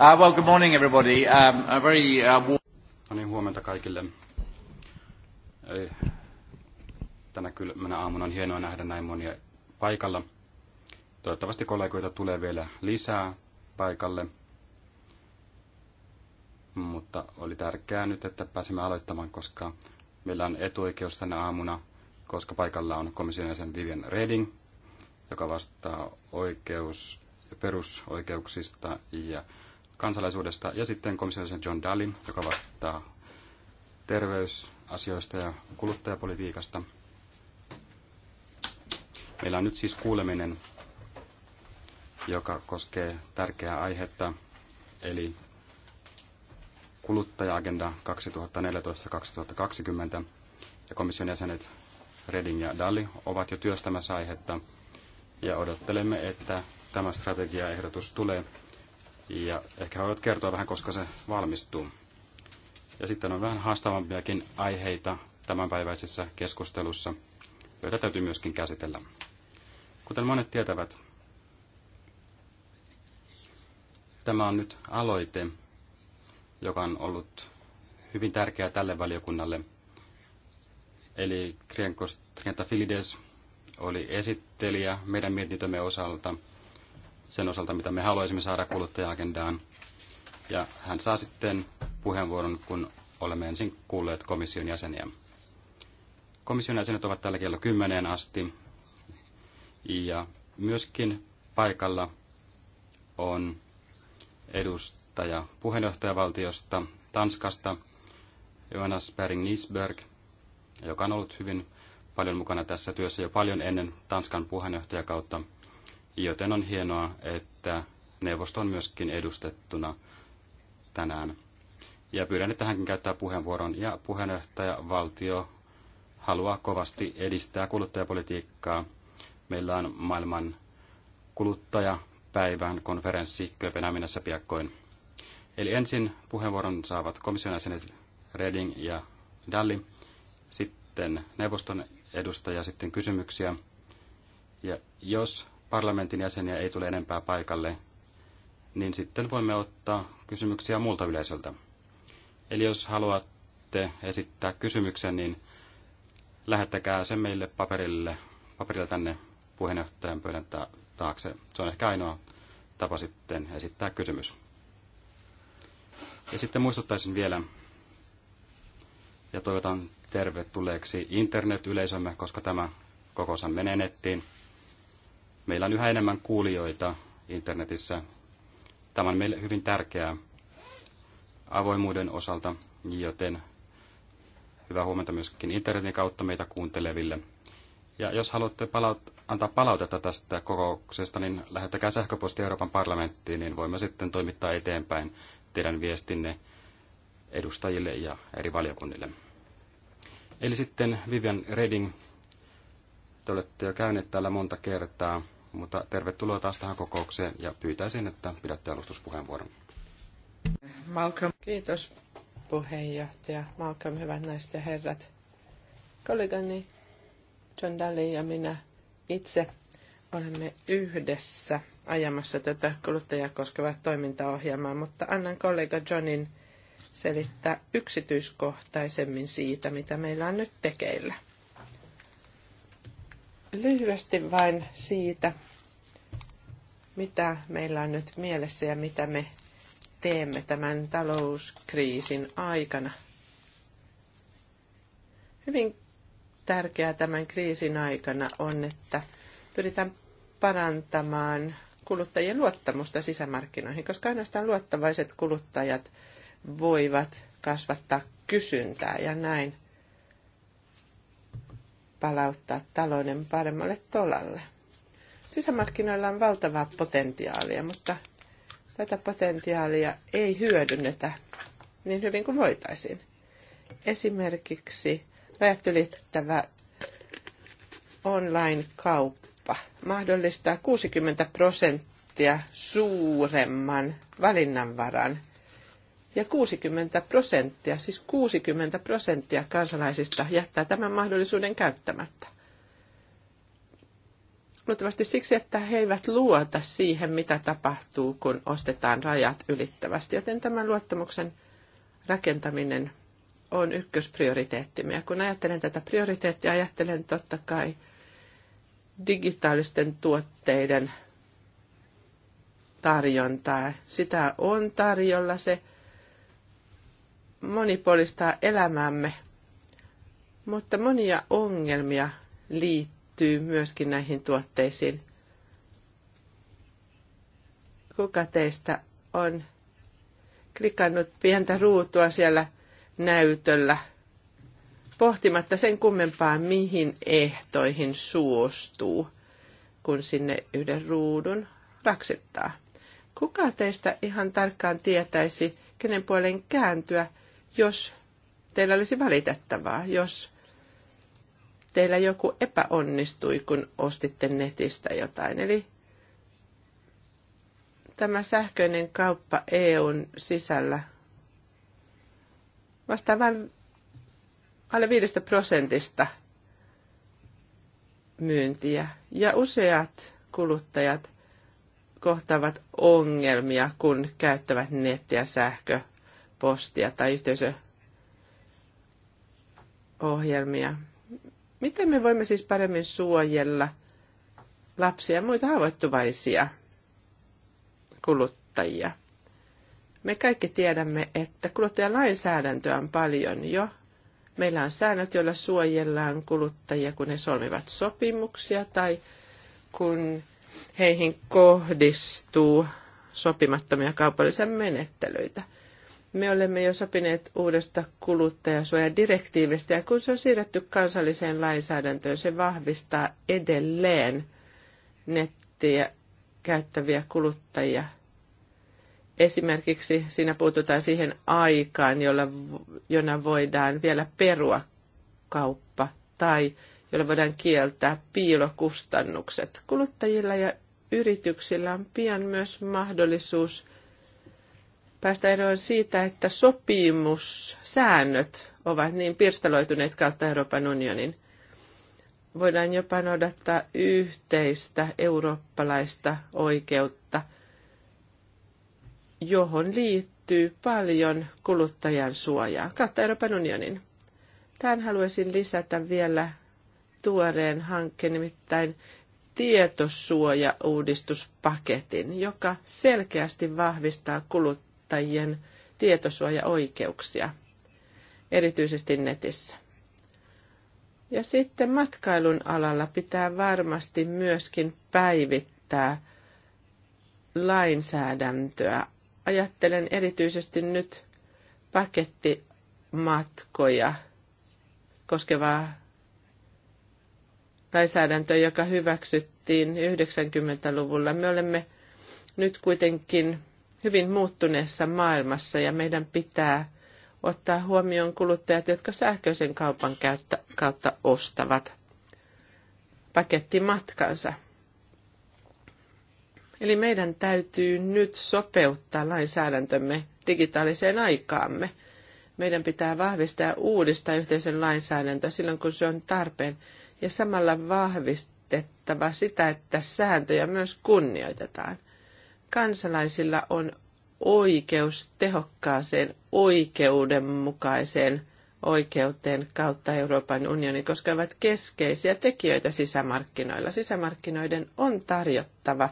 Uh, well, good morning everybody. Um, a very, uh, warm... No niin, huomenta kaikille. Eli tänä kylmänä aamuna on hienoa nähdä näin monia paikalla. Toivottavasti kollegoita tulee vielä lisää paikalle. Mutta oli tärkeää nyt, että pääsimme aloittamaan, koska meillä on etuoikeus tänä aamuna, koska paikalla on komission jäsen Vivian Reding, joka vastaa oikeus- ja perusoikeuksista ja kansalaisuudesta, ja sitten jäsen John Daly, joka vastaa terveysasioista ja kuluttajapolitiikasta. Meillä on nyt siis kuuleminen, joka koskee tärkeää aihetta, eli kuluttaja-agenda 2014-2020, ja komission jäsenet Reding ja Dalli ovat jo työstämässä aihetta, ja odottelemme, että tämä strategiaehdotus tulee ja ehkä he kertoa vähän, koska se valmistuu. Ja sitten on vähän haastavampiakin aiheita tämänpäiväisessä keskustelussa, joita täytyy myöskin käsitellä. Kuten monet tietävät, tämä on nyt aloite, joka on ollut hyvin tärkeä tälle valiokunnalle. Eli Filides oli esittelijä meidän mietintömme osalta – sen osalta, mitä me haluaisimme saada kuluttaja-agendaan. Ja hän saa sitten puheenvuoron, kun olemme ensin kuulleet komission jäseniä. Komission jäsenet ovat täällä kello 10 asti. Ja myöskin paikalla on edustaja puheenjohtajavaltiosta Tanskasta, Jonas Bering Nisberg, joka on ollut hyvin paljon mukana tässä työssä jo paljon ennen Tanskan puheenjohtajakautta. kautta joten on hienoa, että neuvosto on myöskin edustettuna tänään. Ja pyydän, että hänkin käyttää puheenvuoron. Ja puheenjohtaja valtio haluaa kovasti edistää kuluttajapolitiikkaa. Meillä on maailman kuluttajapäivän konferenssi Kööpenhaminassa piakkoin. Eli ensin puheenvuoron saavat komission jäsenet Reding ja Dalli, sitten neuvoston edustaja, sitten kysymyksiä. Ja jos parlamentin jäseniä ei tule enempää paikalle, niin sitten voimme ottaa kysymyksiä muulta yleisöltä. Eli jos haluatte esittää kysymyksen, niin lähettäkää se meille paperille, paperille tänne puheenjohtajan pöydän taakse. Se on ehkä ainoa tapa sitten esittää kysymys. Ja sitten muistuttaisin vielä, ja toivotan tervetulleeksi internet-yleisömme, koska tämä kokoushan menee nettiin. Meillä on yhä enemmän kuulijoita internetissä. Tämä on meille hyvin tärkeää avoimuuden osalta, joten hyvää huomenta myöskin internetin kautta meitä kuunteleville. Ja jos haluatte palaut- antaa palautetta tästä kokouksesta, niin lähettäkää sähköposti Euroopan parlamenttiin, niin voimme sitten toimittaa eteenpäin teidän viestinne edustajille ja eri valiokunnille. Eli sitten Vivian Reding, te olette jo käyneet täällä monta kertaa. Mutta tervetuloa taas tähän kokoukseen ja pyytäisin, että pidätte alustuspuheenvuoron. Malcolm. Kiitos puheenjohtaja. Malcolm, hyvät naiset ja herrat. Kollegani John Daly ja minä itse olemme yhdessä ajamassa tätä kuluttajaa koskevaa toimintaohjelmaa, mutta annan kollega Johnin selittää yksityiskohtaisemmin siitä, mitä meillä on nyt tekeillä. Lyhyesti vain siitä, mitä meillä on nyt mielessä ja mitä me teemme tämän talouskriisin aikana. Hyvin tärkeää tämän kriisin aikana on, että pyritään parantamaan kuluttajien luottamusta sisämarkkinoihin, koska ainoastaan luottavaiset kuluttajat voivat kasvattaa kysyntää ja näin palauttaa talouden paremmalle tolalle. Sisämarkkinoilla on valtavaa potentiaalia, mutta tätä potentiaalia ei hyödynnetä niin hyvin kuin voitaisiin. Esimerkiksi rajat ylittävä online-kauppa mahdollistaa 60 prosenttia suuremman valinnanvaran ja 60 prosenttia, siis 60 prosenttia kansalaisista jättää tämän mahdollisuuden käyttämättä. Luultavasti siksi, että he eivät luota siihen, mitä tapahtuu, kun ostetaan rajat ylittävästi. Joten tämän luottamuksen rakentaminen on ykkösprioriteettimme. Ja kun ajattelen tätä prioriteettia, ajattelen totta kai digitaalisten tuotteiden tarjontaa. Sitä on tarjolla, se monipuolistaa elämämme, mutta monia ongelmia liittyy myöskin näihin tuotteisiin. Kuka teistä on klikannut pientä ruutua siellä näytöllä pohtimatta sen kummempaa, mihin ehtoihin suostuu, kun sinne yhden ruudun raksittaa. Kuka teistä ihan tarkkaan tietäisi, kenen puoleen kääntyä – jos teillä olisi valitettavaa, jos teillä joku epäonnistui, kun ostitte netistä jotain. Eli tämä sähköinen kauppa EUn sisällä vastaa vain alle 5 prosentista myyntiä. Ja useat kuluttajat kohtaavat ongelmia, kun käyttävät nettiä sähkö postia tai yhteisöohjelmia. Miten me voimme siis paremmin suojella lapsia ja muita haavoittuvaisia kuluttajia? Me kaikki tiedämme, että kuluttajalainsäädäntöä on paljon jo. Meillä on säännöt, joilla suojellaan kuluttajia, kun he solmivat sopimuksia tai kun heihin kohdistuu sopimattomia kaupallisia menettelyitä – me olemme jo sopineet uudesta kuluttajasuojadirektiivistä ja kun se on siirretty kansalliseen lainsäädäntöön, se vahvistaa edelleen nettiä käyttäviä kuluttajia. Esimerkiksi siinä puututaan siihen aikaan, jolla, jona voidaan vielä perua kauppa tai jolla voidaan kieltää piilokustannukset. Kuluttajilla ja yrityksillä on pian myös mahdollisuus – päästä eroon siitä, että sopimussäännöt ovat niin pirstaloituneet kautta Euroopan unionin. Voidaan jopa noudattaa yhteistä eurooppalaista oikeutta, johon liittyy paljon kuluttajan suojaa kautta Euroopan unionin. Tähän haluaisin lisätä vielä tuoreen hankkeen, nimittäin tietosuojauudistuspaketin, joka selkeästi vahvistaa kuluttajan käyttäjien tietosuojaoikeuksia, erityisesti netissä. Ja sitten matkailun alalla pitää varmasti myöskin päivittää lainsäädäntöä. Ajattelen erityisesti nyt pakettimatkoja koskevaa lainsäädäntöä, joka hyväksyttiin 90-luvulla. Me olemme nyt kuitenkin hyvin muuttuneessa maailmassa ja meidän pitää ottaa huomioon kuluttajat, jotka sähköisen kaupan kautta ostavat pakettimatkansa. Eli meidän täytyy nyt sopeuttaa lainsäädäntömme digitaaliseen aikaamme. Meidän pitää vahvistaa ja uudistaa yhteisön lainsäädäntö silloin, kun se on tarpeen, ja samalla vahvistettava sitä, että sääntöjä myös kunnioitetaan – kansalaisilla on oikeus tehokkaaseen, oikeudenmukaiseen oikeuteen kautta Euroopan unionin, koska ovat keskeisiä tekijöitä sisämarkkinoilla. Sisämarkkinoiden on tarjottava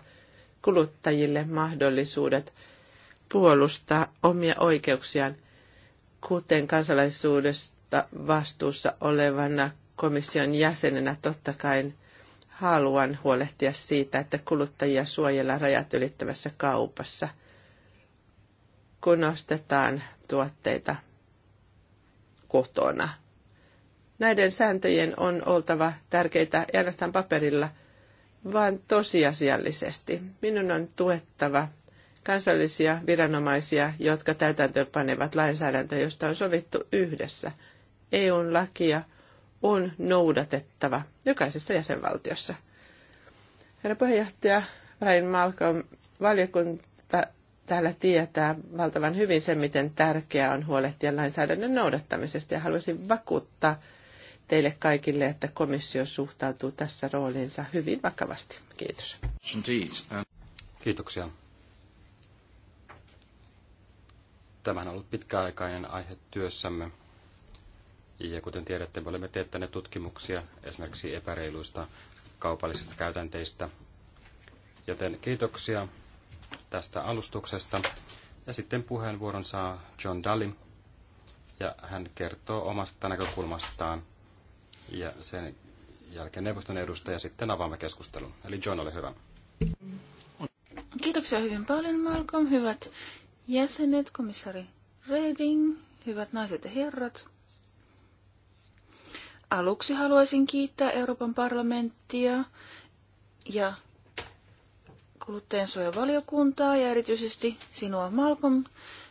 kuluttajille mahdollisuudet puolustaa omia oikeuksiaan, kuten kansalaisuudesta vastuussa olevana komission jäsenenä totta kai haluan huolehtia siitä, että kuluttajia suojellaan rajat ylittävässä kaupassa, kun ostetaan tuotteita kotona. Näiden sääntöjen on oltava tärkeitä ei ainoastaan paperilla, vaan tosiasiallisesti. Minun on tuettava kansallisia viranomaisia, jotka panevat lainsäädäntöä, josta on sovittu yhdessä. EUn lakia – on noudatettava jokaisessa jäsenvaltiossa. Herra puheenjohtaja Rain Malcolm, valiokunta täällä tietää valtavan hyvin sen, miten tärkeää on huolehtia lainsäädännön noudattamisesta ja haluaisin vakuuttaa teille kaikille, että komissio suhtautuu tässä rooliinsa hyvin vakavasti. Kiitos. Um, Kiitoksia. Tämä on ollut pitkäaikainen aihe työssämme. Ja kuten tiedätte, me olemme teettäneet tutkimuksia esimerkiksi epäreiluista kaupallisista käytänteistä. Joten kiitoksia tästä alustuksesta. Ja sitten puheenvuoron saa John Daly, ja hän kertoo omasta näkökulmastaan. Ja sen jälkeen neuvoston edustaja sitten avaamme keskustelun. Eli John, ole hyvä. Kiitoksia hyvin paljon, Malcolm. Hyvät jäsenet, komissari Reding, hyvät naiset ja herrat. Aluksi haluaisin kiittää Euroopan parlamenttia ja kuluttajansuojavaliokuntaa ja erityisesti sinua Malcolm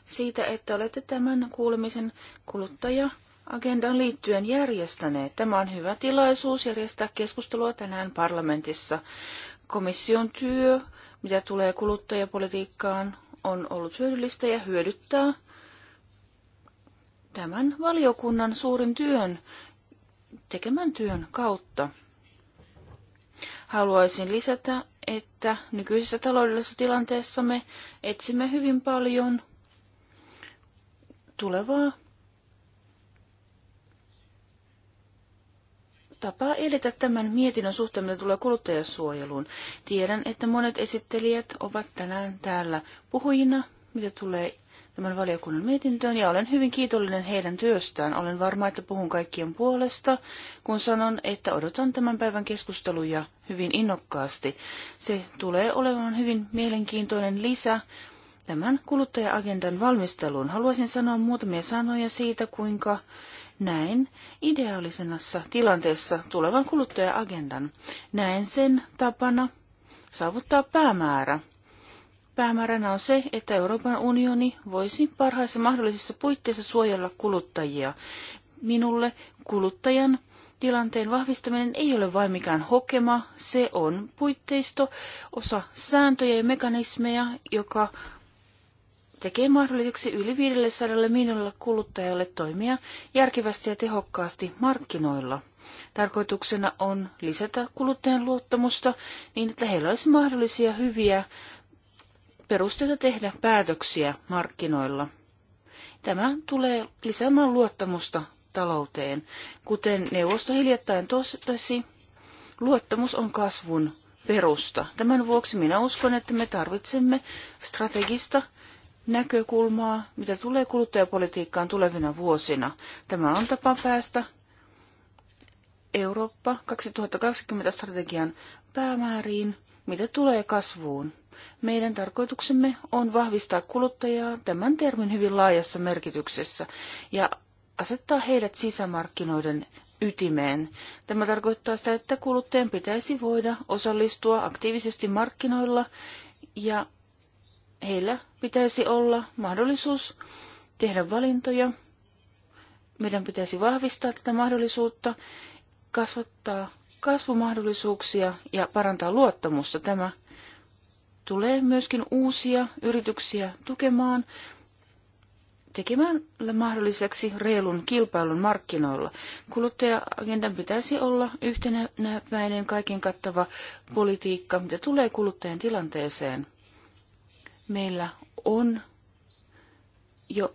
siitä, että olette tämän kuulemisen kuluttaja-agendan liittyen järjestäneet. Tämä on hyvä tilaisuus järjestää keskustelua tänään parlamentissa. Komission työ, mitä tulee kuluttajapolitiikkaan, on ollut hyödyllistä ja hyödyttää tämän valiokunnan suuren työn tekemän työn kautta. Haluaisin lisätä, että nykyisessä taloudellisessa tilanteessa me etsimme hyvin paljon tulevaa tapaa edetä tämän mietinnön suhteen, mitä tulee kuluttajasuojeluun. Tiedän, että monet esittelijät ovat tänään täällä puhujina, mitä tulee tämän valiokunnan mietintöön ja olen hyvin kiitollinen heidän työstään. Olen varma, että puhun kaikkien puolesta, kun sanon, että odotan tämän päivän keskusteluja hyvin innokkaasti. Se tulee olemaan hyvin mielenkiintoinen lisä tämän kuluttaja-agendan valmisteluun. Haluaisin sanoa muutamia sanoja siitä, kuinka näin ideaalisenassa tilanteessa tulevan kuluttaja-agendan. Näen sen tapana saavuttaa päämäärä – Päämääränä on se, että Euroopan unioni voisi parhaissa mahdollisissa puitteissa suojella kuluttajia. Minulle kuluttajan tilanteen vahvistaminen ei ole vain mikään hokema, se on puitteisto, osa sääntöjä ja mekanismeja, joka tekee mahdolliseksi yli 500 miljoonalle kuluttajalle toimia järkevästi ja tehokkaasti markkinoilla. Tarkoituksena on lisätä kuluttajan luottamusta niin, että heillä olisi mahdollisia hyviä perusteita tehdä päätöksiä markkinoilla. Tämä tulee lisäämään luottamusta talouteen. Kuten neuvosto hiljattain totesi, luottamus on kasvun perusta. Tämän vuoksi minä uskon, että me tarvitsemme strategista näkökulmaa, mitä tulee kuluttajapolitiikkaan tulevina vuosina. Tämä on tapa päästä Eurooppa 2020 strategian päämääriin, mitä tulee kasvuun. Meidän tarkoituksemme on vahvistaa kuluttajaa tämän termin hyvin laajassa merkityksessä ja asettaa heidät sisämarkkinoiden ytimeen. Tämä tarkoittaa sitä, että kuluttajan pitäisi voida osallistua aktiivisesti markkinoilla ja heillä pitäisi olla mahdollisuus tehdä valintoja. Meidän pitäisi vahvistaa tätä mahdollisuutta, kasvattaa kasvumahdollisuuksia ja parantaa luottamusta. Tämä tulee myöskin uusia yrityksiä tukemaan tekemään mahdolliseksi reilun kilpailun markkinoilla. Kuluttaja-agendan pitäisi olla yhtenäväinen kaiken kattava politiikka, mitä tulee kuluttajan tilanteeseen. Meillä on jo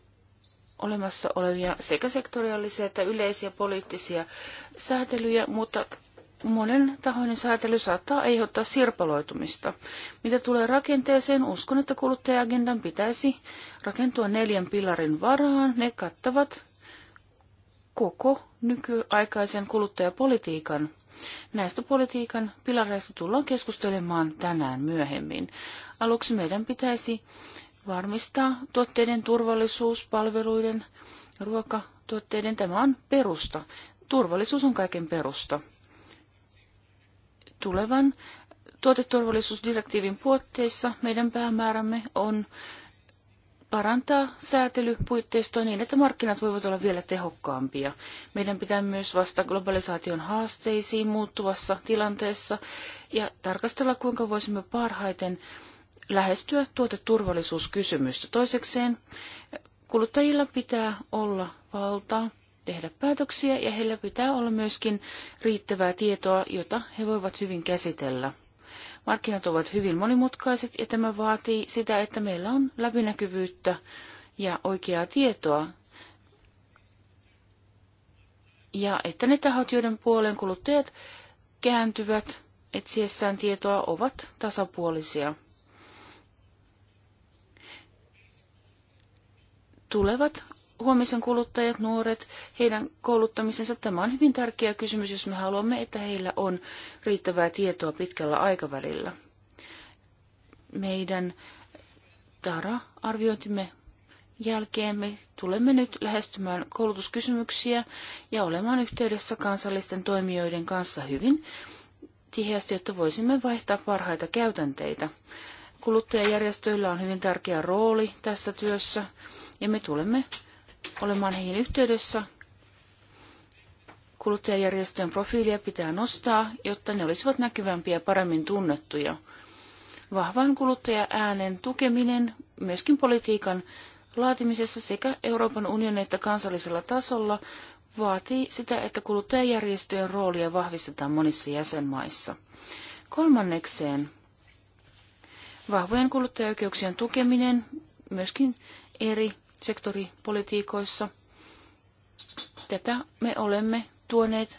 olemassa olevia sekä sektoriallisia että yleisiä poliittisia säätelyjä, mutta monen tahoinen säätely saattaa aiheuttaa sirpaloitumista. Mitä tulee rakenteeseen, uskon, että kuluttaja pitäisi rakentua neljän pilarin varaan. Ne kattavat koko nykyaikaisen kuluttajapolitiikan. Näistä politiikan pilareista tullaan keskustelemaan tänään myöhemmin. Aluksi meidän pitäisi varmistaa tuotteiden turvallisuus, palveluiden, ruokatuotteiden. Tämä on perusta. Turvallisuus on kaiken perusta tulevan tuoteturvallisuusdirektiivin puotteissa meidän päämäärämme on parantaa säätelypuitteistoa niin, että markkinat voivat olla vielä tehokkaampia. Meidän pitää myös vastata globalisaation haasteisiin muuttuvassa tilanteessa ja tarkastella, kuinka voisimme parhaiten lähestyä tuoteturvallisuuskysymystä. Toisekseen kuluttajilla pitää olla valtaa tehdä päätöksiä ja heillä pitää olla myöskin riittävää tietoa, jota he voivat hyvin käsitellä. Markkinat ovat hyvin monimutkaiset ja tämä vaatii sitä, että meillä on läpinäkyvyyttä ja oikeaa tietoa. Ja että ne tahot, joiden puoleen kuluttajat kääntyvät etsiessään tietoa, ovat tasapuolisia. Tulevat huomisen kuluttajat, nuoret, heidän kouluttamisensa. Tämä on hyvin tärkeä kysymys, jos me haluamme, että heillä on riittävää tietoa pitkällä aikavälillä. Meidän TARA-arviointimme jälkeen me tulemme nyt lähestymään koulutuskysymyksiä ja olemaan yhteydessä kansallisten toimijoiden kanssa hyvin tiheästi, jotta voisimme vaihtaa parhaita käytänteitä. Kuluttajajärjestöillä on hyvin tärkeä rooli tässä työssä ja me tulemme olemaan heihin yhteydessä. Kuluttajajärjestöjen profiilia pitää nostaa, jotta ne olisivat näkyvämpiä ja paremmin tunnettuja. Vahvan kuluttaja-äänen tukeminen myöskin politiikan laatimisessa sekä Euroopan unionin että kansallisella tasolla vaatii sitä, että kuluttajajärjestöjen roolia vahvistetaan monissa jäsenmaissa. Kolmannekseen vahvojen kuluttajaoikeuksien tukeminen myöskin eri sektoripolitiikoissa. Tätä me olemme tuoneet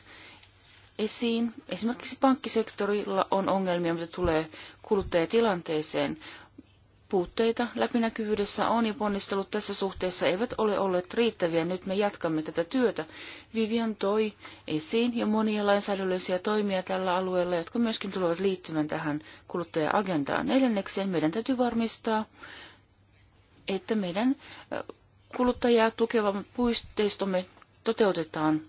esiin. Esimerkiksi pankkisektorilla on ongelmia, mitä tulee kuluttajatilanteeseen. Puutteita läpinäkyvyydessä on ja ponnistelut tässä suhteessa eivät ole olleet riittäviä. Nyt me jatkamme tätä työtä. Vivian toi esiin jo monia lainsäädännöllisiä toimia tällä alueella, jotka myöskin tulevat liittymään tähän kuluttaja-agendaan. Neljänneksi meidän täytyy varmistaa, että meidän kuluttajaa tukeva puisteistomme toteutetaan.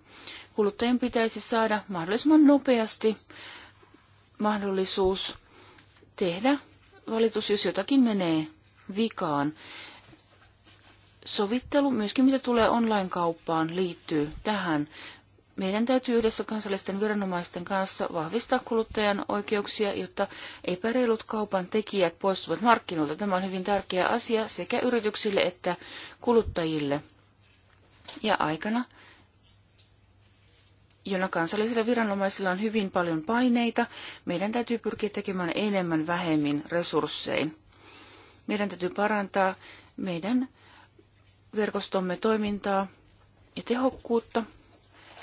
Kuluttajien pitäisi saada mahdollisimman nopeasti mahdollisuus tehdä valitus, jos jotakin menee vikaan. Sovittelu, myöskin mitä tulee online-kauppaan, liittyy tähän meidän täytyy yhdessä kansallisten viranomaisten kanssa vahvistaa kuluttajan oikeuksia, jotta epäreilut kaupan tekijät poistuvat markkinoilta. Tämä on hyvin tärkeä asia sekä yrityksille että kuluttajille. Ja aikana, jona kansallisilla viranomaisilla on hyvin paljon paineita, meidän täytyy pyrkiä tekemään enemmän vähemmin resurssein. Meidän täytyy parantaa meidän verkostomme toimintaa ja tehokkuutta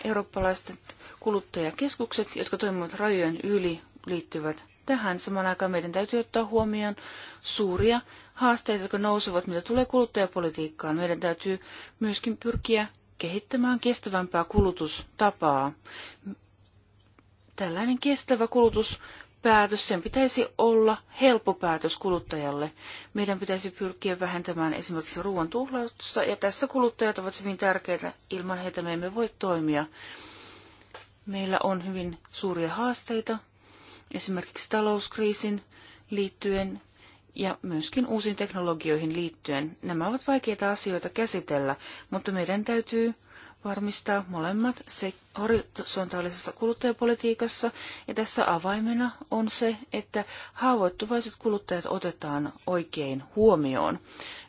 eurooppalaiset kuluttajakeskukset, jotka toimivat rajojen yli, liittyvät tähän. Samaan aikaan meidän täytyy ottaa huomioon suuria haasteita, jotka nousevat, mitä tulee kuluttajapolitiikkaan. Meidän täytyy myöskin pyrkiä kehittämään kestävämpää kulutustapaa. Tällainen kestävä kulutus päätös, sen pitäisi olla helppo päätös kuluttajalle. Meidän pitäisi pyrkiä vähentämään esimerkiksi ruoan tuhlausta, ja tässä kuluttajat ovat hyvin tärkeitä. Ilman heitä me emme voi toimia. Meillä on hyvin suuria haasteita, esimerkiksi talouskriisin liittyen ja myöskin uusiin teknologioihin liittyen. Nämä ovat vaikeita asioita käsitellä, mutta meidän täytyy varmistaa molemmat se horisontaalisessa kuluttajapolitiikassa, ja tässä avaimena on se, että haavoittuvaiset kuluttajat otetaan oikein huomioon.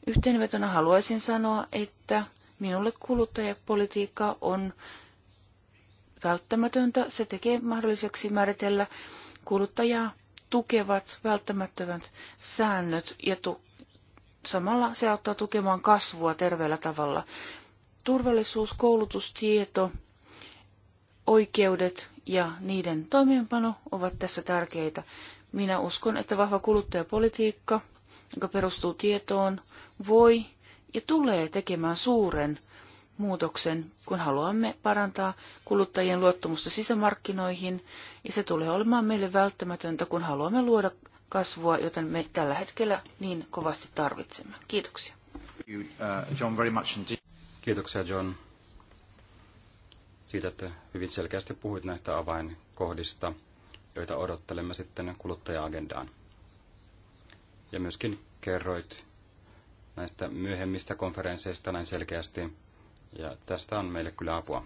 Yhteenvetona haluaisin sanoa, että minulle kuluttajapolitiikka on välttämätöntä. Se tekee mahdolliseksi määritellä kuluttajaa tukevat välttämättömät säännöt ja tu- samalla se auttaa tukemaan kasvua terveellä tavalla. Turvallisuus, koulutus, tieto, oikeudet ja niiden toimeenpano ovat tässä tärkeitä. Minä uskon, että vahva kuluttajapolitiikka, joka perustuu tietoon, voi ja tulee tekemään suuren muutoksen, kun haluamme parantaa kuluttajien luottamusta sisämarkkinoihin, ja se tulee olemaan meille välttämätöntä, kun haluamme luoda kasvua, joten me tällä hetkellä niin kovasti tarvitsemme. Kiitoksia. Uh, Kiitoksia John siitä, että hyvin selkeästi puhuit näistä avainkohdista, joita odottelemme sitten kuluttaja-agendaan. Ja myöskin kerroit näistä myöhemmistä konferensseista näin selkeästi, ja tästä on meille kyllä apua.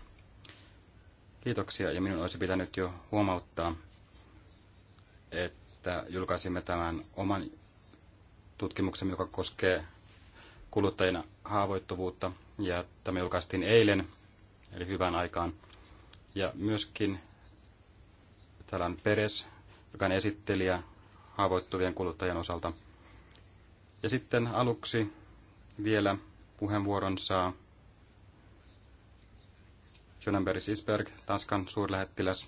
Kiitoksia, ja minun olisi pitänyt jo huomauttaa, että julkaisimme tämän oman tutkimuksen, joka koskee kuluttajien haavoittuvuutta, ja tämä julkaistiin eilen, eli hyvän aikaan. Ja myöskin täällä on Peres, joka on esittelijä haavoittuvien kuluttajien osalta. Ja sitten aluksi vielä puheenvuoron saa Schönenberg Isberg, Tanskan suurlähettiläs.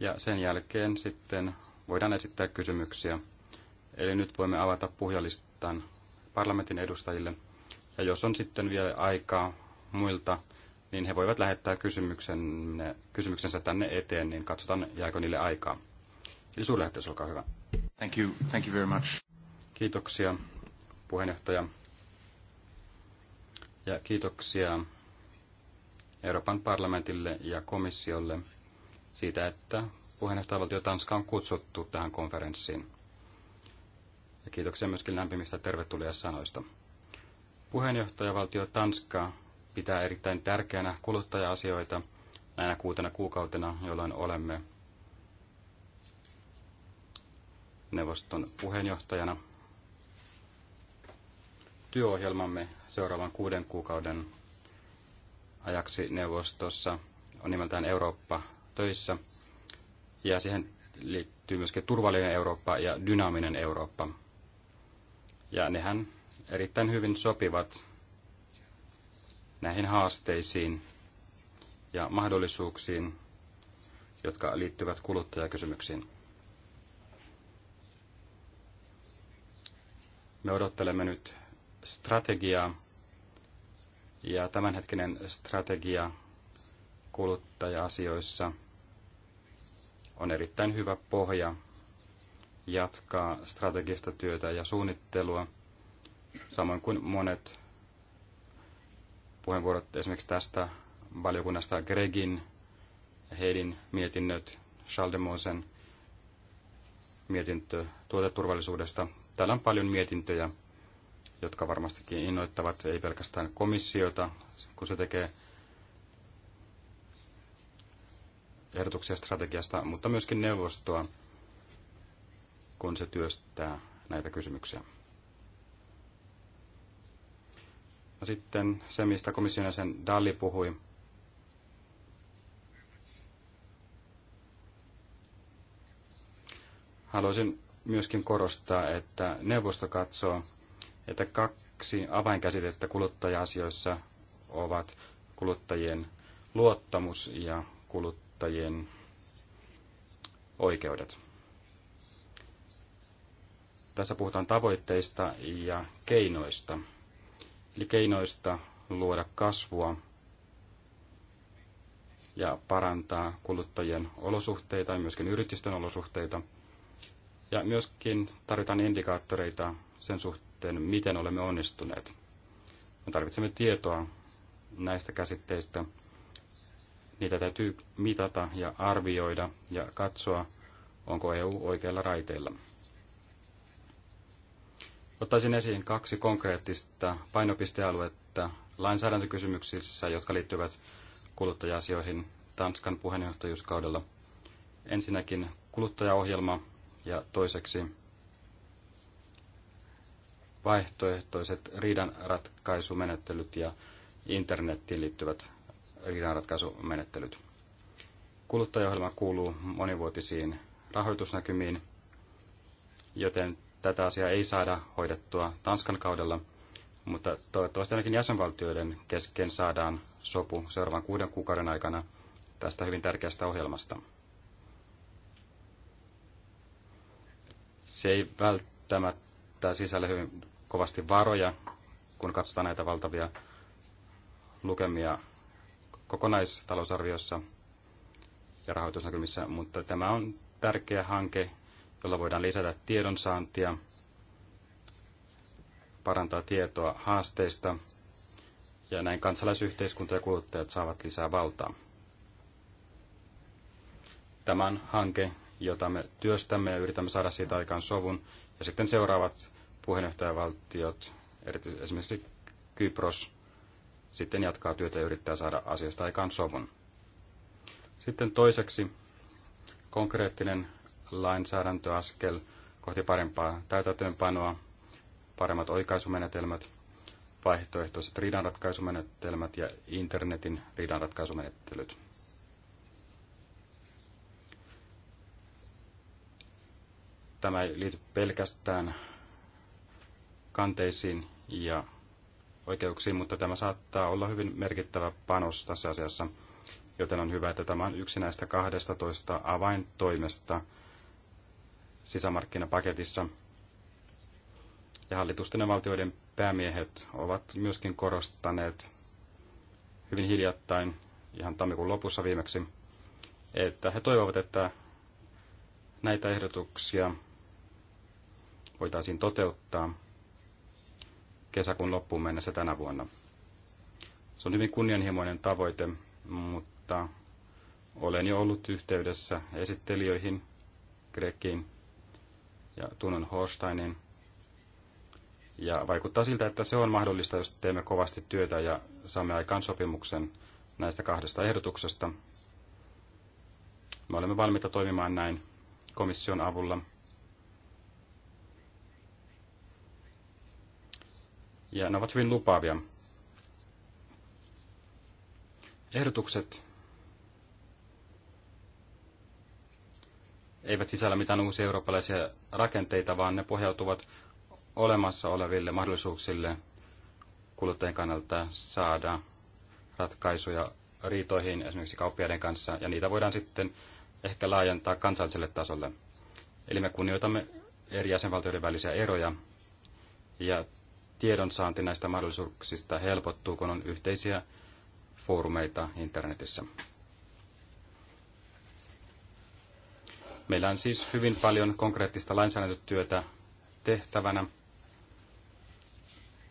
Ja sen jälkeen sitten voidaan esittää kysymyksiä. Eli nyt voimme avata puhujalistan parlamentin edustajille. Ja jos on sitten vielä aikaa muilta, niin he voivat lähettää kysymyksen kysymyksensä tänne eteen, niin katsotaan jääkö niille aikaa. Eli suurlähettiläs, olkaa hyvä. Thank you. Thank you very much. Kiitoksia puheenjohtaja. Ja kiitoksia Euroopan parlamentille ja komissiolle siitä, että puheenjohtajavaltio Tanska on kutsuttu tähän konferenssiin. Ja kiitoksia myöskin lämpimistä tervetulia sanoista. Puheenjohtajavaltio Tanska pitää erittäin tärkeänä kuluttaja-asioita näinä kuutena kuukautena, jolloin olemme neuvoston puheenjohtajana. Työohjelmamme seuraavan kuuden kuukauden ajaksi neuvostossa on nimeltään Eurooppa töissä. Ja siihen liittyy myöskin turvallinen Eurooppa ja dynaaminen Eurooppa. Ja nehän erittäin hyvin sopivat näihin haasteisiin ja mahdollisuuksiin, jotka liittyvät kuluttajakysymyksiin. Me odottelemme nyt strategiaa ja tämänhetkinen strategia kuluttaja-asioissa on erittäin hyvä pohja jatkaa strategista työtä ja suunnittelua, samoin kuin monet puheenvuorot esimerkiksi tästä valiokunnasta Gregin Heidin mietinnöt, Schaldemosen mietintö tuoteturvallisuudesta. Täällä on paljon mietintöjä, jotka varmastikin innoittavat ei pelkästään komissiota, kun se tekee ehdotuksia strategiasta, mutta myöskin neuvostoa, kun se työstää näitä kysymyksiä. No sitten se, mistä komission jäsen Dalli puhui, haluaisin myöskin korostaa, että neuvosto katsoo, että kaksi avainkäsitettä kuluttaja-asioissa ovat kuluttajien luottamus ja kuluttajien oikeudet. Tässä puhutaan tavoitteista ja keinoista. Eli keinoista luoda kasvua ja parantaa kuluttajien olosuhteita ja myöskin yritysten olosuhteita. Ja myöskin tarvitaan indikaattoreita sen suhteen, miten olemme onnistuneet. Me tarvitsemme tietoa näistä käsitteistä. Niitä täytyy mitata ja arvioida ja katsoa, onko EU oikealla raiteella. Ottaisin esiin kaksi konkreettista painopistealuetta lainsäädäntökysymyksissä, jotka liittyvät kuluttaja-asioihin Tanskan puheenjohtajuuskaudella. Ensinnäkin kuluttajaohjelma ja toiseksi vaihtoehtoiset riidanratkaisumenettelyt ja internettiin liittyvät riidanratkaisumenettelyt. Kuluttajaohjelma kuuluu monivuotisiin rahoitusnäkymiin, joten tätä asiaa ei saada hoidettua Tanskan kaudella, mutta toivottavasti ainakin jäsenvaltioiden kesken saadaan sopu seuraavan kuuden kuukauden aikana tästä hyvin tärkeästä ohjelmasta. Se ei välttämättä sisällä hyvin kovasti varoja, kun katsotaan näitä valtavia lukemia kokonaistalousarviossa ja rahoitusnäkymissä, mutta tämä on tärkeä hanke, jolla voidaan lisätä tiedonsaantia, parantaa tietoa haasteista ja näin kansalaisyhteiskunta ja kuluttajat saavat lisää valtaa. Tämä on hanke, jota me työstämme ja yritämme saada siitä aikaan sovun. Ja sitten seuraavat puheenjohtajavaltiot, esimerkiksi Kypros, sitten jatkaa työtä ja yrittää saada asiasta aikaan sovun. Sitten toiseksi konkreettinen lainsäädäntöaskel kohti parempaa täytäntöönpanoa, paremmat oikaisumenetelmät, vaihtoehtoiset riidanratkaisumenetelmät ja internetin riidanratkaisumenettelyt. Tämä ei liity pelkästään kanteisiin ja oikeuksiin, mutta tämä saattaa olla hyvin merkittävä panos tässä asiassa, joten on hyvä, että tämä on yksi näistä 12 avaintoimesta, sisämarkkinapaketissa. Ja hallitusten ja valtioiden päämiehet ovat myöskin korostaneet hyvin hiljattain, ihan tammikuun lopussa viimeksi, että he toivovat, että näitä ehdotuksia voitaisiin toteuttaa kesäkuun loppuun mennessä tänä vuonna. Se on hyvin kunnianhimoinen tavoite, mutta olen jo ollut yhteydessä esittelijöihin, Grekkiin ja tunnon Horsteinin. Ja vaikuttaa siltä, että se on mahdollista, jos teemme kovasti työtä ja saamme aikaan sopimuksen näistä kahdesta ehdotuksesta. Me olemme valmiita toimimaan näin komission avulla. Ja ne ovat hyvin lupaavia. Ehdotukset eivät sisällä mitään uusia eurooppalaisia rakenteita, vaan ne pohjautuvat olemassa oleville mahdollisuuksille kuluttajien kannalta saada ratkaisuja riitoihin esimerkiksi kauppiaiden kanssa, ja niitä voidaan sitten ehkä laajentaa kansalliselle tasolle. Eli me kunnioitamme eri jäsenvaltioiden välisiä eroja, ja tiedonsaanti näistä mahdollisuuksista helpottuu, kun on yhteisiä foorumeita internetissä. Meillä on siis hyvin paljon konkreettista lainsäädäntötyötä tehtävänä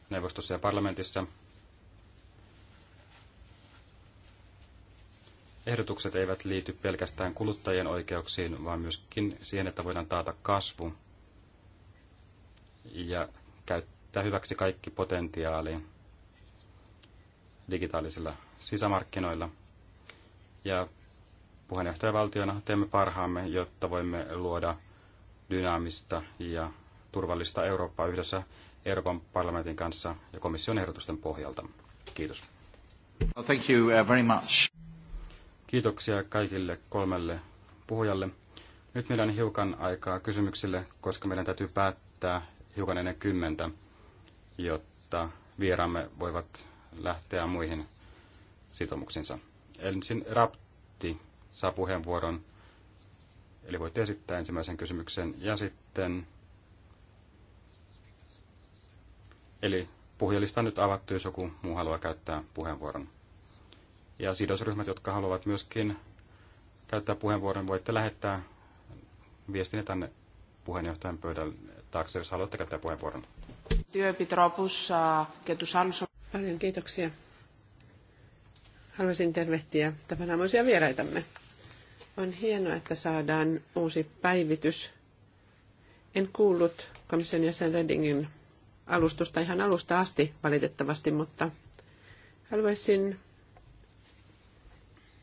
neuvostossa ja parlamentissa. Ehdotukset eivät liity pelkästään kuluttajien oikeuksiin, vaan myöskin siihen, että voidaan taata kasvu ja käyttää hyväksi kaikki potentiaali digitaalisilla sisämarkkinoilla. Ja puheenjohtajavaltiona teemme parhaamme, jotta voimme luoda dynaamista ja turvallista Eurooppaa yhdessä Euroopan parlamentin kanssa ja komission ehdotusten pohjalta. Kiitos. Thank you uh, very much. Kiitoksia kaikille kolmelle puhujalle. Nyt meillä on hiukan aikaa kysymyksille, koska meidän täytyy päättää hiukan ennen kymmentä, jotta vieraamme voivat lähteä muihin sitoumuksiinsa. Ensin Rapti saa puheenvuoron. Eli voitte esittää ensimmäisen kysymyksen ja sitten... Eli puhujalista on nyt avattu, jos joku muu haluaa käyttää puheenvuoron. Ja sidosryhmät, jotka haluavat myöskin käyttää puheenvuoron, voitte lähettää viestin tänne puheenjohtajan pöydän taakse, jos haluatte käyttää puheenvuoron. Paljon kiitoksia. Haluaisin tervehtiä tämän aamuisia vieraitamme. On hienoa, että saadaan uusi päivitys. En kuullut komission jäsen Redingin alustusta ihan alusta asti valitettavasti, mutta haluaisin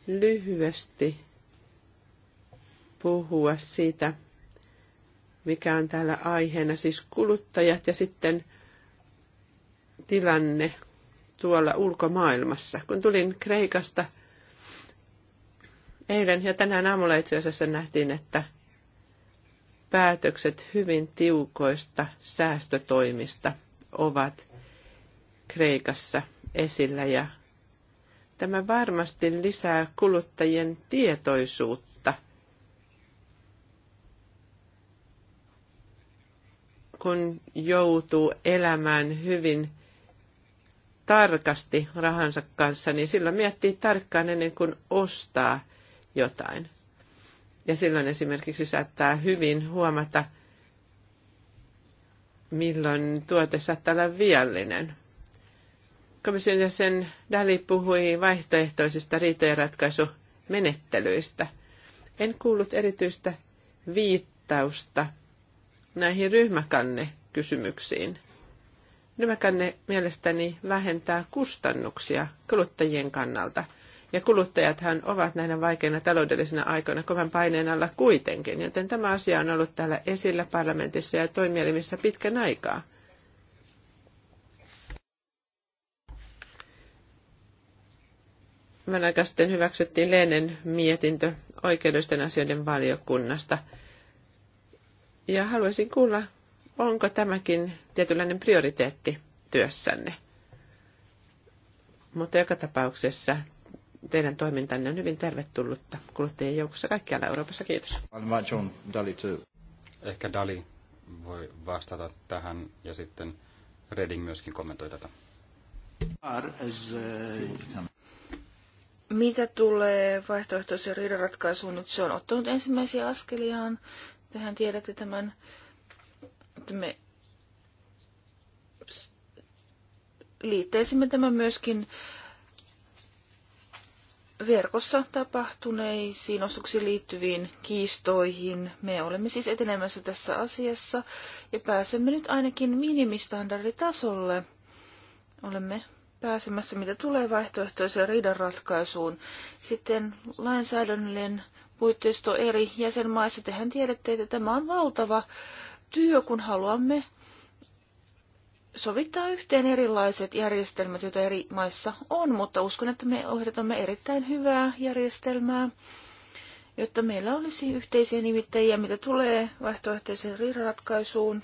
lyhyesti puhua siitä, mikä on täällä aiheena, siis kuluttajat ja sitten tilanne tuolla ulkomaailmassa. Kun tulin Kreikasta – Eilen ja tänään aamulla itse asiassa nähtiin, että päätökset hyvin tiukoista säästötoimista ovat Kreikassa esillä ja tämä varmasti lisää kuluttajien tietoisuutta, kun joutuu elämään hyvin tarkasti rahansa kanssa, niin silloin miettii tarkkaan ennen kuin ostaa jotain. Ja silloin esimerkiksi saattaa hyvin huomata, milloin tuote saattaa olla viallinen. Komission jäsen Dali puhui vaihtoehtoisista riitojenratkaisumenettelyistä. En kuullut erityistä viittausta näihin ryhmäkannekysymyksiin. Ryhmäkanne mielestäni vähentää kustannuksia kuluttajien kannalta – ja kuluttajathan ovat näinä vaikeina taloudellisina aikoina kovan paineen alla kuitenkin, joten tämä asia on ollut täällä esillä parlamentissa ja toimielimissä pitkän aikaa. Tämän aikaa sitten hyväksyttiin Leenen mietintö oikeudellisten asioiden valiokunnasta. Ja haluaisin kuulla, onko tämäkin tietynlainen prioriteetti työssänne. Mutta joka tapauksessa teidän toimintanne on hyvin tervetullutta kuluttajien joukossa kaikkialla Euroopassa. Kiitos. John Dali too. Ehkä Dali voi vastata tähän ja sitten Reding myöskin kommentoi tätä. Mitä tulee vaihtoehtoiseen riidaratkaisuun, nyt se on ottanut ensimmäisiä askeliaan. Tähän tiedätte tämän, että me liittäisimme tämän myöskin äh, verkossa tapahtuneisiin ostoksiin liittyviin kiistoihin. Me olemme siis etenemässä tässä asiassa ja pääsemme nyt ainakin minimistandarditasolle. Olemme pääsemässä, mitä tulee vaihtoehtoiseen riidanratkaisuun. Sitten lainsäädännöllinen puitteisto eri jäsenmaissa. Tehän tiedätte, että tämä on valtava työ, kun haluamme sovittaa yhteen erilaiset järjestelmät, joita eri maissa on, mutta uskon, että me ohjatamme erittäin hyvää järjestelmää, jotta meillä olisi yhteisiä nimittäjiä, mitä tulee vaihtoehtoiseen riidaratkaisuun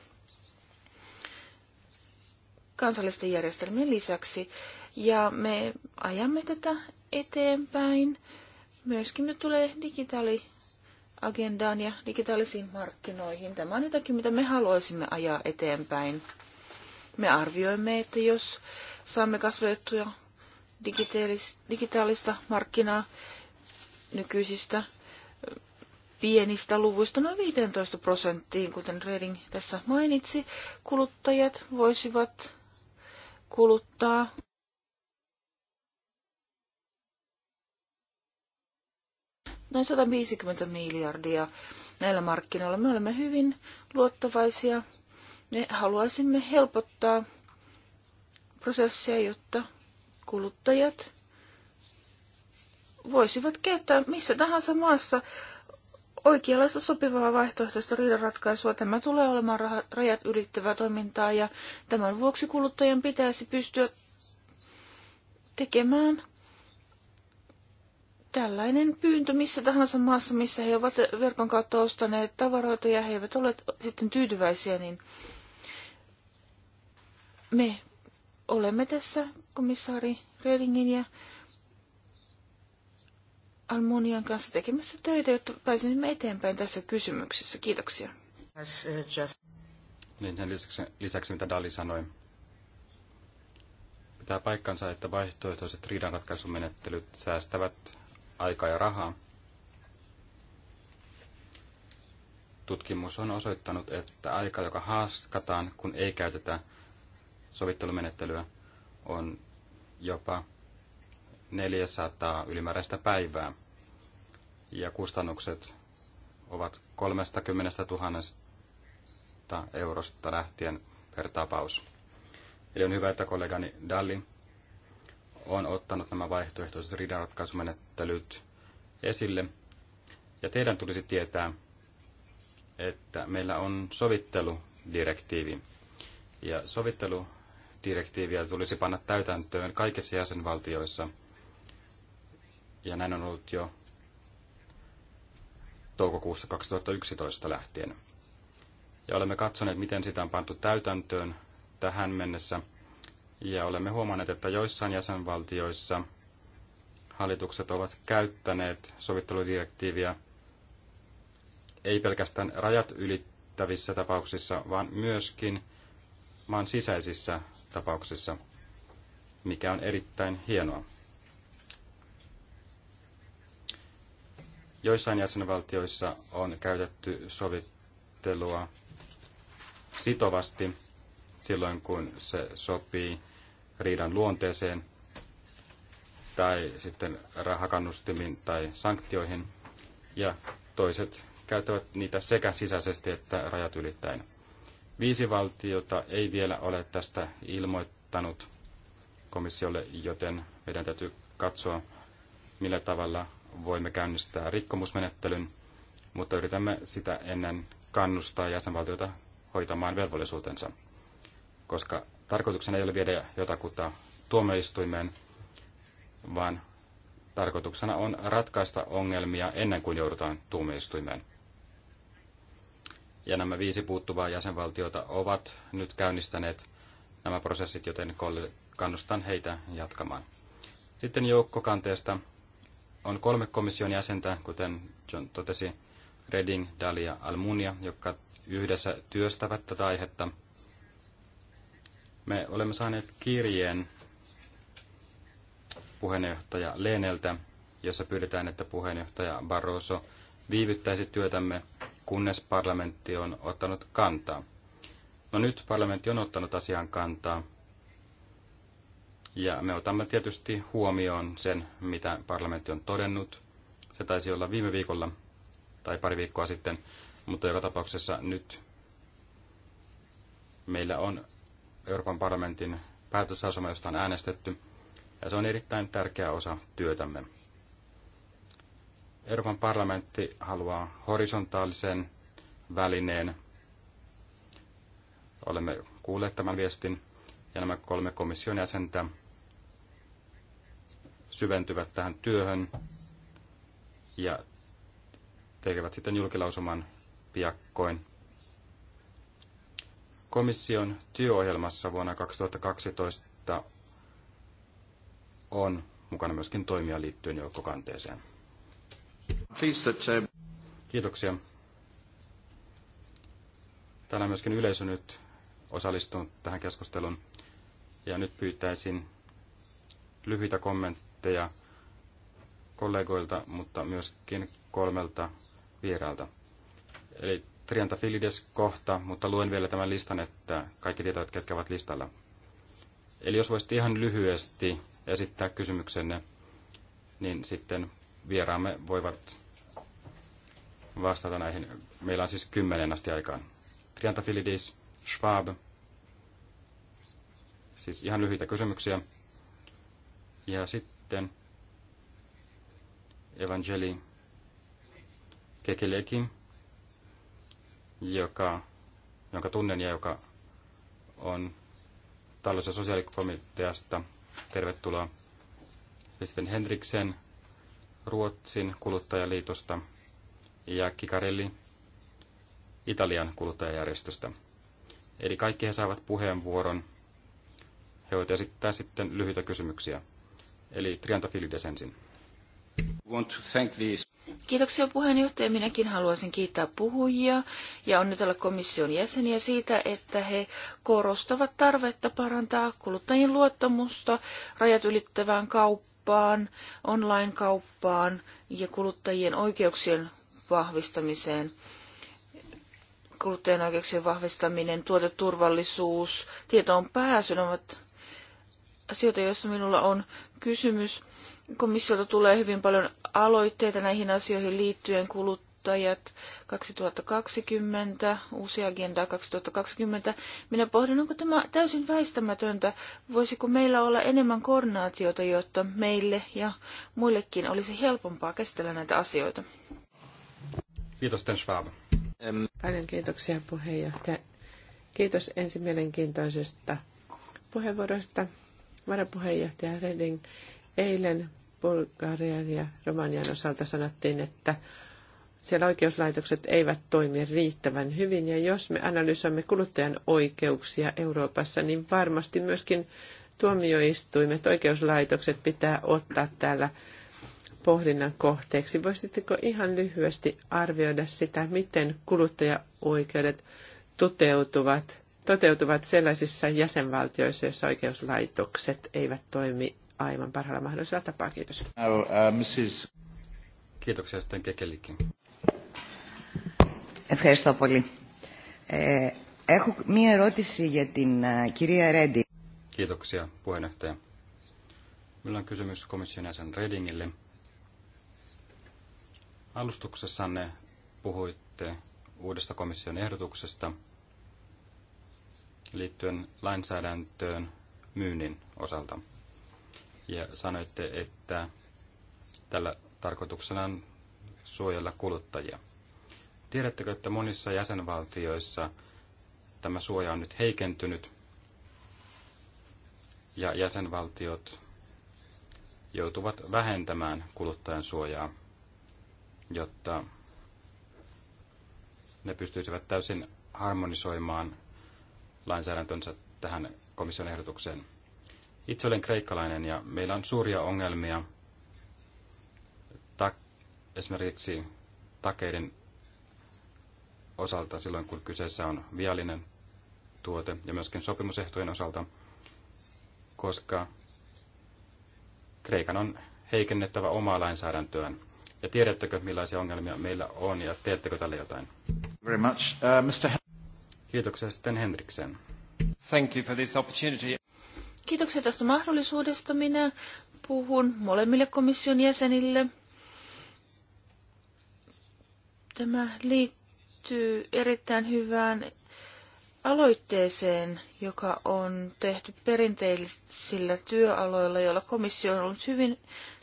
kansallisten järjestelmien lisäksi. Ja me ajamme tätä eteenpäin. Myöskin me tulee digitaaliagendaan ja digitaalisiin markkinoihin. Tämä on jotakin, mitä me haluaisimme ajaa eteenpäin. Me arvioimme, että jos saamme kasvatettuja digitaalista markkinaa nykyisistä pienistä luvuista noin 15 prosenttiin, kuten Reding tässä mainitsi, kuluttajat voisivat kuluttaa noin 150 miljardia näillä markkinoilla. Me olemme hyvin luottavaisia me haluaisimme helpottaa prosessia, jotta kuluttajat voisivat käyttää missä tahansa maassa oikeanlaista sopivaa vaihtoehtoista riidanratkaisua. Tämä tulee olemaan rajat ylittävää toimintaa ja tämän vuoksi kuluttajan pitäisi pystyä tekemään tällainen pyyntö missä tahansa maassa, missä he ovat verkon kautta ostaneet tavaroita ja he eivät ole sitten tyytyväisiä, niin me olemme tässä komissaari Redingin ja Almunian kanssa tekemässä töitä, jotta pääsemme eteenpäin tässä kysymyksessä. Kiitoksia. Niin sen lisäksi, lisäksi mitä Dali sanoi. Pitää paikkansa, että vaihtoehtoiset riidanratkaisumenettelyt säästävät aikaa ja rahaa. Tutkimus on osoittanut, että aika, joka haaskataan, kun ei käytetä sovittelumenettelyä on jopa 400 ylimääräistä päivää. Ja kustannukset ovat 30 000 eurosta lähtien per tapaus. Eli on hyvä, että kollegani Dalli on ottanut nämä vaihtoehtoiset riidanratkaisumenettelyt esille. Ja teidän tulisi tietää, että meillä on sovitteludirektiivi. Ja sovittelu direktiiviä tulisi panna täytäntöön kaikissa jäsenvaltioissa. Ja näin on ollut jo toukokuussa 2011 lähtien. Ja olemme katsoneet, miten sitä on pantu täytäntöön tähän mennessä. Ja olemme huomanneet, että joissain jäsenvaltioissa hallitukset ovat käyttäneet sovitteludirektiiviä ei pelkästään rajat ylittävissä tapauksissa, vaan myöskin maan sisäisissä tapauksissa, mikä on erittäin hienoa. Joissain jäsenvaltioissa on käytetty sovittelua sitovasti silloin, kun se sopii riidan luonteeseen tai sitten rahakannustimin tai sanktioihin. Ja toiset käyttävät niitä sekä sisäisesti että rajat ylittäen. Viisi valtiota ei vielä ole tästä ilmoittanut komissiolle, joten meidän täytyy katsoa, millä tavalla voimme käynnistää rikkomusmenettelyn, mutta yritämme sitä ennen kannustaa jäsenvaltioita hoitamaan velvollisuutensa, koska tarkoituksena ei ole viedä jotakuta tuomioistuimeen, vaan tarkoituksena on ratkaista ongelmia ennen kuin joudutaan tuomioistuimeen. Ja nämä viisi puuttuvaa jäsenvaltiota ovat nyt käynnistäneet nämä prosessit, joten kannustan heitä jatkamaan. Sitten joukkokanteesta on kolme komission jäsentä, kuten John totesi, Reding, Dali ja Almunia, jotka yhdessä työstävät tätä aihetta. Me olemme saaneet kirjeen puheenjohtaja Leeneltä, jossa pyydetään, että puheenjohtaja Barroso – viivyttäisi työtämme, kunnes parlamentti on ottanut kantaa. No nyt parlamentti on ottanut asiaan kantaa, ja me otamme tietysti huomioon sen, mitä parlamentti on todennut. Se taisi olla viime viikolla tai pari viikkoa sitten, mutta joka tapauksessa nyt meillä on Euroopan parlamentin päätösasema, josta on äänestetty, ja se on erittäin tärkeä osa työtämme. Euroopan parlamentti haluaa horisontaalisen välineen. Olemme kuulleet tämän viestin ja nämä kolme komission jäsentä syventyvät tähän työhön ja tekevät sitten julkilausuman piakkoin. Komission työohjelmassa vuonna 2012 on mukana myöskin toimia liittyen joukkokanteeseen. Uh, Kiitoksia. Täällä myöskin yleisö nyt osallistunut tähän keskusteluun. Ja nyt pyytäisin lyhyitä kommentteja kollegoilta, mutta myöskin kolmelta vierailta. Eli Trianta Filides kohta, mutta luen vielä tämän listan, että kaikki tietävät, ketkä ovat listalla. Eli jos voisit ihan lyhyesti esittää kysymyksenne, niin sitten vieraamme voivat vastata näihin. Meillä on siis kymmenen asti aikaan. Triantafilidis, Schwab, siis ihan lyhyitä kysymyksiä. Ja sitten Evangeli Kekeleki, joka, jonka tunnen ja joka on talous- ja sosiaalikomiteasta. Tervetuloa. Ja sitten Henriksen Ruotsin kuluttajaliitosta ja Kikarelli Italian kuluttajajärjestöstä. Eli kaikki he saavat puheenvuoron. He voivat esittää sitten lyhyitä kysymyksiä. Eli Trianta Filides ensin. Kiitoksia puheenjohtaja. Minäkin haluaisin kiittää puhujia ja onnitella komission jäseniä siitä, että he korostavat tarvetta parantaa kuluttajien luottamusta rajat ylittävään kauppaan, online-kauppaan ja kuluttajien oikeuksien vahvistamiseen. Kuluttajan oikeuksien vahvistaminen, tuoteturvallisuus, tietoon pääsy, ne ovat asioita, joissa minulla on kysymys. Komissiolta tulee hyvin paljon aloitteita näihin asioihin liittyen kuluttajat 2020, uusi agenda 2020. Minä pohdin, onko tämä täysin väistämätöntä. Voisiko meillä olla enemmän koordinaatiota, jotta meille ja muillekin olisi helpompaa käsitellä näitä asioita? Kiitos, Ten Schwab. Paljon kiitoksia puheenjohtaja. Kiitos ensin mielenkiintoisesta puheenvuorosta. Varapuheenjohtaja Reding, eilen Bulgarian ja Romanian osalta sanottiin, että siellä oikeuslaitokset eivät toimi riittävän hyvin, ja jos me analysoimme kuluttajan oikeuksia Euroopassa, niin varmasti myöskin tuomioistuimet, oikeuslaitokset pitää ottaa täällä pohdinnan kohteeksi. Voisitteko ihan lyhyesti arvioida sitä, miten kuluttajaoikeudet toteutuvat, toteutuvat sellaisissa jäsenvaltioissa, joissa oikeuslaitokset eivät toimi aivan parhaalla mahdollisella tapaa? Kiitos. uh, Mrs. Kiitoksia sitten Kekelikin. Ευχαριστώ πολύ. Ε, έχω μία ερώτηση για την uh, κυρία Ρέντι. Kiitoksia puheenjohtaja. Meillä on kysymys komission jäsen Redingille. Alustuksessanne puhuitte uudesta komission ehdotuksesta liittyen lainsäädäntöön myynnin osalta. Ja sanoitte, että tällä tarkoituksena on suojella kuluttajia. Tiedättekö, että monissa jäsenvaltioissa tämä suoja on nyt heikentynyt ja jäsenvaltiot joutuvat vähentämään kuluttajan suojaa jotta ne pystyisivät täysin harmonisoimaan lainsäädäntönsä tähän komission ehdotukseen. Itse olen kreikkalainen ja meillä on suuria ongelmia ta- esimerkiksi takeiden osalta silloin, kun kyseessä on viallinen tuote ja myöskin sopimusehtojen osalta, koska Kreikan on heikennettävä omaa lainsäädäntöään. Ja tiedättekö, millaisia ongelmia meillä on ja teettekö tälle jotain? Very much. Uh, Mr. Kiitoksia sitten Henriksen. Thank you for this opportunity. Kiitoksia tästä mahdollisuudesta. Minä puhun molemmille komission jäsenille. Tämä liittyy erittäin hyvään aloitteeseen, joka on tehty perinteisillä työaloilla, joilla komissio on ollut hyvin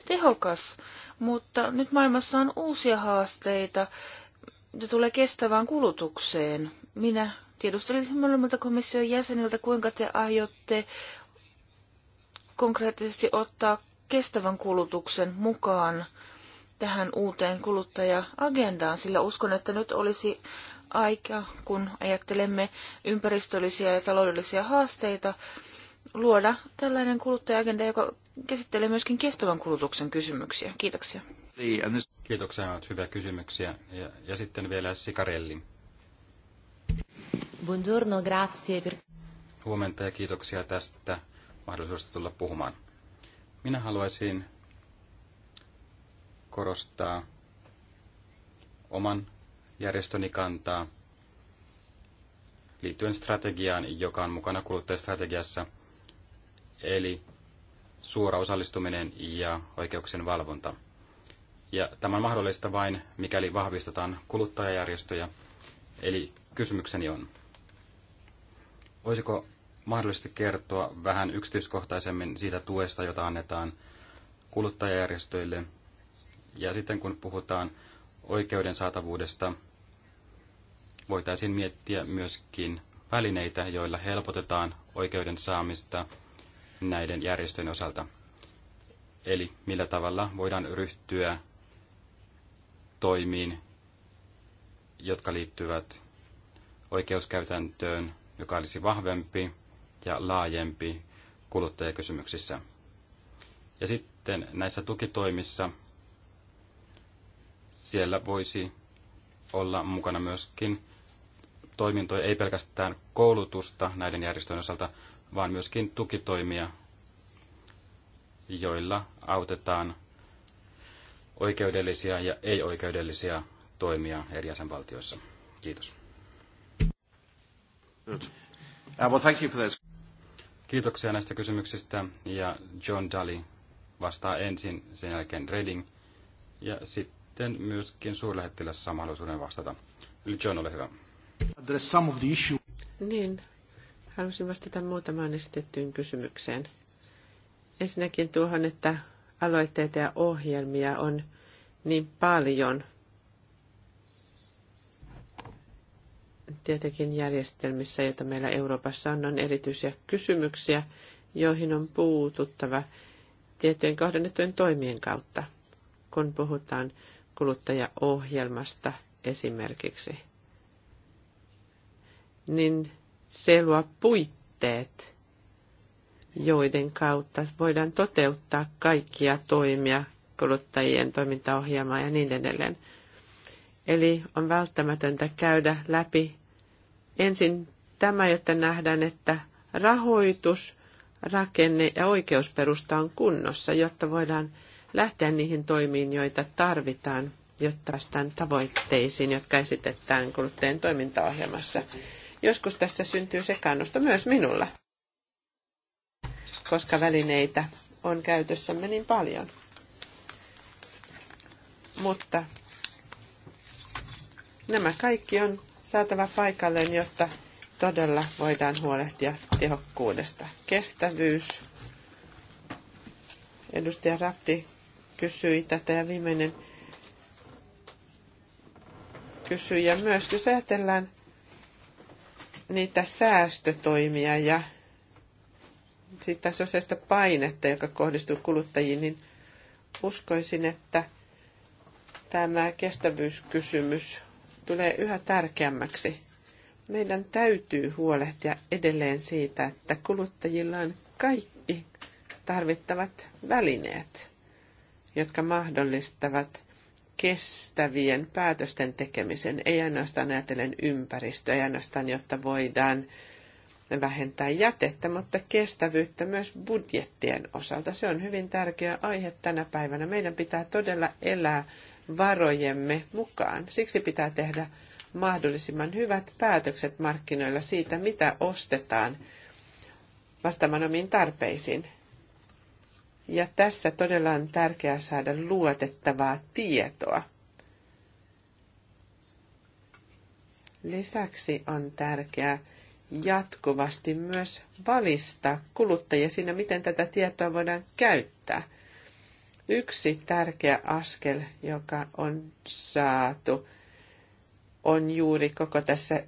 tehokas. Mutta nyt maailmassa on uusia haasteita, Ne tulee kestävään kulutukseen. Minä tiedustelisin molemmilta komission jäseniltä, kuinka te aiotte konkreettisesti ottaa kestävän kulutuksen mukaan tähän uuteen kuluttaja-agendaan, sillä uskon, että nyt olisi aika, kun ajattelemme ympäristöllisiä ja taloudellisia haasteita, luoda tällainen kuluttaja-agenda, joka käsittelee myöskin kestävän kulutuksen kysymyksiä. Kiitoksia. Kiitoksia, olet hyviä kysymyksiä. Ja, ja sitten vielä Sikarelli. Buongiorno, grazie. Per... Huomenta ja kiitoksia tästä mahdollisuudesta tulla puhumaan. Minä haluaisin korostaa oman järjestöni kantaa liittyen strategiaan, joka on mukana kuluttajastrategiassa – eli suora osallistuminen ja oikeuksien valvonta. Ja tämä on mahdollista vain, mikäli vahvistetaan kuluttajajärjestöjä. Eli kysymykseni on, voisiko mahdollisesti kertoa vähän yksityiskohtaisemmin siitä tuesta, jota annetaan kuluttajajärjestöille. Ja sitten kun puhutaan oikeuden saatavuudesta, voitaisiin miettiä myöskin välineitä, joilla helpotetaan oikeuden saamista – näiden järjestöjen osalta. Eli millä tavalla voidaan ryhtyä toimiin, jotka liittyvät oikeuskäytäntöön, joka olisi vahvempi ja laajempi kuluttajakysymyksissä. Ja sitten näissä tukitoimissa siellä voisi olla mukana myöskin toimintoja, ei pelkästään koulutusta näiden järjestöjen osalta, vaan myöskin tukitoimia, joilla autetaan oikeudellisia ja ei-oikeudellisia toimia eri jäsenvaltioissa. Kiitos. Uh, Kiitoksia näistä kysymyksistä ja John Daly vastaa ensin, sen jälkeen Reading ja sitten myöskin suurlähettiläs saa mahdollisuuden vastata. Eli John, ole hyvä. Niin, Haluaisin vastata muutamaan esitettyyn kysymykseen. Ensinnäkin tuohon, että aloitteita ja ohjelmia on niin paljon tietenkin järjestelmissä, joita meillä Euroopassa on, on erityisiä kysymyksiä, joihin on puututtava tiettyjen kohdennettujen toimien kautta, kun puhutaan kuluttajaohjelmasta esimerkiksi. Niin se luo puitteet, joiden kautta voidaan toteuttaa kaikkia toimia, kuluttajien toimintaohjelmaa ja niin edelleen. Eli on välttämätöntä käydä läpi ensin tämä, jotta nähdään, että rahoitus, rakenne ja oikeusperusta on kunnossa, jotta voidaan lähteä niihin toimiin, joita tarvitaan, jotta päästään tavoitteisiin, jotka esitetään kuluttajien toimintaohjelmassa. Joskus tässä syntyy sekaannusta myös minulla, koska välineitä on käytössämme niin paljon. Mutta nämä kaikki on saatava paikalleen, jotta todella voidaan huolehtia tehokkuudesta. Kestävyys. Edustaja Rapti kysyi tätä ja viimeinen kysyjä myös, jos ajatellaan niitä säästötoimia ja sitä sosiaalista painetta, joka kohdistuu kuluttajiin, niin uskoisin, että tämä kestävyyskysymys tulee yhä tärkeämmäksi. Meidän täytyy huolehtia edelleen siitä, että kuluttajilla on kaikki tarvittavat välineet, jotka mahdollistavat kestävien päätösten tekemisen, ei ainoastaan ajatellen ympäristöä, ei ainoastaan, jotta voidaan vähentää jätettä, mutta kestävyyttä myös budjettien osalta. Se on hyvin tärkeä aihe tänä päivänä. Meidän pitää todella elää varojemme mukaan. Siksi pitää tehdä mahdollisimman hyvät päätökset markkinoilla siitä, mitä ostetaan vastaamaan omiin tarpeisiin. Ja tässä todella on tärkeää saada luotettavaa tietoa. Lisäksi on tärkeää jatkuvasti myös valistaa kuluttajia siinä, miten tätä tietoa voidaan käyttää. Yksi tärkeä askel, joka on saatu, on juuri koko tässä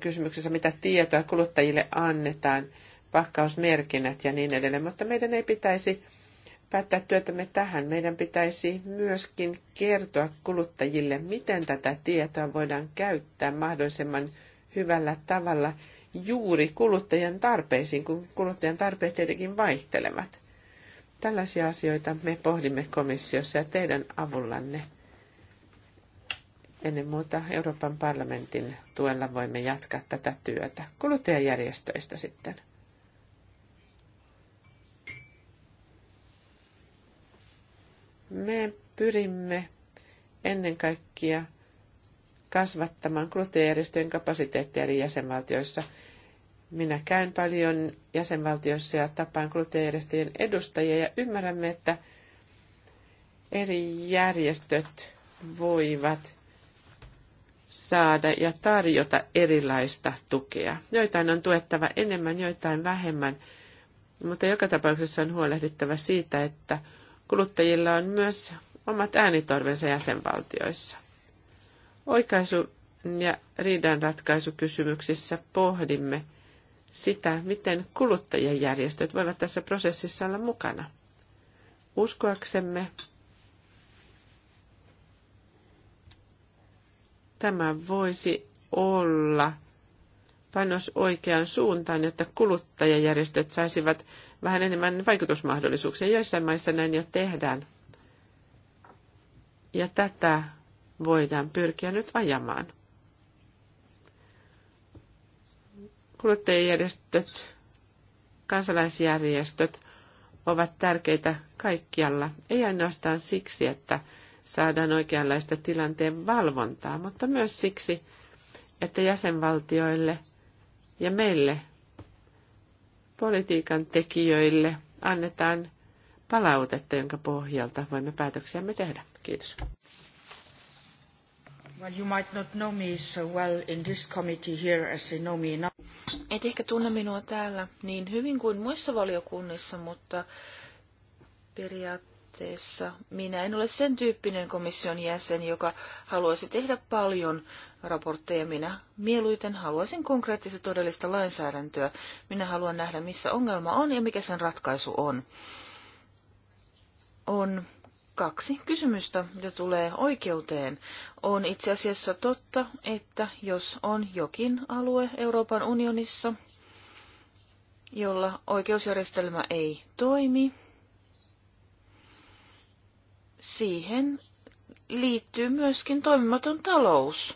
kysymyksessä, mitä tietoa kuluttajille annetaan – pakkausmerkinnät ja niin edelleen, mutta meidän ei pitäisi päättää työtämme tähän. Meidän pitäisi myöskin kertoa kuluttajille, miten tätä tietoa voidaan käyttää mahdollisimman hyvällä tavalla juuri kuluttajan tarpeisiin, kun kuluttajan tarpeet tietenkin vaihtelevat. Tällaisia asioita me pohdimme komissiossa ja teidän avullanne. Ennen muuta Euroopan parlamentin tuella voimme jatkaa tätä työtä. Kuluttajajärjestöistä sitten. Me pyrimme ennen kaikkea kasvattamaan kuluttajajärjestöjen kapasiteettia eri jäsenvaltioissa. Minä käyn paljon jäsenvaltioissa ja tapaan kuluttajajärjestöjen edustajia ja ymmärrämme, että eri järjestöt voivat saada ja tarjota erilaista tukea. Joitain on tuettava enemmän, joitain vähemmän, mutta joka tapauksessa on huolehdittava siitä, että – kuluttajilla on myös omat äänitorvensa jäsenvaltioissa. Oikaisu- ja riidanratkaisukysymyksissä pohdimme sitä, miten kuluttajien järjestöt voivat tässä prosessissa olla mukana. Uskoaksemme tämä voisi olla – panos oikeaan suuntaan, jotta kuluttajajärjestöt saisivat vähän enemmän vaikutusmahdollisuuksia. Joissain maissa näin jo tehdään. Ja tätä voidaan pyrkiä nyt ajamaan. Kuluttajajärjestöt, kansalaisjärjestöt ovat tärkeitä kaikkialla, ei ainoastaan siksi, että saadaan oikeanlaista tilanteen valvontaa, mutta myös siksi, että jäsenvaltioille ja meille, politiikan tekijöille, annetaan palautetta, jonka pohjalta voimme päätöksiämme tehdä. Kiitos. Well, you might not know me so well in this committee here as you know me now. Et ehkä tunne minua täällä niin hyvin kuin muissa valiokunnissa, mutta periaatteessa tilanteessa. Minä en ole sen tyyppinen komission jäsen, joka haluaisi tehdä paljon raportteja. Minä mieluiten haluaisin konkreettista todellista lainsäädäntöä. Minä haluan nähdä, missä ongelma on ja mikä sen ratkaisu on. On kaksi kysymystä, mitä tulee oikeuteen. On itse asiassa totta, että jos on jokin alue Euroopan unionissa, jolla oikeusjärjestelmä ei toimi, siihen liittyy myöskin toimimaton talous,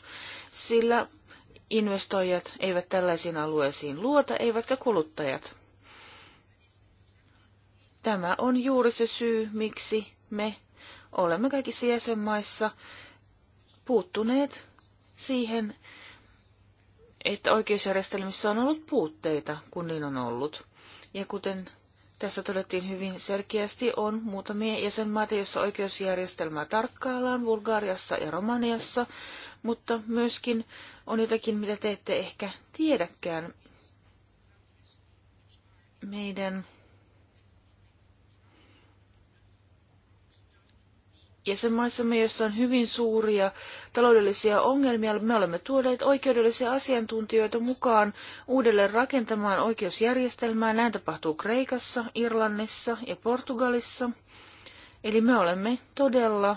sillä investoijat eivät tällaisiin alueisiin luota, eivätkä kuluttajat. Tämä on juuri se syy, miksi me olemme kaikissa jäsenmaissa puuttuneet siihen, että oikeusjärjestelmissä on ollut puutteita, kun niin on ollut. Ja kuten tässä todettiin hyvin selkeästi, on muutamia jäsenmaita, joissa oikeusjärjestelmää tarkkaillaan, Bulgariassa ja Romaniassa, mutta myöskin on jotakin, mitä te ette ehkä tiedäkään. Meidän jäsenmaissamme, joissa on hyvin suuria taloudellisia ongelmia, me olemme tuoneet oikeudellisia asiantuntijoita mukaan uudelleen rakentamaan oikeusjärjestelmää. Näin tapahtuu Kreikassa, Irlannissa ja Portugalissa. Eli me olemme todella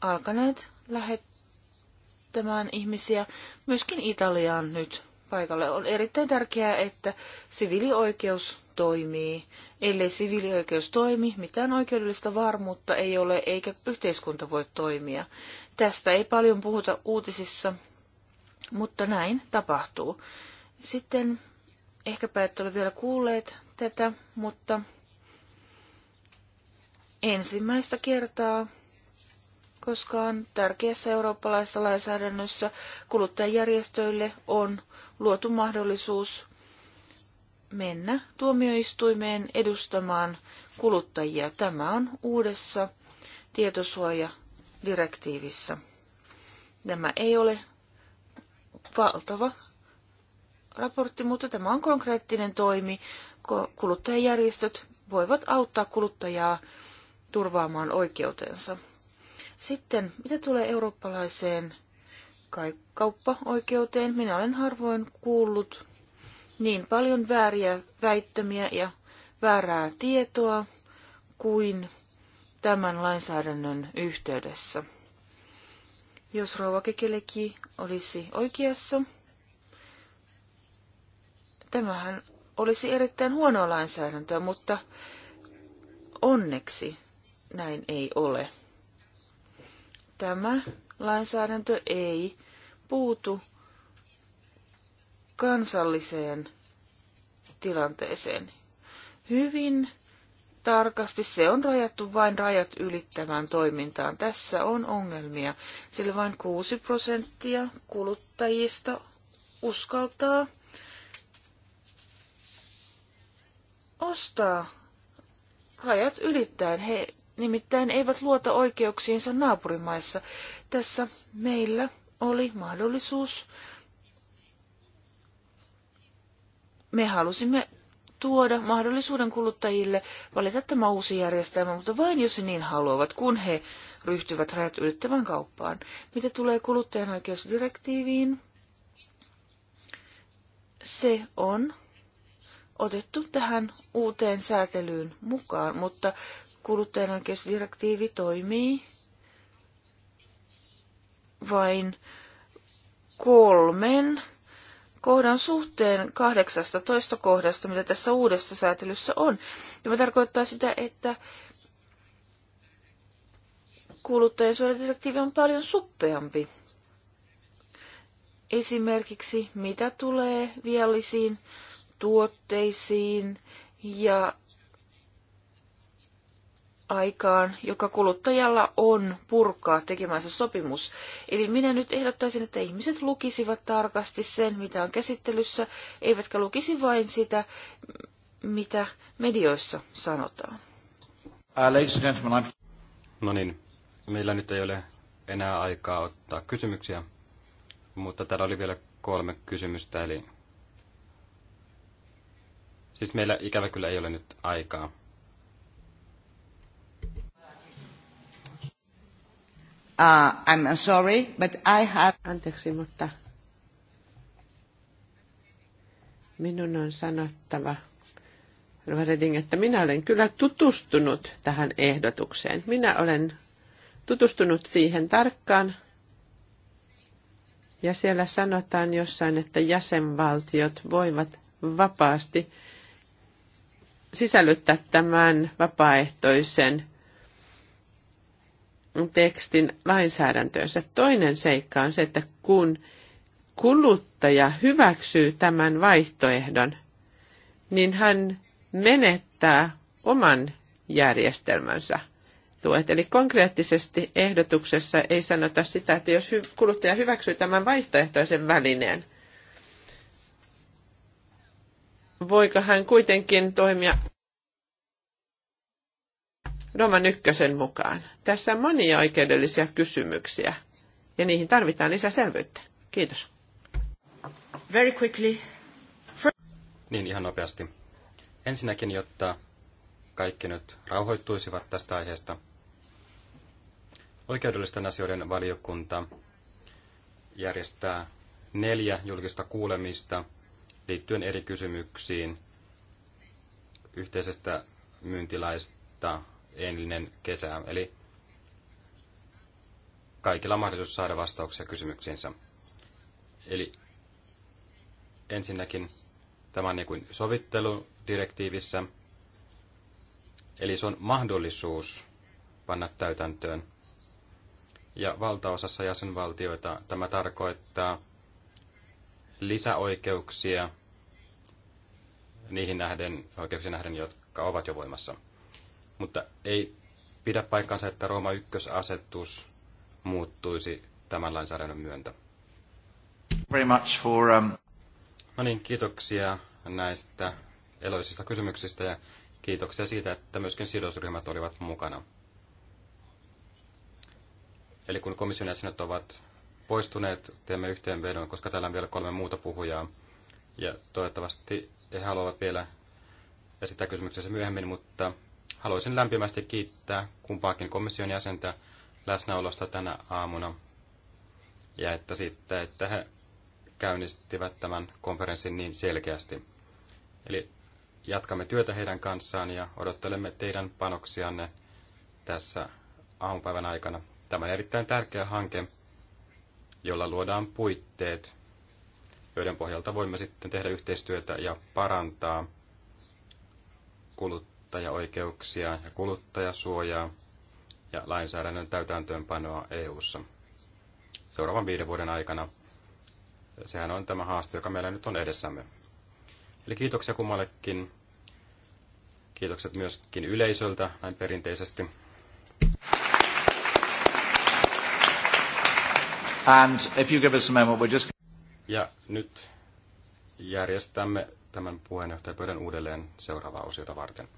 alkaneet lähettämään ihmisiä myöskin Italiaan nyt paikalle. On erittäin tärkeää, että siviilioikeus toimii ellei siviilioikeus toimi, mitään oikeudellista varmuutta ei ole eikä yhteiskunta voi toimia. Tästä ei paljon puhuta uutisissa, mutta näin tapahtuu. Sitten ehkäpä et ole vielä kuulleet tätä, mutta ensimmäistä kertaa koskaan tärkeässä eurooppalaisessa lainsäädännössä kuluttajajärjestöille on luotu mahdollisuus mennä tuomioistuimeen edustamaan kuluttajia. Tämä on uudessa tietosuojadirektiivissä. Tämä ei ole valtava raportti, mutta tämä on konkreettinen toimi. Kuluttajajärjestöt voivat auttaa kuluttajaa turvaamaan oikeutensa. Sitten, mitä tulee eurooppalaiseen kauppaoikeuteen, minä olen harvoin kuullut niin paljon vääriä väittämiä ja väärää tietoa kuin tämän lainsäädännön yhteydessä. Jos rouva Kekeleki olisi oikeassa, tämähän olisi erittäin huonoa lainsäädäntöä, mutta onneksi näin ei ole. Tämä lainsäädäntö ei puutu kansalliseen tilanteeseen. Hyvin tarkasti se on rajattu vain rajat ylittävään toimintaan. Tässä on ongelmia, sillä vain 6 prosenttia kuluttajista uskaltaa ostaa rajat ylittäen. He nimittäin eivät luota oikeuksiinsa naapurimaissa. Tässä meillä oli mahdollisuus Me halusimme tuoda mahdollisuuden kuluttajille valita tämä uusi järjestelmä, mutta vain jos he niin haluavat, kun he ryhtyvät rajat ylittävän kauppaan. Mitä tulee kuluttajanoikeusdirektiiviin? Se on otettu tähän uuteen säätelyyn mukaan, mutta kuluttajanoikeusdirektiivi toimii vain kolmen kohdan suhteen 18 kohdasta, mitä tässä uudessa säätelyssä on. Tämä tarkoittaa sitä, että kuluttajansuojadirektiivi on paljon suppeampi. Esimerkiksi mitä tulee viallisiin tuotteisiin ja aikaan, joka kuluttajalla on purkaa tekemänsä sopimus. Eli minä nyt ehdottaisin, että ihmiset lukisivat tarkasti sen, mitä on käsittelyssä, eivätkä lukisi vain sitä, mitä medioissa sanotaan. Uh, no niin, meillä nyt ei ole enää aikaa ottaa kysymyksiä, mutta täällä oli vielä kolme kysymystä, eli siis meillä ikävä kyllä ei ole nyt aikaa. Uh, I'm sorry, but I have... Anteeksi, mutta minun on sanottava, Reding, että minä olen kyllä tutustunut tähän ehdotukseen. Minä olen tutustunut siihen tarkkaan. Ja siellä sanotaan jossain, että jäsenvaltiot voivat vapaasti sisällyttää tämän vapaaehtoisen tekstin lainsäädäntöönsä. Toinen seikka on se, että kun kuluttaja hyväksyy tämän vaihtoehdon, niin hän menettää oman järjestelmänsä tuet. Eli konkreettisesti ehdotuksessa ei sanota sitä, että jos kuluttaja hyväksyy tämän vaihtoehtoisen välineen, voiko hän kuitenkin toimia Roman ykkösen mukaan. Tässä on monia oikeudellisia kysymyksiä ja niihin tarvitaan lisäselvyyttä. Kiitos. Very quickly. Niin, ihan nopeasti. Ensinnäkin, jotta kaikki nyt rauhoittuisivat tästä aiheesta. Oikeudellisten asioiden valiokunta järjestää neljä julkista kuulemista liittyen eri kysymyksiin yhteisestä myyntilaista eilinen kesä. Eli kaikilla on mahdollisuus saada vastauksia kysymyksiinsä. Eli ensinnäkin tämä on niin kuin sovitteludirektiivissä, eli se on mahdollisuus panna täytäntöön. Ja valtaosassa jäsenvaltioita tämä tarkoittaa lisäoikeuksia niihin nähden, oikeuksiin nähden, jotka ovat jo voimassa. Mutta ei pidä paikkaansa, että Rooma ykkösasetus muuttuisi tämän lainsäädännön myöntä. Very much for, um... No niin, kiitoksia näistä eloisista kysymyksistä ja kiitoksia siitä, että myöskin sidosryhmät olivat mukana. Eli kun komission jäsenet ovat poistuneet, teemme yhteenvedon, koska täällä on vielä kolme muuta puhujaa. Ja toivottavasti he haluavat vielä esittää kysymyksensä myöhemmin, mutta Haluaisin lämpimästi kiittää kumpaakin komission jäsentä läsnäolosta tänä aamuna ja että sitten, että he käynnistivät tämän konferenssin niin selkeästi. Eli jatkamme työtä heidän kanssaan ja odottelemme teidän panoksianne tässä aamupäivän aikana. Tämä on erittäin tärkeä hanke, jolla luodaan puitteet, joiden pohjalta voimme sitten tehdä yhteistyötä ja parantaa kulut kuluttajaoikeuksia ja kuluttajasuojaa ja lainsäädännön täytäntöönpanoa EU:ssa. Seuraavan viiden vuoden aikana sehän on tämä haaste, joka meillä nyt on edessämme. Eli kiitoksia kummallekin. Kiitokset myöskin yleisöltä näin perinteisesti. And if you give us a moment, we're just... Ja nyt järjestämme tämän puheenjohtajapöydän uudelleen seuraavaa osiota varten.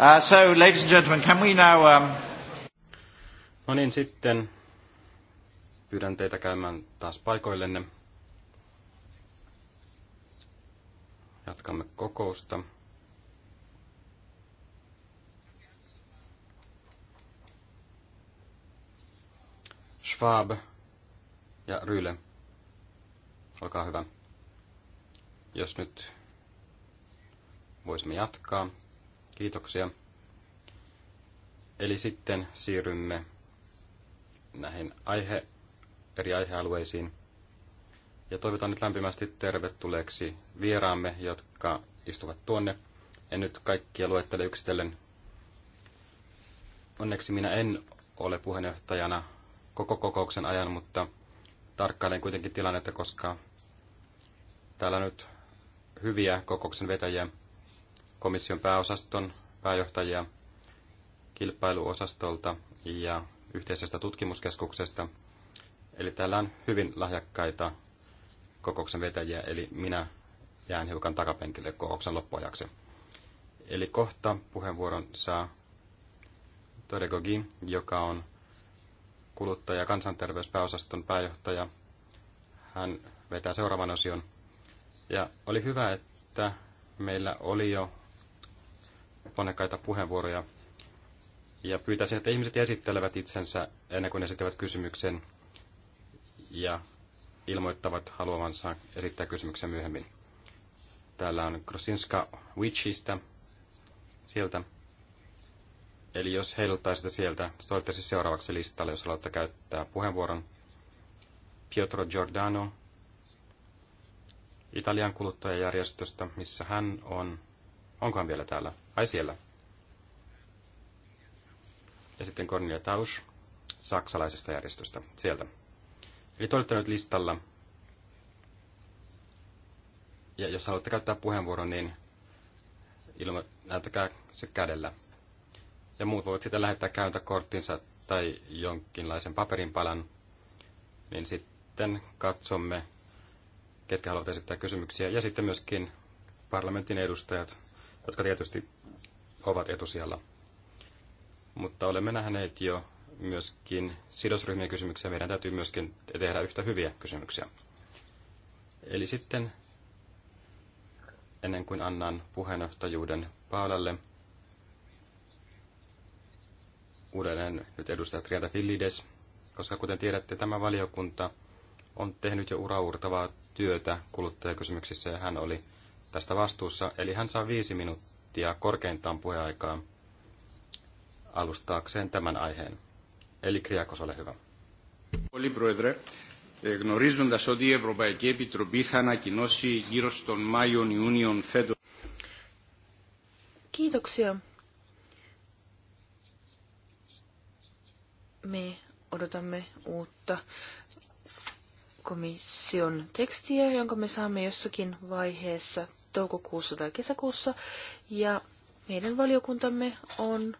Uh, so, ladies and gentlemen, can we now... Um... No niin, sitten pyydän teitä käymään taas paikoillenne. Jatkamme kokousta. Schwab ja Ryle, olkaa hyvä. Jos nyt voisimme jatkaa. Kiitoksia. Eli sitten siirrymme näihin aihe, eri aihealueisiin. Ja toivotan nyt lämpimästi tervetulleeksi vieraamme, jotka istuvat tuonne. En nyt kaikkia luettele yksitellen. Onneksi minä en ole puheenjohtajana koko kokouksen ajan, mutta tarkkailen kuitenkin tilannetta, koska täällä nyt hyviä kokouksen vetäjiä komission pääosaston pääjohtajia kilpailuosastolta ja yhteisestä tutkimuskeskuksesta. Eli täällä on hyvin lahjakkaita kokouksen vetäjiä, eli minä jään hiukan takapenkille kokouksen loppuajaksi. Eli kohta puheenvuoron saa Todegogi, joka on kuluttaja- ja kansanterveyspääosaston pääjohtaja. Hän vetää seuraavan osion. Ja oli hyvä, että meillä oli jo ponnekkaita puheenvuoroja. Ja pyytäisin, että ihmiset esittelevät itsensä ennen kuin esittävät kysymyksen ja ilmoittavat haluavansa esittää kysymyksen myöhemmin. Täällä on Krosinska Witchistä sieltä. Eli jos heiluttaisitte sieltä, toivottavasti siis seuraavaksi listalle, jos haluatte käyttää puheenvuoron. Pietro Giordano Italian kuluttajajärjestöstä, missä hän on Onkohan vielä täällä? Ai siellä. Ja sitten Cornelia Tausch saksalaisesta järjestöstä sieltä. Eli te olette nyt listalla. Ja jos haluatte käyttää puheenvuoron, niin ilma, näyttäkää se kädellä. Ja muut voivat sitten lähettää käyntäkorttinsa tai jonkinlaisen paperinpalan. Niin sitten katsomme, ketkä haluavat esittää kysymyksiä. Ja sitten myöskin parlamentin edustajat jotka tietysti ovat etusijalla. Mutta olemme nähneet jo myöskin sidosryhmien kysymyksiä. Meidän täytyy myöskin tehdä yhtä hyviä kysymyksiä. Eli sitten ennen kuin annan puheenjohtajuuden Paalalle, uudelleen nyt edustaja Trianta Fillides, koska kuten tiedätte, tämä valiokunta on tehnyt jo uraurtavaa työtä kuluttajakysymyksissä ja hän oli tästä vastuussa, eli hän saa viisi minuuttia korkeintaan puheaikaa alustaakseen tämän aiheen. Eli Kriakos, ole hyvä. Πολύ Πρόεδρε, γνωρίζοντας ότι η Ευρωπαϊκή Επιτροπή θα ανακοινώσει γύρω στον Μάιο-Ιούνιον φέτος. Kiitoksia. Me odotamme uutta komission tekstiä, jonka me saamme jossakin vaiheessa toukokuussa tai kesäkuussa, ja meidän valiokuntamme on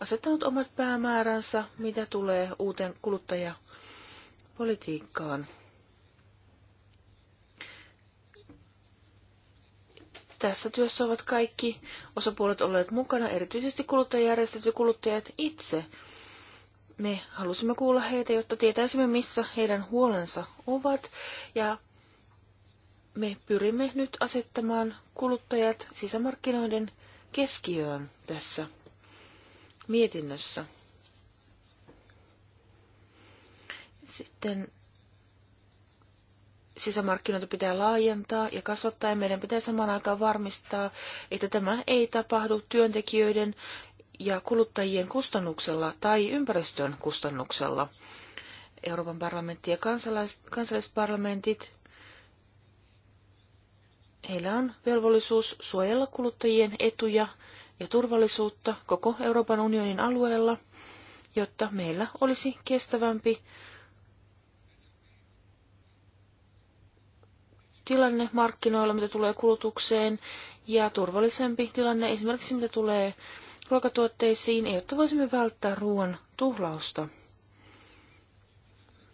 asettanut omat päämääränsä, mitä tulee uuteen kuluttajapolitiikkaan. Tässä työssä ovat kaikki osapuolet olleet mukana, erityisesti kuluttajajärjestöt ja kuluttajat itse. Me halusimme kuulla heitä, jotta tietäisimme, missä heidän huolensa ovat, ja me pyrimme nyt asettamaan kuluttajat sisämarkkinoiden keskiöön tässä mietinnössä. Sitten sisämarkkinoita pitää laajentaa ja kasvattaa ja meidän pitää samaan aikaan varmistaa, että tämä ei tapahdu työntekijöiden ja kuluttajien kustannuksella tai ympäristön kustannuksella. Euroopan parlamentti ja kansalaisparlamentit Heillä on velvollisuus suojella kuluttajien etuja ja turvallisuutta koko Euroopan unionin alueella, jotta meillä olisi kestävämpi tilanne markkinoilla, mitä tulee kulutukseen, ja turvallisempi tilanne esimerkiksi mitä tulee ruokatuotteisiin, jotta voisimme välttää ruoan tuhlausta.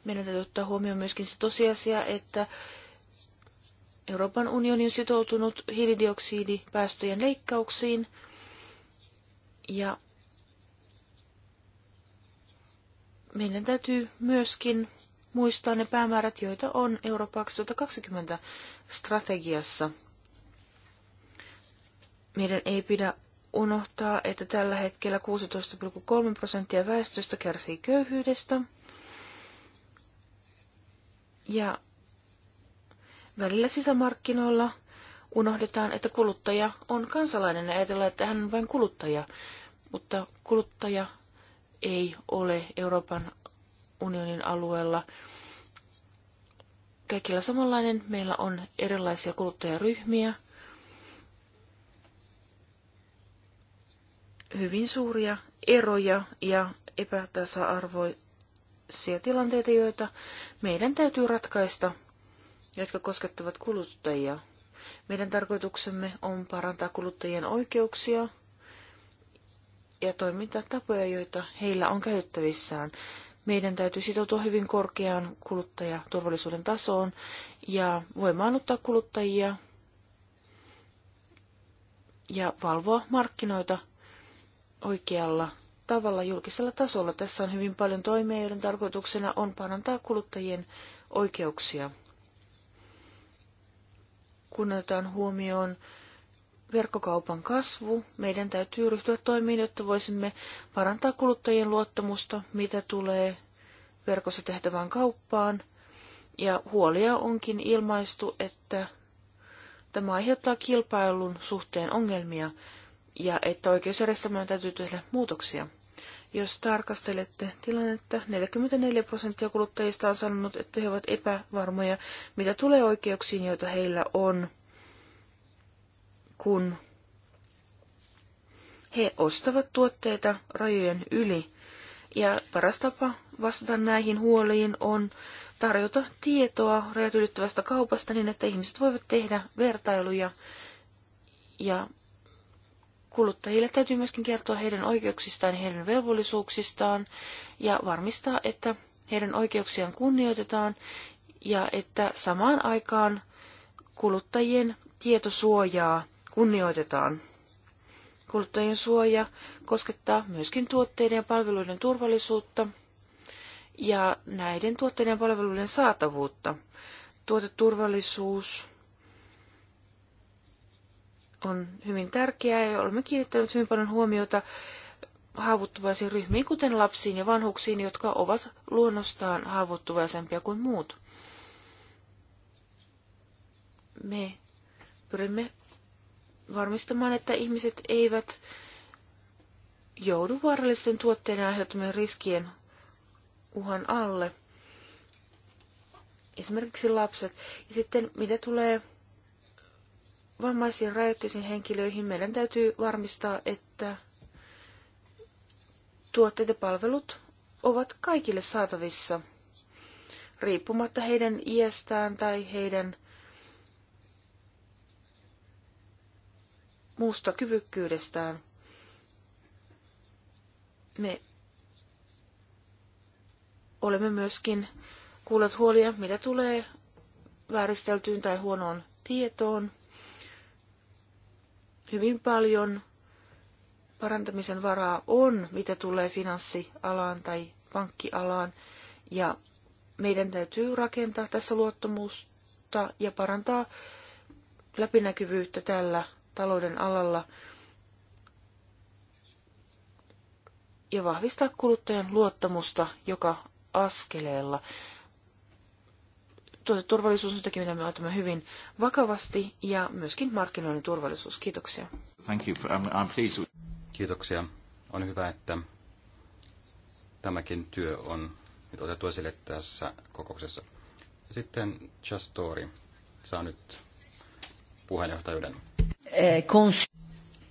Meidän täytyy ottaa huomioon myöskin se tosiasia, että Euroopan unioni on sitoutunut hiilidioksidipäästöjen leikkauksiin ja meidän täytyy myöskin muistaa ne päämäärät, joita on Eurooppa 2020 strategiassa. Meidän ei pidä unohtaa, että tällä hetkellä 16,3 prosenttia väestöstä kärsii köyhyydestä. Ja Välillä sisämarkkinoilla unohdetaan, että kuluttaja on kansalainen ja ajatellaan, että hän on vain kuluttaja, mutta kuluttaja ei ole Euroopan unionin alueella kaikilla samanlainen. Meillä on erilaisia kuluttajaryhmiä, hyvin suuria eroja ja epätasa-arvoisia tilanteita, joita meidän täytyy ratkaista jotka koskettavat kuluttajia. Meidän tarkoituksemme on parantaa kuluttajien oikeuksia ja toimintatapoja, joita heillä on käytettävissään. Meidän täytyy sitoutua hyvin korkeaan kuluttajaturvallisuuden tasoon ja voimaanottaa kuluttajia ja valvoa markkinoita oikealla tavalla julkisella tasolla. Tässä on hyvin paljon toimia, joiden tarkoituksena on parantaa kuluttajien oikeuksia kun otetaan huomioon verkkokaupan kasvu, meidän täytyy ryhtyä toimiin, jotta voisimme parantaa kuluttajien luottamusta, mitä tulee verkossa tehtävään kauppaan. Ja huolia onkin ilmaistu, että tämä aiheuttaa kilpailun suhteen ongelmia ja että oikeusjärjestelmään täytyy tehdä muutoksia. Jos tarkastelette tilannetta, 44 prosenttia kuluttajista on sanonut, että he ovat epävarmoja, mitä tulee oikeuksiin, joita heillä on, kun he ostavat tuotteita rajojen yli. Ja paras tapa vastata näihin huoliin on tarjota tietoa rajat ylittävästä kaupasta niin, että ihmiset voivat tehdä vertailuja ja kuluttajille täytyy myöskin kertoa heidän oikeuksistaan ja heidän velvollisuuksistaan ja varmistaa, että heidän oikeuksiaan kunnioitetaan ja että samaan aikaan kuluttajien tietosuojaa kunnioitetaan. Kuluttajien suoja koskettaa myöskin tuotteiden ja palveluiden turvallisuutta ja näiden tuotteiden ja palveluiden saatavuutta. Tuoteturvallisuus on hyvin tärkeää ja olemme kiinnittäneet hyvin paljon huomiota haavoittuvaisiin ryhmiin, kuten lapsiin ja vanhuksiin, jotka ovat luonnostaan haavoittuvaisempia kuin muut. Me pyrimme varmistamaan, että ihmiset eivät joudu vaarallisten tuotteiden aiheuttamien riskien uhan alle. Esimerkiksi lapset. Ja sitten mitä tulee vammaisiin rajoitteisiin henkilöihin meidän täytyy varmistaa, että tuotteet ja palvelut ovat kaikille saatavissa, riippumatta heidän iästään tai heidän muusta kyvykkyydestään. Me olemme myöskin kuulleet huolia, mitä tulee vääristeltyyn tai huonoon tietoon. Hyvin paljon parantamisen varaa on, mitä tulee finanssialaan tai pankkialaan, ja meidän täytyy rakentaa tässä luottamusta ja parantaa läpinäkyvyyttä tällä talouden alalla ja vahvistaa kuluttajan luottamusta joka askeleella tuoteturvallisuus on tekeminen, mitä me otamme hyvin vakavasti, ja myöskin markkinoinnin turvallisuus. Kiitoksia. Thank you. I'm, um, I'm pleased Kiitoksia. On hyvä, että tämäkin työ on nyt otettu esille tässä kokouksessa. Sitten Story saa nyt puheenjohtajuuden. Eh,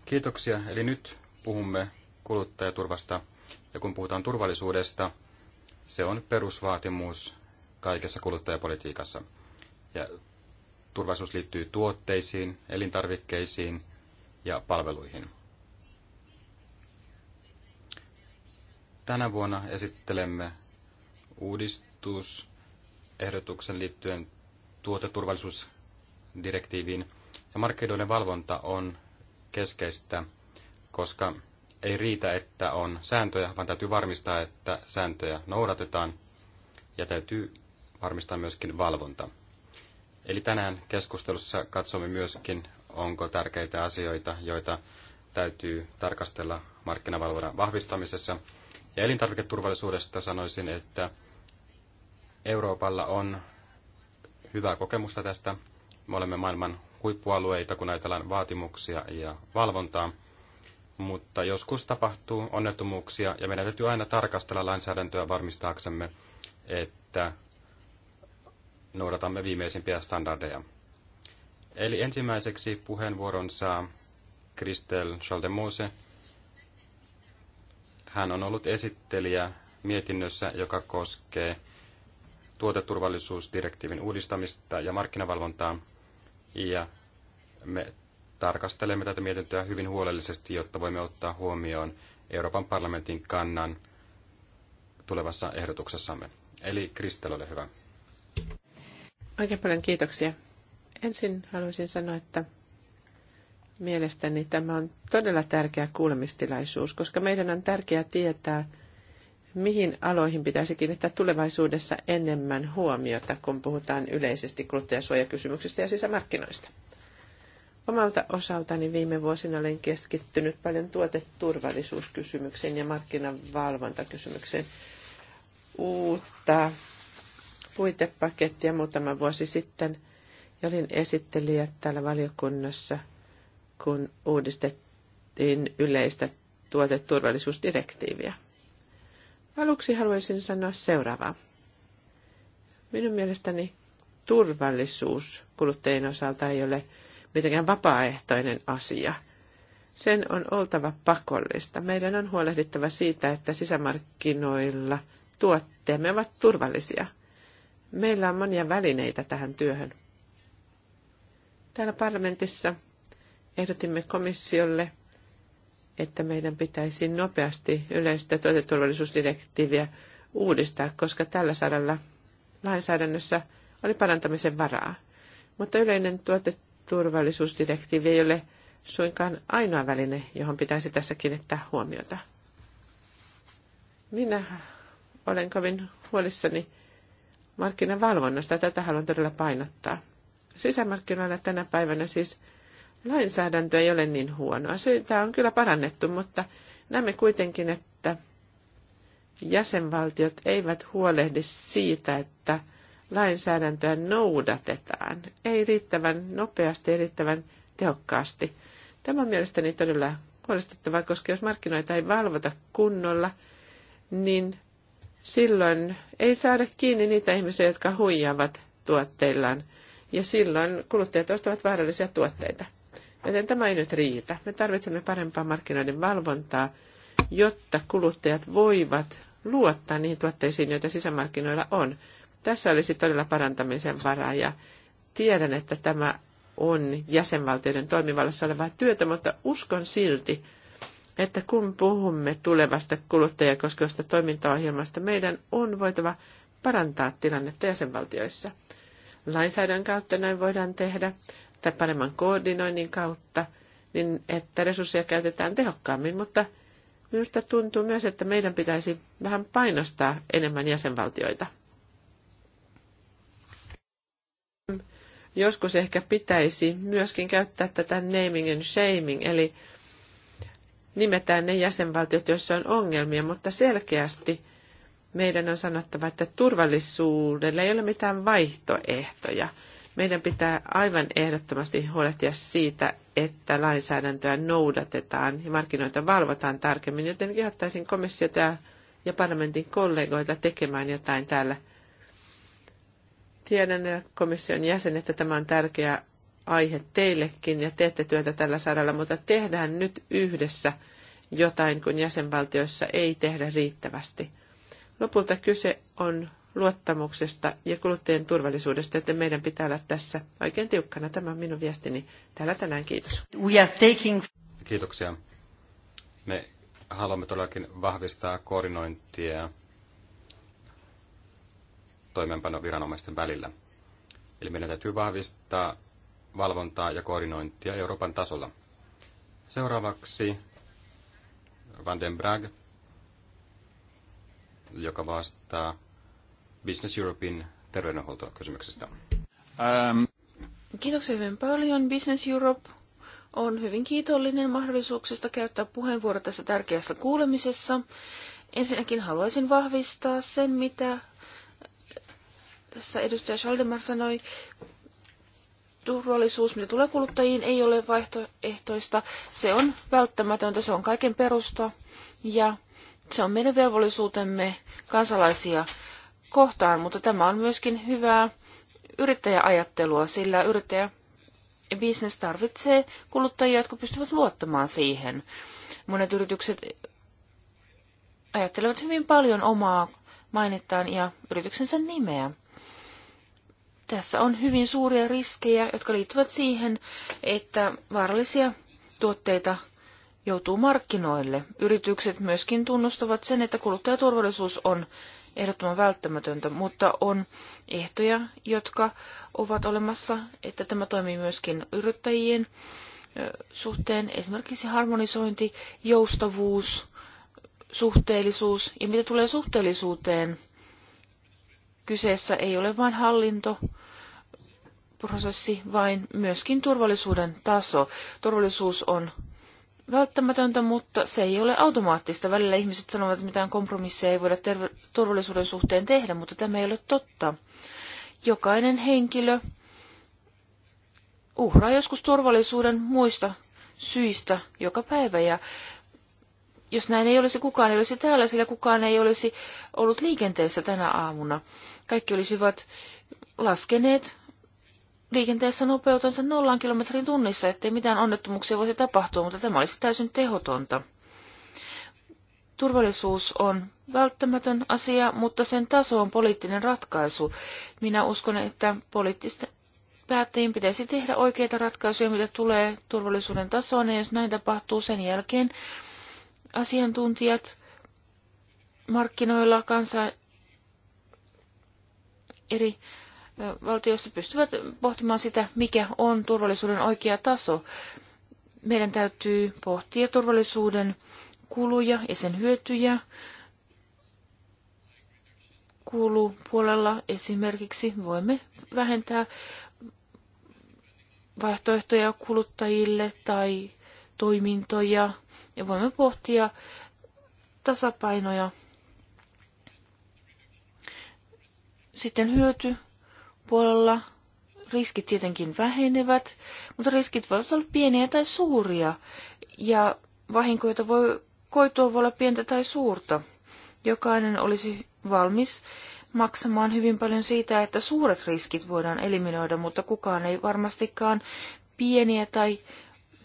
Kiitoksia. Eli nyt puhumme kuluttajaturvasta. Ja kun puhutaan turvallisuudesta, se on perusvaatimus kaikessa kuluttajapolitiikassa. Ja turvallisuus liittyy tuotteisiin, elintarvikkeisiin ja palveluihin. Tänä vuonna esittelemme uudistusehdotuksen liittyen tuoteturvallisuusdirektiiviin. Ja markkinoiden valvonta on keskeistä, koska ei riitä, että on sääntöjä, vaan täytyy varmistaa, että sääntöjä noudatetaan ja täytyy varmistaa myöskin valvonta. Eli tänään keskustelussa katsomme myöskin, onko tärkeitä asioita, joita täytyy tarkastella markkinavalvonnan vahvistamisessa. Ja elintarviketurvallisuudesta sanoisin, että Euroopalla on hyvää kokemusta tästä. Me olemme maailman huippualueita, kun ajatellaan vaatimuksia ja valvontaa. Mutta joskus tapahtuu onnettomuuksia ja meidän täytyy aina tarkastella lainsäädäntöä varmistaaksemme, että noudatamme viimeisimpiä standardeja. Eli ensimmäiseksi puheenvuoron saa Kristel Schaldemose. Hän on ollut esittelijä mietinnössä, joka koskee tuoteturvallisuusdirektiivin uudistamista ja markkinavalvontaa. Ja me tarkastelemme tätä mietintöä hyvin huolellisesti, jotta voimme ottaa huomioon Euroopan parlamentin kannan tulevassa ehdotuksessamme. Eli Kristel, ole hyvä. Oikein paljon kiitoksia. Ensin haluaisin sanoa, että mielestäni tämä on todella tärkeä kuulemistilaisuus, koska meidän on tärkeää tietää, mihin aloihin pitäisi kiinnittää tulevaisuudessa enemmän huomiota, kun puhutaan yleisesti kuluttajasuojakysymyksistä ja sisämarkkinoista. Omalta osaltani viime vuosina olen keskittynyt paljon tuoteturvallisuuskysymykseen ja markkinavalvontakysymykseen. Uutta puitepakettia muutama vuosi sitten ja olin esittelijä täällä valiokunnassa, kun uudistettiin yleistä tuoteturvallisuusdirektiiviä. Aluksi haluaisin sanoa seuraavaa. Minun mielestäni turvallisuus kuluttajien osalta ei ole mitenkään vapaaehtoinen asia. Sen on oltava pakollista. Meidän on huolehdittava siitä, että sisämarkkinoilla tuotteemme ovat turvallisia – Meillä on monia välineitä tähän työhön. Täällä parlamentissa ehdotimme komissiolle, että meidän pitäisi nopeasti yleistä tuoteturvallisuusdirektiiviä uudistaa, koska tällä saralla lainsäädännössä oli parantamisen varaa. Mutta yleinen tuoteturvallisuusdirektiivi ei ole suinkaan ainoa väline, johon pitäisi tässä kiinnittää huomiota. Minä olen kovin huolissani markkinavalvonnasta. Tätä haluan todella painottaa. Sisämarkkinoilla tänä päivänä siis lainsäädäntö ei ole niin huonoa. Syitä on kyllä parannettu, mutta näemme kuitenkin, että jäsenvaltiot eivät huolehdi siitä, että lainsäädäntöä noudatetaan. Ei riittävän nopeasti, ei riittävän tehokkaasti. Tämä on mielestäni todella huolestuttavaa, koska jos markkinoita ei valvota kunnolla, niin silloin ei saada kiinni niitä ihmisiä, jotka huijaavat tuotteillaan. Ja silloin kuluttajat ostavat vaarallisia tuotteita. Joten tämä ei nyt riitä. Me tarvitsemme parempaa markkinoiden valvontaa, jotta kuluttajat voivat luottaa niihin tuotteisiin, joita sisämarkkinoilla on. Tässä olisi todella parantamisen varaa ja tiedän, että tämä on jäsenvaltioiden toimivallassa olevaa työtä, mutta uskon silti, että kun puhumme tulevasta kuluttajia koskevasta toimintaohjelmasta, meidän on voitava parantaa tilannetta jäsenvaltioissa. Lainsäädännön kautta näin voidaan tehdä, tai paremman koordinoinnin kautta, niin että resursseja käytetään tehokkaammin, mutta minusta tuntuu myös, että meidän pitäisi vähän painostaa enemmän jäsenvaltioita. Joskus ehkä pitäisi myöskin käyttää tätä naming and shaming, eli nimetään ne jäsenvaltiot, joissa on ongelmia, mutta selkeästi meidän on sanottava, että turvallisuudelle ei ole mitään vaihtoehtoja. Meidän pitää aivan ehdottomasti huolehtia siitä, että lainsäädäntöä noudatetaan ja markkinoita valvotaan tarkemmin, joten kehottaisin komissiota ja parlamentin kollegoita tekemään jotain täällä. Tiedän komission jäsen, että tämä on tärkeä aihe teillekin ja teette työtä tällä saralla, mutta tehdään nyt yhdessä jotain, kun jäsenvaltioissa ei tehdä riittävästi. Lopulta kyse on luottamuksesta ja kuluttajien turvallisuudesta, että meidän pitää olla tässä oikein tiukkana. Tämä on minun viestini täällä tänään. Kiitos. We are taking... Kiitoksia. Me haluamme todellakin vahvistaa koordinointia toimeenpanoviranomaisten välillä. Eli meidän täytyy vahvistaa valvontaa ja koordinointia Euroopan tasolla. Seuraavaksi Van den Brag, joka vastaa Business Europein terveydenhuoltokysymyksestä. Um. Kiitoksia hyvin paljon. Business Europe on hyvin kiitollinen mahdollisuuksista käyttää puheenvuoro tässä tärkeässä kuulemisessa. Ensinnäkin haluaisin vahvistaa sen, mitä tässä edustaja Schaldemar sanoi turvallisuus, mitä tulee kuluttajiin, ei ole vaihtoehtoista. Se on välttämätöntä, se on kaiken perusta ja se on meidän velvollisuutemme kansalaisia kohtaan, mutta tämä on myöskin hyvää yrittäjäajattelua, sillä yrittäjä ja bisnes tarvitsee kuluttajia, jotka pystyvät luottamaan siihen. Monet yritykset ajattelevat hyvin paljon omaa mainettaan ja yrityksensä nimeä. Tässä on hyvin suuria riskejä, jotka liittyvät siihen, että vaarallisia tuotteita joutuu markkinoille. Yritykset myöskin tunnustavat sen, että kuluttajaturvallisuus on ehdottoman välttämätöntä, mutta on ehtoja, jotka ovat olemassa, että tämä toimii myöskin yrittäjien suhteen, esimerkiksi harmonisointi, joustavuus, suhteellisuus. Ja mitä tulee suhteellisuuteen, kyseessä ei ole vain hallinto, prosessi, vaan myöskin turvallisuuden taso. Turvallisuus on välttämätöntä, mutta se ei ole automaattista. Välillä ihmiset sanovat, että mitään kompromisseja ei voida terve- turvallisuuden suhteen tehdä, mutta tämä ei ole totta. Jokainen henkilö uhraa joskus turvallisuuden muista syistä joka päivä ja jos näin ei olisi, kukaan ei olisi täällä, sillä kukaan ei olisi ollut liikenteessä tänä aamuna. Kaikki olisivat laskeneet liikenteessä nopeutensa nollaan kilometrin tunnissa, ettei mitään onnettomuuksia voisi tapahtua, mutta tämä olisi täysin tehotonta. Turvallisuus on välttämätön asia, mutta sen taso on poliittinen ratkaisu. Minä uskon, että poliittista päättäjien pitäisi tehdä oikeita ratkaisuja, mitä tulee turvallisuuden tasoon, ja jos näin tapahtuu sen jälkeen, asiantuntijat markkinoilla kansa eri valtioissa pystyvät pohtimaan sitä, mikä on turvallisuuden oikea taso. Meidän täytyy pohtia turvallisuuden kuluja ja sen hyötyjä. Kulupuolella esimerkiksi voimme vähentää vaihtoehtoja kuluttajille tai toimintoja ja voimme pohtia tasapainoja. Sitten hyöty puolella riskit tietenkin vähenevät, mutta riskit voivat olla pieniä tai suuria, ja vahinkoita voi koitua voi olla pientä tai suurta. Jokainen olisi valmis maksamaan hyvin paljon siitä, että suuret riskit voidaan eliminoida, mutta kukaan ei varmastikaan pieniä tai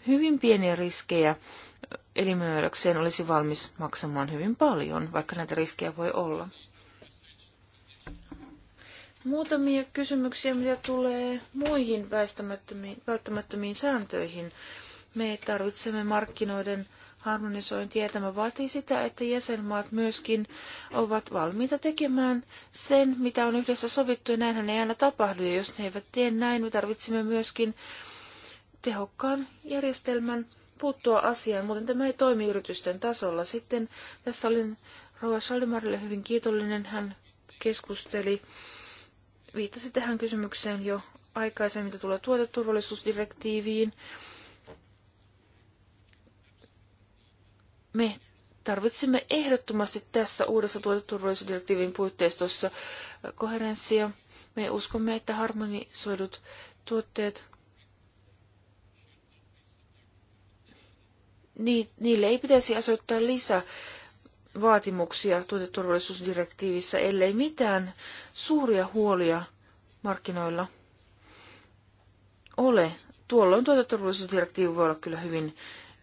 hyvin pieniä riskejä eliminoidakseen olisi valmis maksamaan hyvin paljon, vaikka näitä riskejä voi olla. Muutamia kysymyksiä, mitä tulee muihin välttämättömiin, välttämättömiin sääntöihin. Me tarvitsemme markkinoiden harmonisointia ja tämä vaatii sitä, että jäsenmaat myöskin ovat valmiita tekemään sen, mitä on yhdessä sovittu ja näinhän ei aina tapahdu. Ja jos ne eivät tee näin, me tarvitsemme myöskin tehokkaan järjestelmän puuttua asiaan, muuten tämä ei toimi yritysten tasolla. Sitten tässä olin Rova Salimarille hyvin kiitollinen, hän keskusteli viittasi tähän kysymykseen jo aikaisemmin, mitä tulee tuoteturvallisuusdirektiiviin. Me tarvitsemme ehdottomasti tässä uudessa tuoteturvallisuusdirektiivin puitteistossa koherenssia. Me uskomme, että harmonisoidut tuotteet, niille ei pitäisi asoittaa lisää vaatimuksia tuoteturvallisuusdirektiivissä, ellei mitään suuria huolia markkinoilla ole. Tuolloin tuoteturvallisuusdirektiivi voi olla kyllä hyvin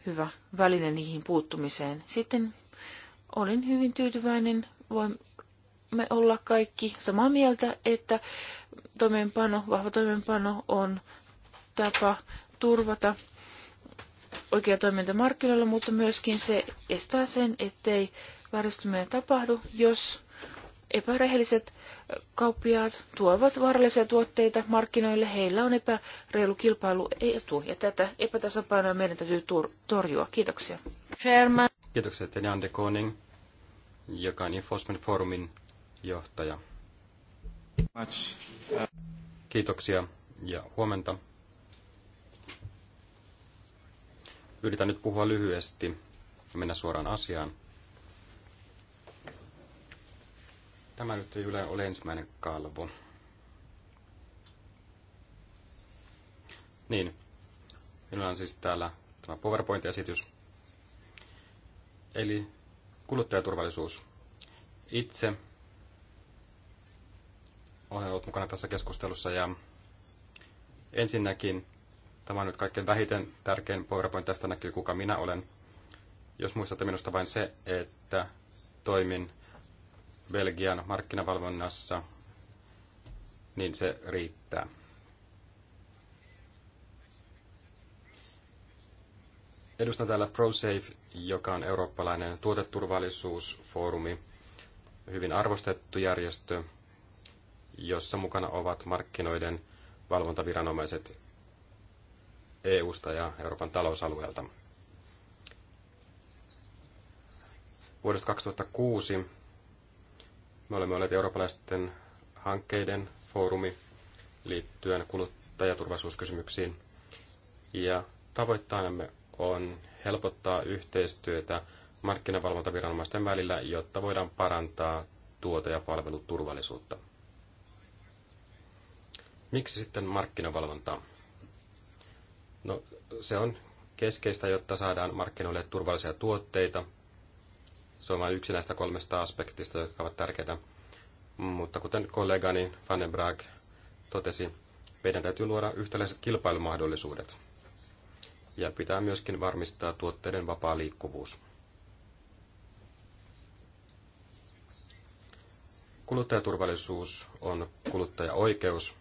hyvä väline niihin puuttumiseen. Sitten olin hyvin tyytyväinen, voimme olla kaikki samaa mieltä, että toimeenpano, vahva toimeenpano on tapa turvata oikea toiminta markkinoilla, mutta myöskin se estää sen, ettei vääristymiä ei tapahdu, jos epärehelliset kauppiaat tuovat vaarallisia tuotteita markkinoille. Heillä on epäreilu kilpailuetu ja tätä epätasapainoa meidän täytyy torjua. Kiitoksia. Sherman. Kiitoksia Tenian de Koning, joka on Enforcement Forumin johtaja. Uh, Kiitoksia ja huomenta. Yritän nyt puhua lyhyesti ja mennä suoraan asiaan. Tämä nyt ei ole ensimmäinen kalvo. Niin, minulla on siis täällä tämä PowerPoint-esitys. Eli kuluttajaturvallisuus. Itse olen ollut mukana tässä keskustelussa ja ensinnäkin tämä on nyt kaikkein vähiten tärkein PowerPoint, tästä näkyy kuka minä olen. Jos muistatte minusta vain se, että toimin Belgian markkinavalvonnassa, niin se riittää. Edustan täällä ProSafe, joka on eurooppalainen tuoteturvallisuusfoorumi, hyvin arvostettu järjestö, jossa mukana ovat markkinoiden valvontaviranomaiset EU-sta ja Euroopan talousalueelta. Vuodesta 2006 me olemme olleet eurooppalaisten hankkeiden foorumi liittyen kuluttajaturvallisuuskysymyksiin. Ja tavoitteenamme on helpottaa yhteistyötä markkinavalvontaviranomaisten välillä, jotta voidaan parantaa tuote- ja palveluturvallisuutta. Miksi sitten markkinavalvontaa? No, se on keskeistä, jotta saadaan markkinoille turvallisia tuotteita, se on vain yksi näistä kolmesta aspektista, jotka ovat tärkeitä. Mutta kuten kollegani Van Brag totesi, meidän täytyy luoda yhtäläiset kilpailumahdollisuudet. Ja pitää myöskin varmistaa tuotteiden vapaa liikkuvuus. Kuluttajaturvallisuus on kuluttajaoikeus,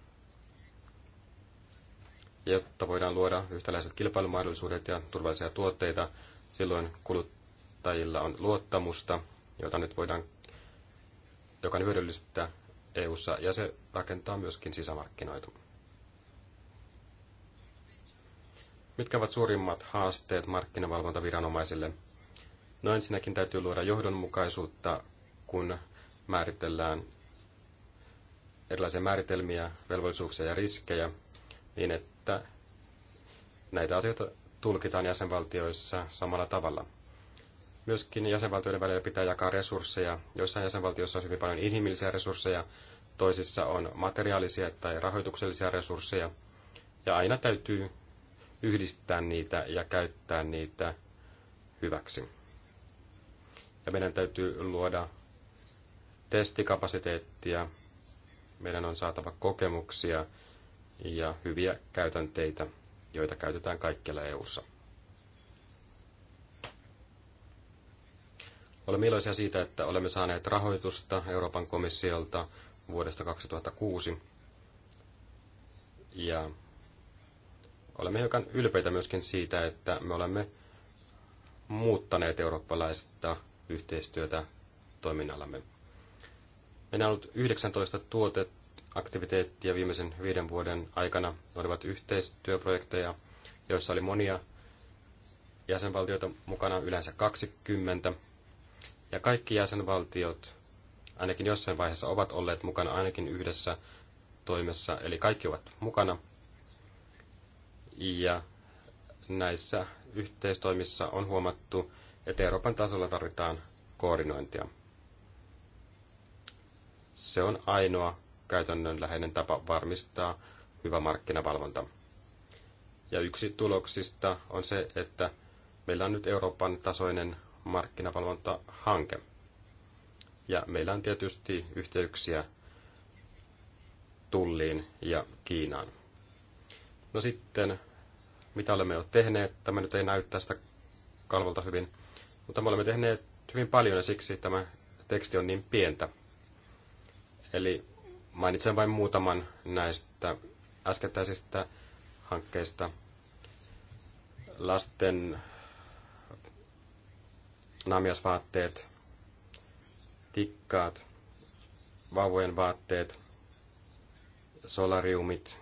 jotta voidaan luoda yhtäläiset kilpailumahdollisuudet ja turvallisia tuotteita, silloin kuluttajat kuluttajilla on luottamusta, jota nyt voidaan, joka on hyödyllistä EU:ssa ja se rakentaa myöskin sisämarkkinoita. Mitkä ovat suurimmat haasteet markkinavalvontaviranomaisille? No ensinnäkin täytyy luoda johdonmukaisuutta, kun määritellään erilaisia määritelmiä, velvollisuuksia ja riskejä, niin että näitä asioita tulkitaan jäsenvaltioissa samalla tavalla. Myöskin jäsenvaltioiden välillä pitää jakaa resursseja. Joissain jäsenvaltioissa on hyvin paljon inhimillisiä resursseja, toisissa on materiaalisia tai rahoituksellisia resursseja. Ja aina täytyy yhdistää niitä ja käyttää niitä hyväksi. Ja meidän täytyy luoda testikapasiteettia, meidän on saatava kokemuksia ja hyviä käytänteitä, joita käytetään kaikkialla EU:ssa. Olemme iloisia siitä, että olemme saaneet rahoitusta Euroopan komissiolta vuodesta 2006. Ja olemme hiukan ylpeitä myöskin siitä, että me olemme muuttaneet eurooppalaista yhteistyötä toiminnallamme. Meillä on ollut 19 tuoteaktiviteettia viimeisen viiden vuoden aikana. Ne olivat yhteistyöprojekteja, joissa oli monia jäsenvaltioita mukana, yleensä 20. Ja kaikki jäsenvaltiot ainakin jossain vaiheessa ovat olleet mukana ainakin yhdessä toimessa, eli kaikki ovat mukana. Ja näissä yhteistoimissa on huomattu, että Euroopan tasolla tarvitaan koordinointia. Se on ainoa käytännönläheinen tapa varmistaa hyvä markkinavalvonta. Ja yksi tuloksista on se, että meillä on nyt Euroopan tasoinen markkinavalvontahanke. Ja meillä on tietysti yhteyksiä Tulliin ja Kiinaan. No sitten, mitä olemme jo tehneet, tämä nyt ei näy tästä kalvolta hyvin, mutta me olemme tehneet hyvin paljon ja siksi tämä teksti on niin pientä. Eli mainitsen vain muutaman näistä äskettäisistä hankkeista. Lasten namiasvaatteet, tikkaat, vauvojen vaatteet, solariumit,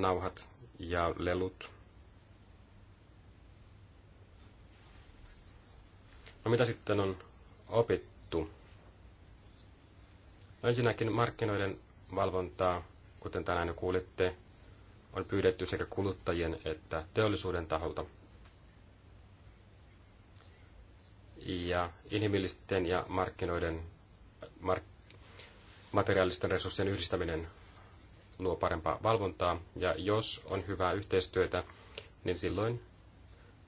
nauhat ja lelut. No mitä sitten on opittu? No ensinnäkin markkinoiden valvontaa, kuten tänään jo kuulitte, on pyydetty sekä kuluttajien että teollisuuden taholta. Ja inhimillisten ja markkinoiden, mark, materiaalisten resurssien yhdistäminen luo parempaa valvontaa, ja jos on hyvää yhteistyötä, niin silloin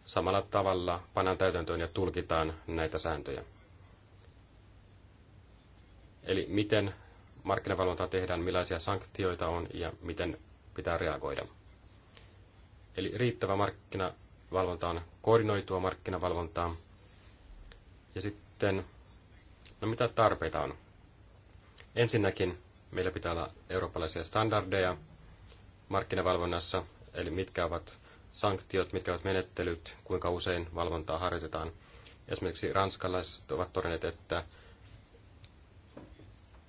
samalla tavalla pannaan täytäntöön ja tulkitaan näitä sääntöjä. Eli miten markkinavalvontaa tehdään, millaisia sanktioita on ja miten pitää reagoida. Eli riittävä markkinavalvonta on koordinoitua markkinavalvontaa. Ja sitten, no mitä tarpeita on? Ensinnäkin meillä pitää olla eurooppalaisia standardeja markkinavalvonnassa, eli mitkä ovat sanktiot, mitkä ovat menettelyt, kuinka usein valvontaa harjoitetaan. Esimerkiksi ranskalaiset ovat todenneet, että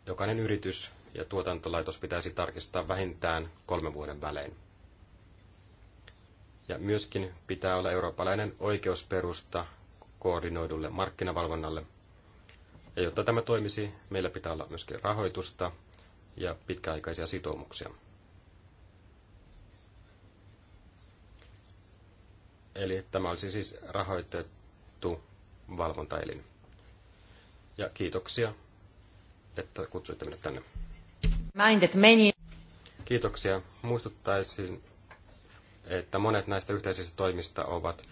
jokainen yritys ja tuotantolaitos pitäisi tarkistaa vähintään kolmen vuoden välein. Ja myöskin pitää olla eurooppalainen oikeusperusta koordinoidulle markkinavalvonnalle. Ja jotta tämä toimisi, meillä pitää olla myöskin rahoitusta ja pitkäaikaisia sitoumuksia. Eli tämä olisi siis rahoitettu valvontaelin. Ja kiitoksia, että kutsuitte minut tänne. Kiitoksia. Muistuttaisin, että monet näistä yhteisistä toimista ovat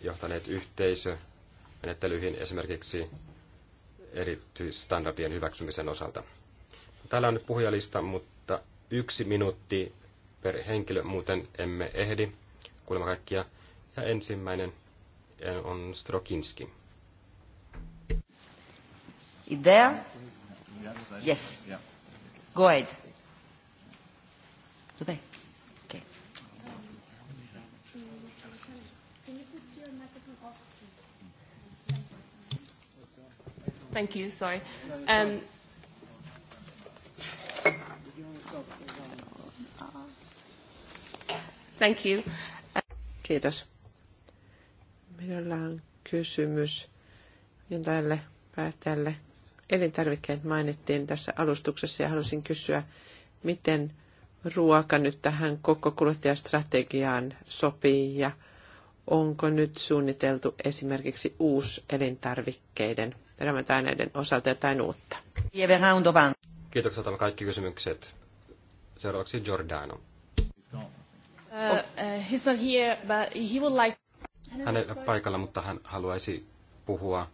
johtaneet yhteisömenettelyihin esimerkiksi erityisstandardien hyväksymisen osalta. Täällä on nyt puhujalista, mutta yksi minuutti per henkilö, muuten emme ehdi kuulemma kaikkia. Ja ensimmäinen on Strokinski. Idea? Yes. Yeah. Go ahead. Today. Okay. Thank you. Sorry. Um, thank you. Kiitos. Minulla on kysymys jotain päättäjälle elintarvikkeet mainittiin tässä alustuksessa ja halusin kysyä, miten ruoka nyt tähän koko kuluttajastrategiaan sopii ja onko nyt suunniteltu esimerkiksi uusi elintarvikkeiden elämäntäaineiden osalta jotain uutta? Kiitoksia on kaikki kysymykset. Seuraavaksi Giordano. Uh, uh, hän ei ole paikalla, mutta hän haluaisi puhua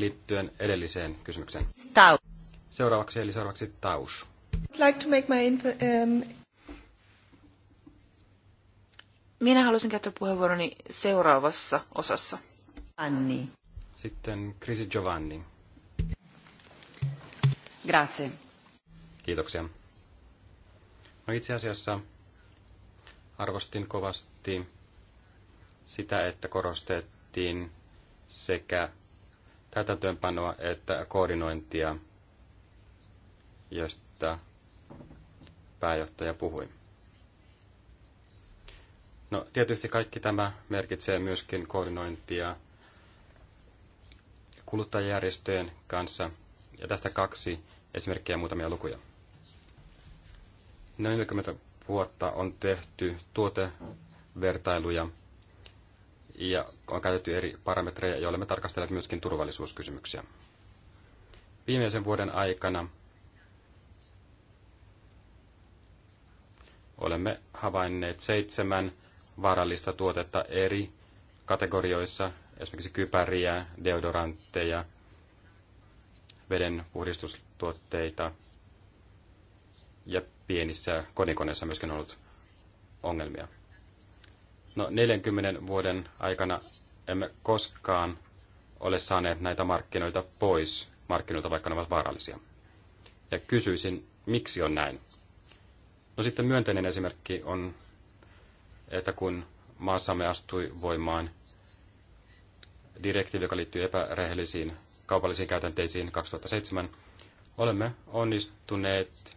liittyen edelliseen kysymykseen. Taus. Seuraavaksi eli seuraavaksi Taus. Like to make my info, um... Minä halusin käyttää puheenvuoroni seuraavassa osassa. Anni. Sitten Krisi Giovanni. Grazie. Kiitoksia. No itse asiassa arvostin kovasti sitä, että korostettiin sekä täytäntöönpanoa että koordinointia, josta pääjohtaja puhui. No tietysti kaikki tämä merkitsee myöskin koordinointia kuluttajajärjestöjen kanssa, ja tästä kaksi esimerkkiä ja muutamia lukuja. Noin 40 vuotta on tehty tuotevertailuja ja on käytetty eri parametreja, joilla me tarkastelemme myöskin turvallisuuskysymyksiä. Viimeisen vuoden aikana olemme havainneet seitsemän vaarallista tuotetta eri kategorioissa, esimerkiksi kypäriä, deodorantteja, vedenpuhdistustuotteita ja pienissä kodinkoneissa myöskin ollut ongelmia. No 40 vuoden aikana emme koskaan ole saaneet näitä markkinoita pois markkinoilta, vaikka ne ovat vaarallisia. Ja kysyisin, miksi on näin? No sitten myönteinen esimerkki on, että kun maassamme astui voimaan direktiivi, joka liittyy epärehellisiin kaupallisiin käytänteisiin 2007, olemme onnistuneet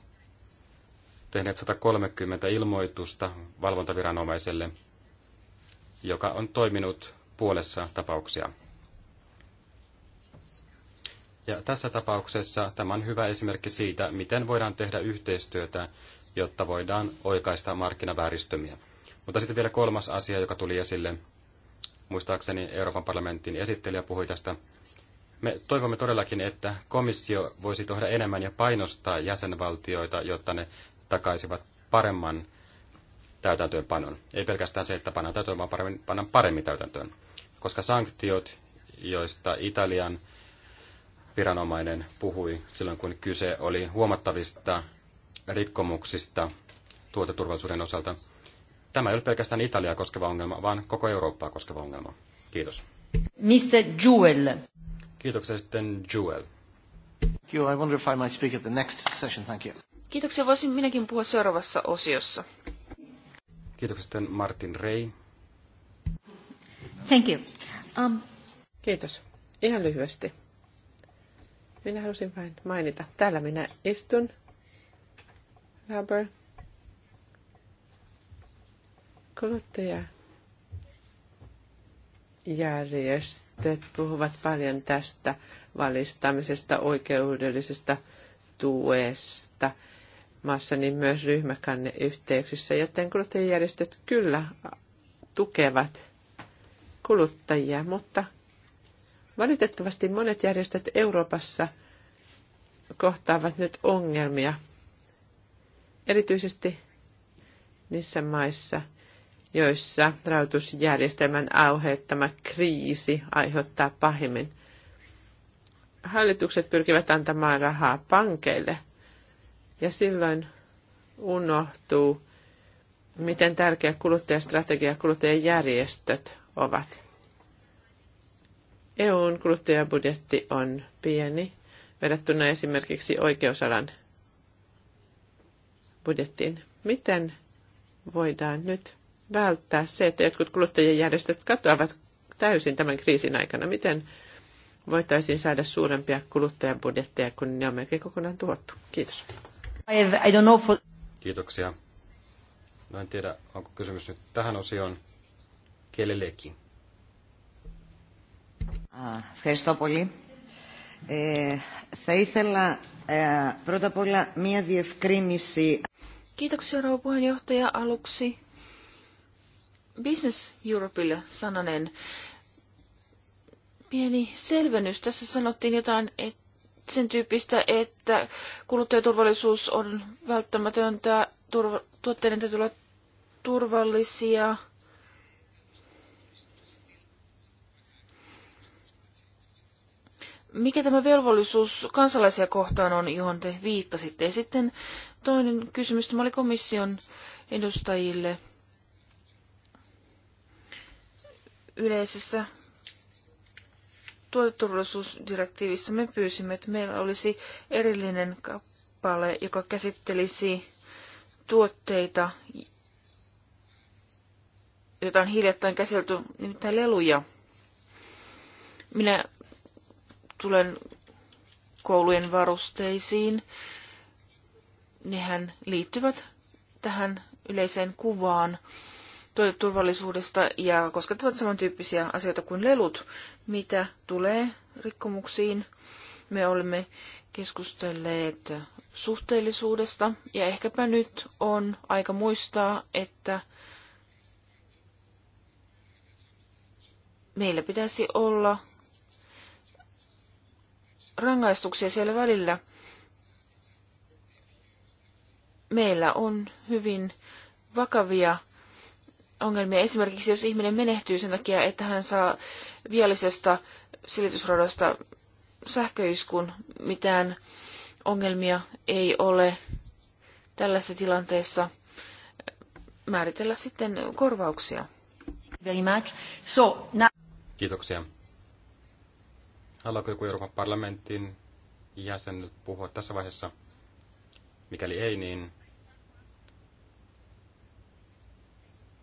tehneet 130 ilmoitusta valvontaviranomaiselle joka on toiminut puolessa tapauksia. Ja tässä tapauksessa tämä on hyvä esimerkki siitä, miten voidaan tehdä yhteistyötä, jotta voidaan oikaista markkinavääristömiä. Mutta sitten vielä kolmas asia, joka tuli esille. Muistaakseni Euroopan parlamentin esittelijä puhui tästä. Me toivomme todellakin, että komissio voisi tehdä enemmän ja painostaa jäsenvaltioita, jotta ne takaisivat paremman täytäntöönpanon. Ei pelkästään se, että pannaan täytäntöön, vaan paremmin, pannaan paremmin täytäntöön. Koska sanktiot, joista Italian viranomainen puhui silloin, kun kyse oli huomattavista rikkomuksista tuoteturvallisuuden osalta, tämä ei ole pelkästään Italiaa koskeva ongelma, vaan koko Eurooppaa koskeva ongelma. Kiitos. Mr. Jewel. Kiitoksia sitten Jewel. I wonder if I might speak at the next session. Thank you. Kiitoksia. Voisin minäkin puhua seuraavassa osiossa. Kiitokset Martin Rey. Thank you. Um... Kiitos. Ihan lyhyesti. Minä halusin vain mainita. Täällä minä istun. Rubber. Kuluttaja. Järjestöt puhuvat paljon tästä valistamisesta, oikeudellisesta tuesta – maassa, niin myös ryhmäkanneyhteyksissä, joten kuluttajajärjestöt kyllä tukevat kuluttajia, mutta valitettavasti monet järjestöt Euroopassa kohtaavat nyt ongelmia, erityisesti niissä maissa, joissa rahoitusjärjestelmän auheettama kriisi aiheuttaa pahimmin. Hallitukset pyrkivät antamaan rahaa pankeille – ja silloin unohtuu, miten tärkeä kuluttajastrategia ja kuluttajajärjestöt ovat. EUn kuluttajabudjetti on pieni verrattuna esimerkiksi oikeusalan budjettiin. Miten voidaan nyt välttää se, että jotkut kuluttajajärjestöt katoavat täysin tämän kriisin aikana? Miten voitaisiin saada suurempia kuluttajabudjetteja, kun ne on melkein kokonaan tuottu? Kiitos. Kiitoksia. No en tiedä, onko kysymys nyt tähän osioon kelellekin. Ah, ευχαριστώ πολύ. Ε, θα ήθελα ε, πρώτα απ' όλα μία διευκρίνηση. Κοίταξε rouva puheenjohtaja aluksi. Business Europeille sananen. Pieni selvennys. Tässä sanottiin jotain, että sen tyyppistä, että kuluttajaturvallisuus on välttämätöntä, turva, tuotteiden täytyy olla turvallisia. Mikä tämä velvollisuus kansalaisia kohtaan on, johon te viittasitte? Ja sitten toinen kysymys, tämä oli komission edustajille yleisessä tuoteturvallisuusdirektiivissä me pyysimme, että meillä olisi erillinen kappale, joka käsittelisi tuotteita, joita on hiljattain käsitelty, nimittäin leluja. Minä tulen koulujen varusteisiin. Nehän liittyvät tähän yleiseen kuvaan turvallisuudesta ja koskettavat samantyyppisiä asioita kuin lelut. Mitä tulee rikkomuksiin? Me olemme keskustelleet suhteellisuudesta ja ehkäpä nyt on aika muistaa, että meillä pitäisi olla rangaistuksia siellä välillä. Meillä on hyvin vakavia ongelmia. Esimerkiksi jos ihminen menehtyy sen takia, että hän saa viallisesta silitysradasta sähköiskun, mitään ongelmia ei ole tällaisessa tilanteessa määritellä sitten korvauksia. Kiitoksia. Haluaako joku Euroopan parlamentin jäsen nyt puhua tässä vaiheessa? Mikäli ei, niin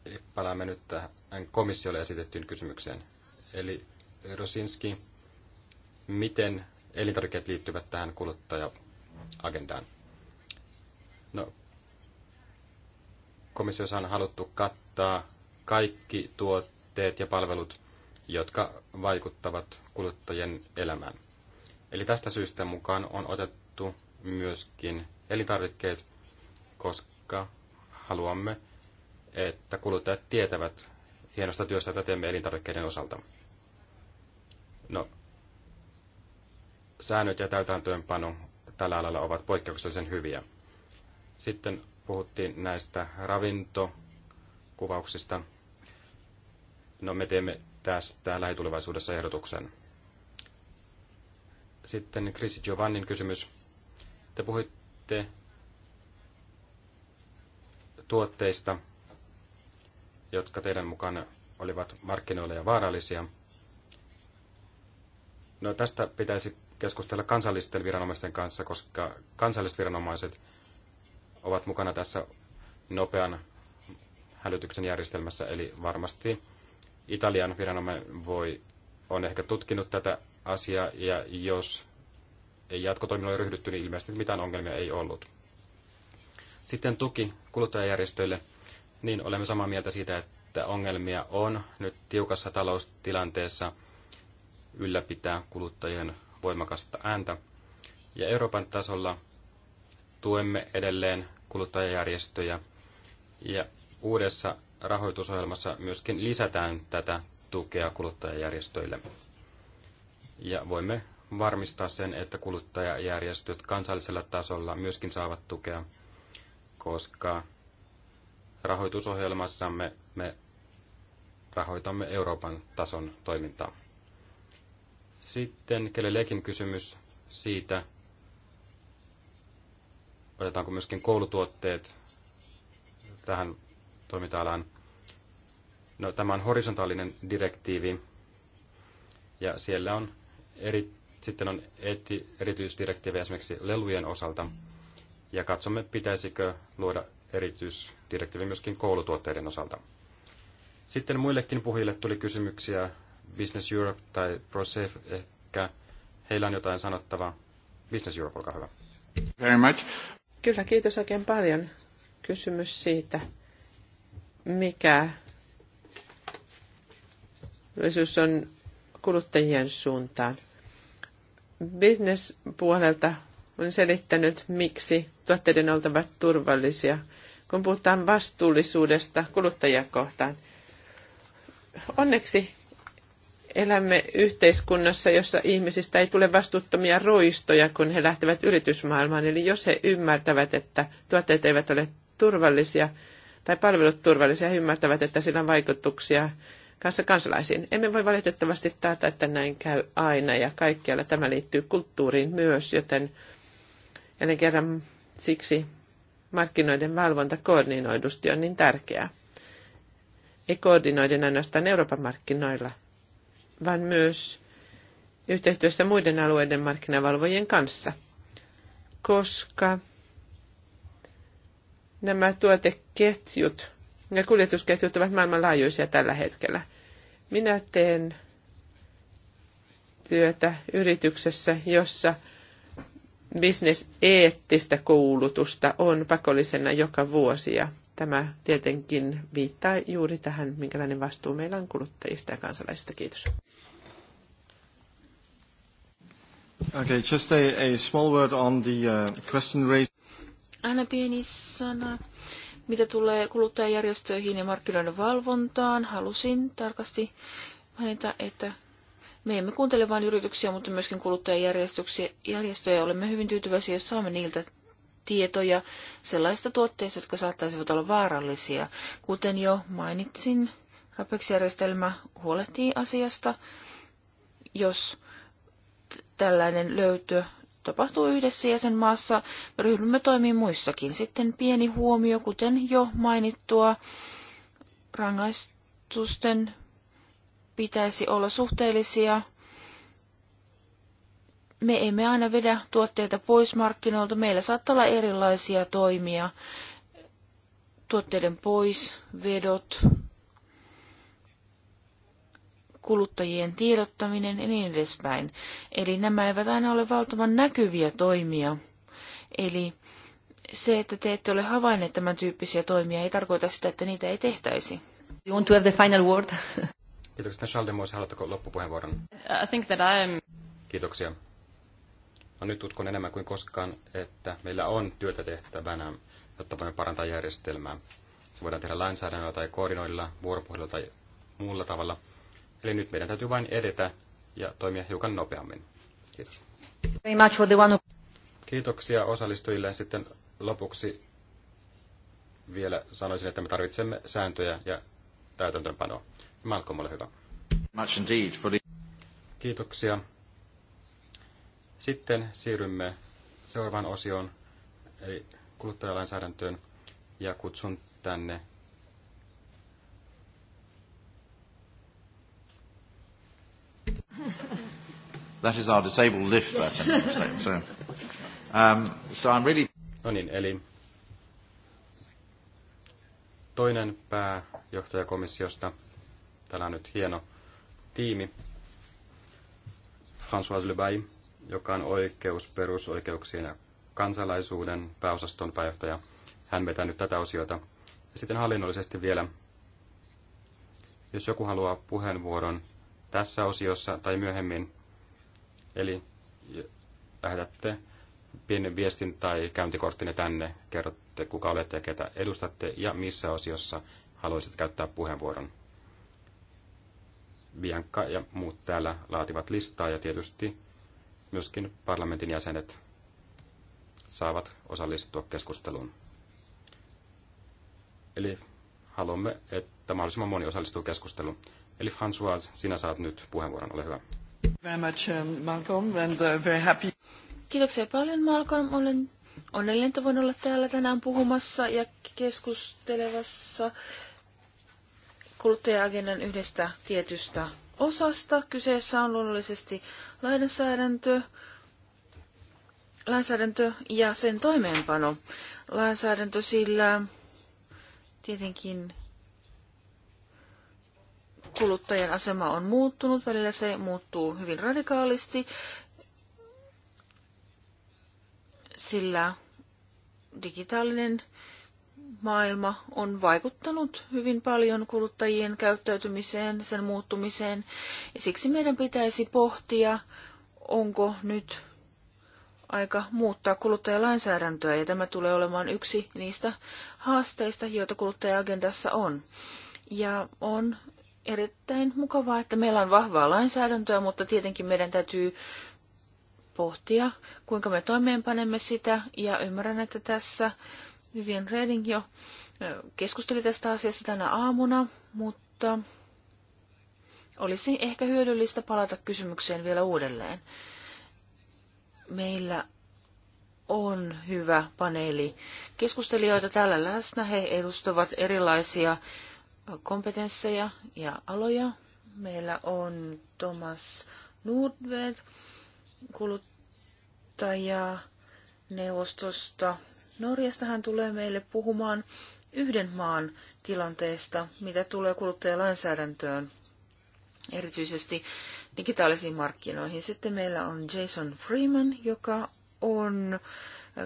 Eli palaamme nyt tähän komissiolle esitettyyn kysymykseen. Eli Rosinski, miten elintarvikkeet liittyvät tähän kuluttaja-agendaan? No, komissiossa on haluttu kattaa kaikki tuotteet ja palvelut, jotka vaikuttavat kuluttajien elämään. Eli tästä syystä mukaan on otettu myöskin elintarvikkeet, koska haluamme että kuluttajat tietävät hienosta työstä, jota teemme elintarvikkeiden osalta. No, säännöt ja täytäntöönpano tällä alalla ovat poikkeuksellisen hyviä. Sitten puhuttiin näistä ravintokuvauksista. No, me teemme tästä lähitulevaisuudessa ehdotuksen. Sitten Chris Giovannin kysymys. Te puhuitte tuotteista, jotka teidän mukaan olivat markkinoille ja vaarallisia. No tästä pitäisi keskustella kansallisten viranomaisten kanssa, koska kansalliset viranomaiset ovat mukana tässä nopean hälytyksen järjestelmässä, eli varmasti Italian viranomainen voi, on ehkä tutkinut tätä asiaa, ja jos ei jatkotoiminnolla ryhdytty, niin ilmeisesti mitään ongelmia ei ollut. Sitten tuki kuluttajajärjestöille – niin olemme samaa mieltä siitä, että ongelmia on nyt tiukassa taloustilanteessa ylläpitää kuluttajien voimakasta ääntä. Ja Euroopan tasolla tuemme edelleen kuluttajajärjestöjä ja uudessa rahoitusohjelmassa myöskin lisätään tätä tukea kuluttajajärjestöille. Ja voimme varmistaa sen, että kuluttajajärjestöt kansallisella tasolla myöskin saavat tukea, koska rahoitusohjelmassamme me rahoitamme Euroopan tason toimintaa. Sitten kelelekin kysymys siitä, otetaanko myöskin koulutuotteet tähän toiminta-alaan. No, tämä on horisontaalinen direktiivi, ja siellä on eri, sitten on eti, erityisdirektiivi esimerkiksi lelujen osalta, ja katsomme, pitäisikö luoda erityis direktiivi myöskin koulutuotteiden osalta. Sitten muillekin puhujille tuli kysymyksiä. Business Europe tai ProSafe ehkä. Heillä on jotain sanottavaa. Business Europe, olkaa hyvä. Very much. Kyllä, kiitos oikein paljon. Kysymys siitä, mikä resurssi on kuluttajien suuntaan. Business-puolelta on selittänyt, miksi tuotteiden oltava turvallisia – kun puhutaan vastuullisuudesta kuluttajia kohtaan. Onneksi elämme yhteiskunnassa, jossa ihmisistä ei tule vastuuttomia roistoja, kun he lähtevät yritysmaailmaan. Eli jos he ymmärtävät, että tuotteet eivät ole turvallisia tai palvelut turvallisia, he ymmärtävät, että sillä on vaikutuksia kanssa kansalaisiin. Emme voi valitettavasti taata, että näin käy aina ja kaikkialla tämä liittyy kulttuuriin myös, joten jälleen kerran siksi markkinoiden valvonta koordinoidusti on niin tärkeää. Ei koordinoiden ainoastaan Euroopan markkinoilla, vaan myös yhteistyössä muiden alueiden markkinavalvojien kanssa, koska nämä tuoteketjut ja kuljetusketjut ovat maailmanlaajuisia tällä hetkellä. Minä teen työtä yrityksessä, jossa – bisneseettistä koulutusta on pakollisena joka vuosi ja tämä tietenkin viittaa juuri tähän, minkälainen vastuu meillä on kuluttajista ja kansalaisista. Kiitos. Okay, just a, a small word on the uh, question raised. Aina pieni sana. Mitä tulee kuluttajajärjestöihin ja markkinoiden valvontaan, halusin tarkasti mainita, että me emme kuuntele vain yrityksiä, mutta myöskin kuluttajajärjestöjä. Olemme hyvin tyytyväisiä, jos saamme niiltä tietoja sellaisista tuotteista, jotka saattaisivat olla vaarallisia. Kuten jo mainitsin, RAPEX-järjestelmä huolehtii asiasta, jos tällainen löytö tapahtuu yhdessä jäsenmaassa, ryhdymme toimiin muissakin. Sitten pieni huomio, kuten jo mainittua, rangaistusten pitäisi olla suhteellisia. Me emme aina vedä tuotteita pois markkinoilta. Meillä saattaa olla erilaisia toimia. Tuotteiden poisvedot, kuluttajien tiedottaminen ja niin edespäin. Eli nämä eivät aina ole valtavan näkyviä toimia. Eli se, että te ette ole havainneet tämän tyyppisiä toimia, ei tarkoita sitä, että niitä ei tehtäisi. You want to have the final word? Kiitoksia. Schaldemus, haluatko loppupuheenvuoron? I think that I'm... Kiitoksia. No nyt uskon enemmän kuin koskaan, että meillä on työtä tehtävänä, jotta voimme parantaa järjestelmää. Se voidaan tehdä lainsäädännöllä tai koordinoilla, vuoropuhelulla tai muulla tavalla. Eli nyt meidän täytyy vain edetä ja toimia hiukan nopeammin. Kiitos. Kiitoksia osallistujille. Sitten lopuksi vielä sanoisin, että me tarvitsemme sääntöjä ja täytäntöönpanoa. Malcolm, ole hyvä. Much indeed for the... Kiitoksia. Sitten siirrymme seuraavaan osioon, eli kuluttajalainsäädäntöön, ja kutsun tänne That is our disabled lift button. So, um, so I'm really... No niin, eli toinen pääjohtaja komissiosta Täällä nyt hieno tiimi. François Lebay, joka on oikeus, perusoikeuksien ja kansalaisuuden pääosaston pääjohtaja. Hän vetää nyt tätä osiota. Ja sitten hallinnollisesti vielä, jos joku haluaa puheenvuoron tässä osiossa tai myöhemmin, eli lähetätte pienen viestin tai käyntikorttinne tänne, kerrotte kuka olette ja ketä edustatte ja missä osiossa haluaisit käyttää puheenvuoron. Bianca ja muut täällä laativat listaa ja tietysti myöskin parlamentin jäsenet saavat osallistua keskusteluun. Eli haluamme, että mahdollisimman moni osallistuu keskusteluun. Eli François, sinä saat nyt puheenvuoron, ole hyvä. Very much, um, Malcolm, uh, very happy. Kiitoksia paljon, Malcolm. Olen onnellinen, että voin olla täällä tänään puhumassa ja keskustelevassa kuluttaja-agendan yhdestä tietystä osasta. Kyseessä on luonnollisesti lainsäädäntö, lainsäädäntö ja sen toimeenpano. Lainsäädäntö sillä tietenkin kuluttajan asema on muuttunut, välillä se muuttuu hyvin radikaalisti, sillä digitaalinen maailma on vaikuttanut hyvin paljon kuluttajien käyttäytymiseen, sen muuttumiseen. Ja siksi meidän pitäisi pohtia, onko nyt aika muuttaa kuluttajalainsäädäntöä, ja tämä tulee olemaan yksi niistä haasteista, joita kuluttaja-agendassa on. Ja on erittäin mukavaa, että meillä on vahvaa lainsäädäntöä, mutta tietenkin meidän täytyy pohtia, kuinka me toimeenpanemme sitä, ja ymmärrän, että tässä Vivian Reding jo keskusteli tästä asiasta tänä aamuna, mutta olisi ehkä hyödyllistä palata kysymykseen vielä uudelleen. Meillä on hyvä paneeli keskustelijoita täällä läsnä. He edustavat erilaisia kompetensseja ja aloja. Meillä on Thomas Nordved kuluttaja neuvostosta Norjasta hän tulee meille puhumaan yhden maan tilanteesta, mitä tulee kuluttajalainsäädäntöön, erityisesti digitaalisiin markkinoihin. Sitten meillä on Jason Freeman, joka on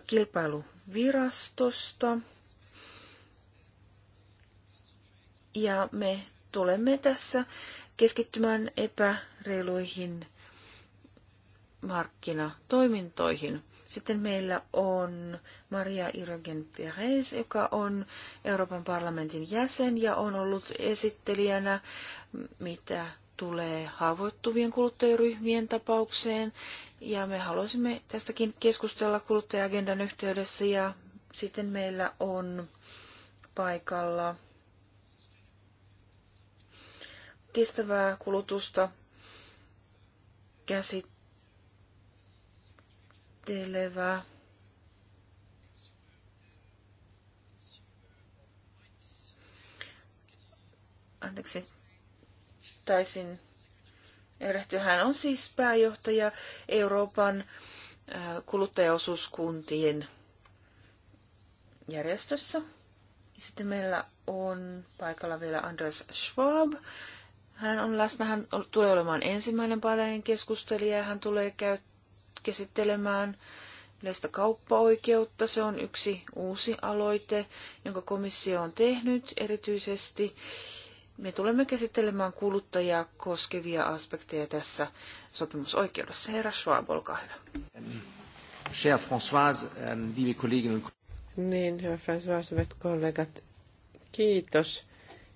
kilpailuvirastosta. Ja me tulemme tässä keskittymään epäreiluihin markkinatoimintoihin. Sitten meillä on Maria Irogen Perez, joka on Euroopan parlamentin jäsen ja on ollut esittelijänä, mitä tulee haavoittuvien kuluttajaryhmien tapaukseen. Ja me haluaisimme tästäkin keskustella kuluttajagendan yhteydessä ja sitten meillä on paikalla kestävää kulutusta käsit määrittelevä anteeksi, taisin erehtyä. Hän on siis pääjohtaja Euroopan äh, kuluttajaosuuskuntien järjestössä. Sitten meillä on paikalla vielä Andreas Schwab. Hän on läsnä, hän tulee olemaan ensimmäinen paljon keskustelija ja hän tulee käyttämään käsittelemään yleistä kauppaoikeutta. Se on yksi uusi aloite, jonka komissio on tehnyt erityisesti. Me tulemme käsittelemään kuluttajia koskevia aspekteja tässä sopimusoikeudessa. Herra Schwab, olkaa hyvä. Cher Françoise, ähm, liebe Kolleginnen Niin, hyvä Françoise, hyvät kollegat, kiitos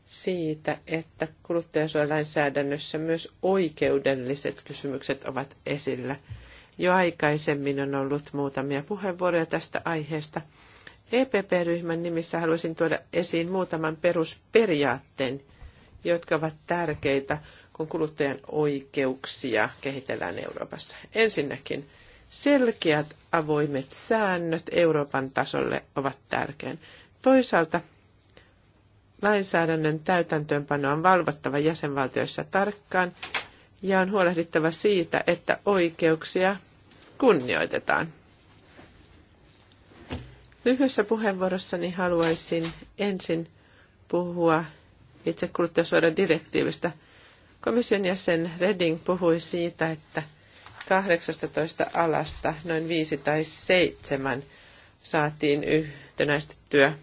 siitä, että kuluttajansuojalainsäädännössä myös oikeudelliset kysymykset ovat esillä – jo aikaisemmin on ollut muutamia puheenvuoroja tästä aiheesta. EPP-ryhmän nimissä haluaisin tuoda esiin muutaman perusperiaatteen, jotka ovat tärkeitä, kun kuluttajan oikeuksia kehitellään Euroopassa. Ensinnäkin selkeät avoimet säännöt Euroopan tasolle ovat tärkeän. Toisaalta lainsäädännön täytäntöönpano on valvottava jäsenvaltioissa tarkkaan ja on huolehdittava siitä, että oikeuksia kunnioitetaan. Lyhyessä puheenvuorossani haluaisin ensin puhua itse kuluttajasuojan direktiivistä. Komission jäsen Reding puhui siitä, että 18 alasta noin 5 tai 7 saatiin yhtenäistettyä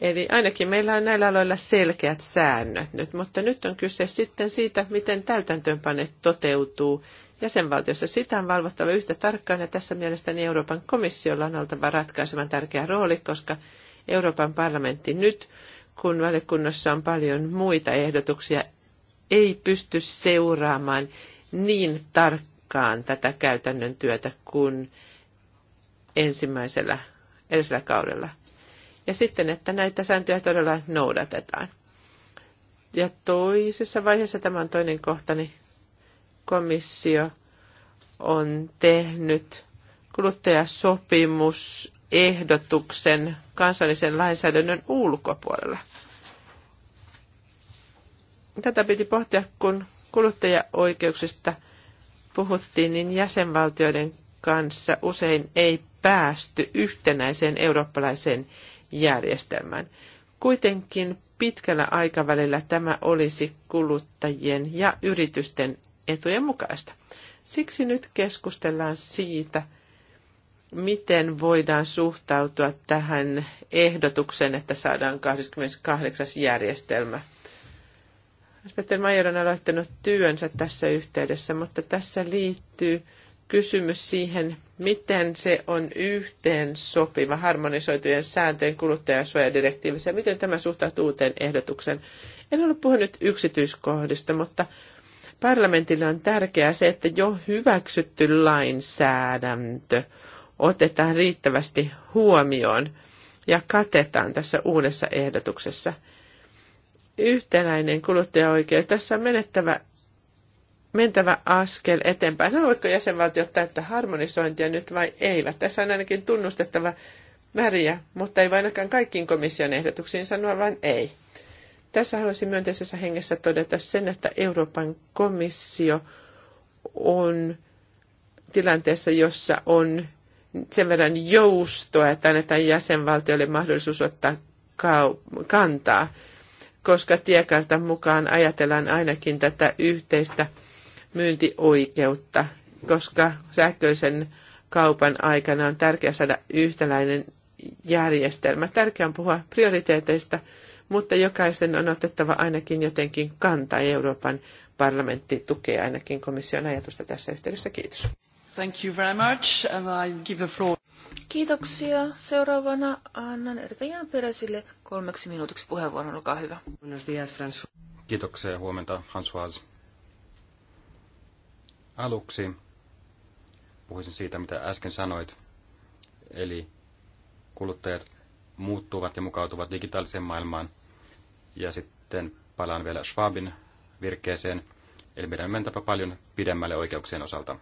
Eli ainakin meillä on näillä aloilla selkeät säännöt nyt, mutta nyt on kyse sitten siitä, miten täytäntöönpane toteutuu jäsenvaltiossa. Sitä on valvottava yhtä tarkkaan ja tässä mielestäni Euroopan komissiolla on oltava ratkaisevan tärkeä rooli, koska Euroopan parlamentti nyt, kun valiokunnassa on paljon muita ehdotuksia, ei pysty seuraamaan niin tarkkaan tätä käytännön työtä kuin ensimmäisellä edellisellä kaudella ja sitten, että näitä sääntöjä todella noudatetaan. Ja toisessa vaiheessa, tämä on toinen kohtani, niin komissio on tehnyt kuluttajasopimusehdotuksen kansallisen lainsäädännön ulkopuolella. Tätä piti pohtia, kun kuluttajaoikeuksista puhuttiin, niin jäsenvaltioiden kanssa usein ei päästy yhtenäiseen eurooppalaiseen järjestelmän, Kuitenkin pitkällä aikavälillä tämä olisi kuluttajien ja yritysten etujen mukaista. Siksi nyt keskustellaan siitä, miten voidaan suhtautua tähän ehdotukseen, että saadaan 28. järjestelmä. Peter Major on aloittanut työnsä tässä yhteydessä, mutta tässä liittyy kysymys siihen, miten se on yhteen sopiva harmonisoitujen sääntöjen kuluttajasuojadirektiivissä ja miten tämä suhtautuu uuteen ehdotukseen. En ole puhunut yksityiskohdista, mutta parlamentille on tärkeää se, että jo hyväksytty lainsäädäntö otetaan riittävästi huomioon ja katetaan tässä uudessa ehdotuksessa. Yhtenäinen kuluttajaoikeus. Tässä on menettävä mentävä askel eteenpäin. Haluatko jäsenvaltiot täyttää harmonisointia nyt vai eivät? Tässä on ainakin tunnustettava väriä, mutta ei vain ainakaan kaikkiin komission ehdotuksiin sanoa vain ei. Tässä haluaisin myönteisessä hengessä todeta sen, että Euroopan komissio on tilanteessa, jossa on sen verran joustoa, että annetaan jäsenvaltioille mahdollisuus ottaa kantaa, koska tiekartan mukaan ajatellaan ainakin tätä yhteistä – myyntioikeutta, koska sähköisen kaupan aikana on tärkeää saada yhtäläinen järjestelmä. Tärkeää on puhua prioriteeteista, mutta jokaisen on otettava ainakin jotenkin kantaa. Euroopan parlamentti tukee ainakin komission ajatusta tässä yhteydessä. Kiitos. Thank you very much, and I give the floor. Kiitoksia. Seuraavana annan Erika Jänperäsille kolmeksi minuutiksi puheenvuoron. Olkaa hyvä. Buenos días, Kiitoksia ja huomenta, Hans Vaas. Aluksi puhuisin siitä, mitä äsken sanoit, eli kuluttajat muuttuvat ja mukautuvat digitaaliseen maailmaan. Ja sitten palaan vielä Schwabin virkeeseen, eli meidän on mentävä paljon pidemmälle oikeuksien osalta.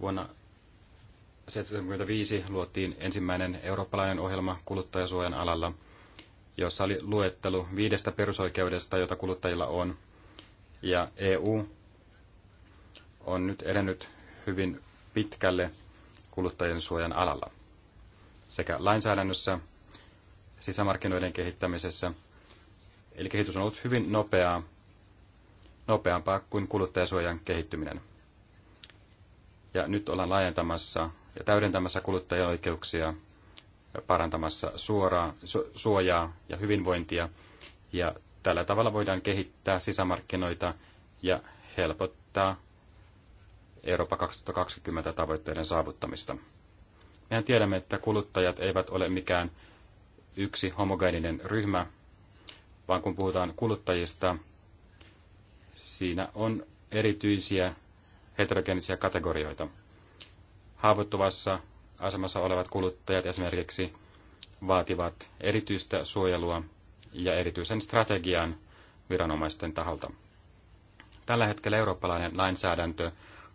Vuonna 1975 luotiin ensimmäinen eurooppalainen ohjelma kuluttajasuojan alalla, jossa oli luettelu viidestä perusoikeudesta, jota kuluttajilla on. Ja EU on nyt edennyt hyvin pitkälle kuluttajien suojan alalla sekä lainsäädännössä, sisämarkkinoiden kehittämisessä. Eli kehitys on ollut hyvin nopeaa, nopeampaa kuin kuluttajasuojan kehittyminen. Ja nyt ollaan laajentamassa ja täydentämässä kuluttajan oikeuksia ja parantamassa suoraa, su- suojaa ja hyvinvointia. Ja tällä tavalla voidaan kehittää sisämarkkinoita ja helpottaa Eurooppa 2020 tavoitteiden saavuttamista. Mehän tiedämme, että kuluttajat eivät ole mikään yksi homogeeninen ryhmä, vaan kun puhutaan kuluttajista, siinä on erityisiä heterogeenisiä kategorioita. Haavoittuvassa asemassa olevat kuluttajat esimerkiksi vaativat erityistä suojelua ja erityisen strategian viranomaisten taholta. Tällä hetkellä eurooppalainen lainsäädäntö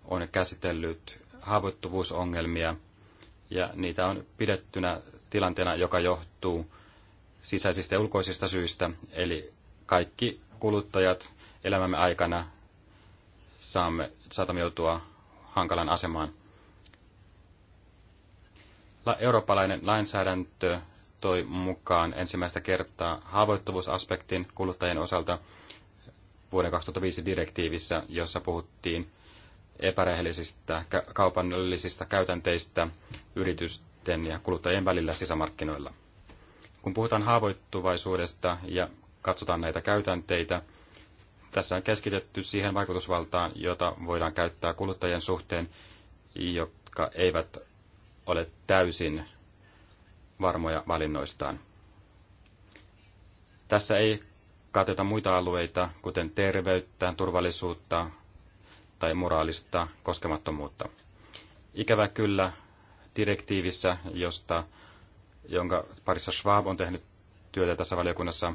on käsitellyt haavoittuvuusongelmia ja niitä on pidettynä tilanteena, joka johtuu sisäisistä ja ulkoisista syistä. Eli kaikki kuluttajat elämämme aikana saamme, saatamme joutua hankalan asemaan. Eurooppalainen lainsäädäntö toi mukaan ensimmäistä kertaa haavoittuvuusaspektin kuluttajien osalta vuoden 2005 direktiivissä, jossa puhuttiin epärehellisistä kaupallisista käytänteistä yritysten ja kuluttajien välillä sisämarkkinoilla. Kun puhutaan haavoittuvaisuudesta ja katsotaan näitä käytänteitä, tässä on keskitetty siihen vaikutusvaltaan, jota voidaan käyttää kuluttajien suhteen, jotka eivät ole täysin varmoja valinnoistaan. Tässä ei kateta muita alueita, kuten terveyttä, turvallisuutta, tai moraalista koskemattomuutta. Ikävä kyllä direktiivissä, josta, jonka parissa Schwab on tehnyt työtä tässä valiokunnassa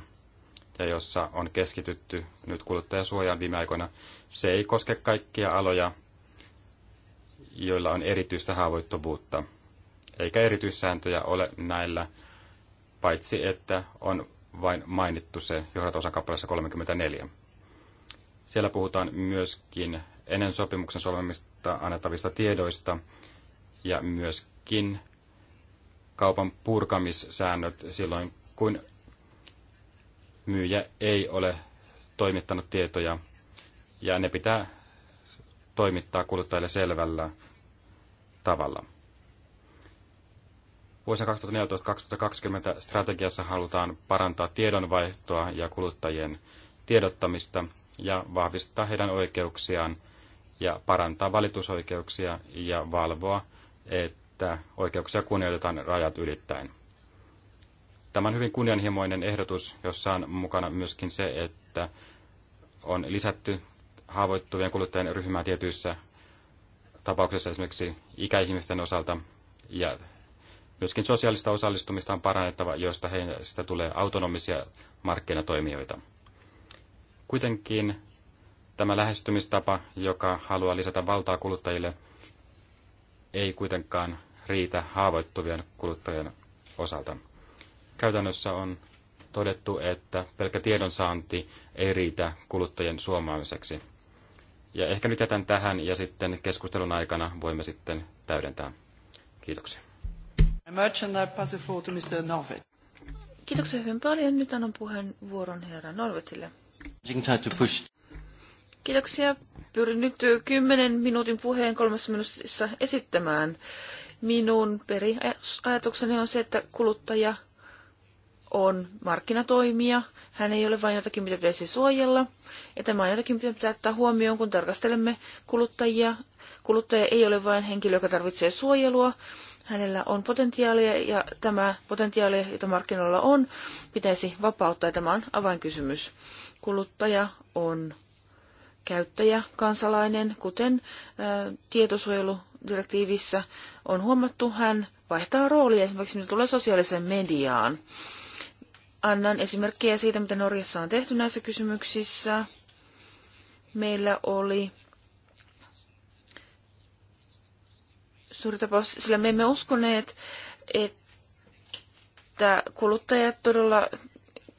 ja jossa on keskitytty nyt kuluttajasuojaan viime aikoina, se ei koske kaikkia aloja, joilla on erityistä haavoittuvuutta, eikä erityissääntöjä ole näillä, paitsi että on vain mainittu se kappaleessa 34. Siellä puhutaan myöskin ennen sopimuksen solmimista annettavista tiedoista ja myöskin kaupan purkamissäännöt silloin, kun myyjä ei ole toimittanut tietoja ja ne pitää toimittaa kuluttajille selvällä tavalla. Vuosina 2014-2020 strategiassa halutaan parantaa tiedonvaihtoa ja kuluttajien tiedottamista ja vahvistaa heidän oikeuksiaan ja parantaa valitusoikeuksia ja valvoa, että oikeuksia kunnioitetaan rajat ylittäen. Tämä on hyvin kunnianhimoinen ehdotus, jossa on mukana myöskin se, että on lisätty haavoittuvien kuluttajien ryhmää tietyissä tapauksissa esimerkiksi ikäihmisten osalta ja myöskin sosiaalista osallistumista on parannettava, josta heistä tulee autonomisia markkinatoimijoita. Kuitenkin Tämä lähestymistapa, joka haluaa lisätä valtaa kuluttajille, ei kuitenkaan riitä haavoittuvien kuluttajien osalta. Käytännössä on todettu, että pelkkä tiedonsaanti ei riitä kuluttajien suomaamiseksi. Ja ehkä nyt jätän tähän ja sitten keskustelun aikana voimme sitten täydentää. Kiitoksia. Kiitoksia hyvin paljon. Nyt annan puheenvuoron herra Norvetille. Kiitoksia. Pyrin nyt 10 minuutin puheen kolmessa minuutissa esittämään. Minun periajatukseni on se, että kuluttaja on markkinatoimija. Hän ei ole vain jotakin, mitä pitäisi suojella. Ja tämä on jotakin, mitä pitää ottaa huomioon, kun tarkastelemme kuluttajia. Kuluttaja ei ole vain henkilö, joka tarvitsee suojelua. Hänellä on potentiaalia ja tämä potentiaali, jota markkinoilla on, pitäisi vapauttaa. Tämä on avainkysymys. Kuluttaja on käyttäjä, kansalainen, kuten tietosuojeludirektiivissä on huomattu, hän vaihtaa roolia esimerkiksi mitä tulee sosiaaliseen mediaan. Annan esimerkkejä siitä, mitä Norjassa on tehty näissä kysymyksissä. Meillä oli suuri tapaus, sillä me emme uskoneet, että kuluttajat todella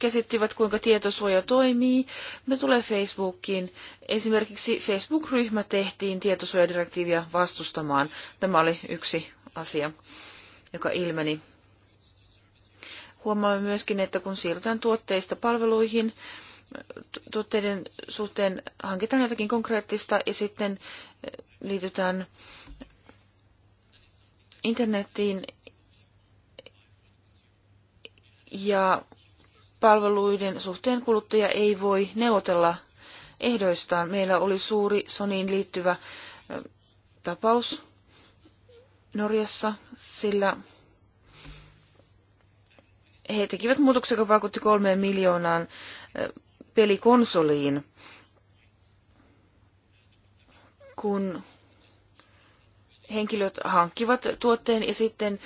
käsittivät, kuinka tietosuoja toimii. Me tulee Facebookiin. Esimerkiksi Facebook-ryhmä tehtiin tietosuojadirektiiviä vastustamaan. Tämä oli yksi asia, joka ilmeni. Huomaamme myöskin, että kun siirrytään tuotteista palveluihin, tuotteiden suhteen hankitaan jotakin konkreettista ja sitten eh, liitytään internettiin ja palveluiden suhteen kuluttaja ei voi neuvotella ehdoistaan. Meillä oli suuri Soniin liittyvä tapaus Norjassa, sillä he tekivät muutoksen, joka vaikutti kolmeen miljoonaan pelikonsoliin, kun henkilöt hankkivat tuotteen ja sitten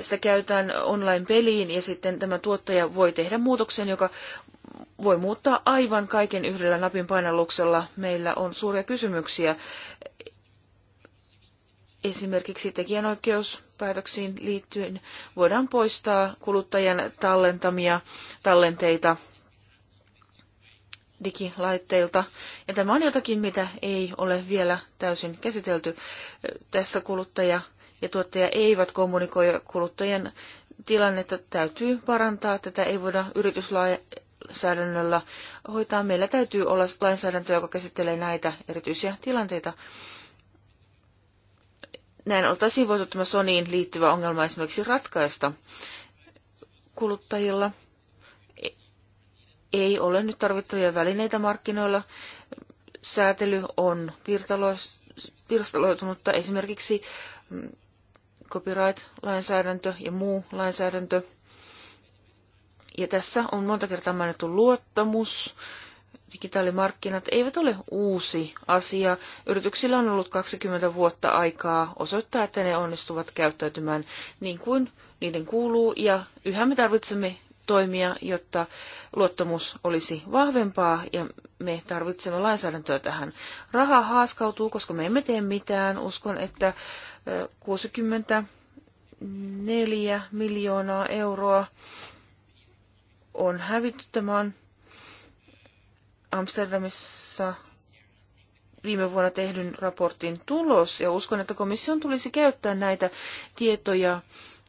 sitä käytetään online-peliin ja sitten tämä tuottaja voi tehdä muutoksen, joka voi muuttaa aivan kaiken yhdellä napin painalluksella. Meillä on suuria kysymyksiä esimerkiksi tekijänoikeuspäätöksiin liittyen. Voidaan poistaa kuluttajan tallentamia tallenteita digilaitteilta. Ja tämä on jotakin, mitä ei ole vielä täysin käsitelty. Tässä kuluttaja ja tuottaja eivät kommunikoi kuluttajien tilannetta, täytyy parantaa. Tätä ei voida yrityslainsäädännöllä hoitaa. Meillä täytyy olla lainsäädäntö, joka käsittelee näitä erityisiä tilanteita. Näin oltaisiin voitu tämä Soniin liittyvä ongelma esimerkiksi ratkaista kuluttajilla. Ei ole nyt tarvittavia välineitä markkinoilla. Säätely on pirstaloitunutta. Esimerkiksi copyright-lainsäädäntö ja muu lainsäädäntö. Ja tässä on monta kertaa mainittu luottamus. Digitaalimarkkinat eivät ole uusi asia. Yrityksillä on ollut 20 vuotta aikaa osoittaa, että ne onnistuvat käyttäytymään niin kuin niiden kuuluu, ja yhä me tarvitsemme toimia, jotta luottamus olisi vahvempaa ja me tarvitsemme lainsäädäntöä tähän. Raha haaskautuu, koska me emme tee mitään. Uskon, että 64 miljoonaa euroa on hävitty. tämän Amsterdamissa viime vuonna tehdyn raportin tulos ja uskon, että komission tulisi käyttää näitä tietoja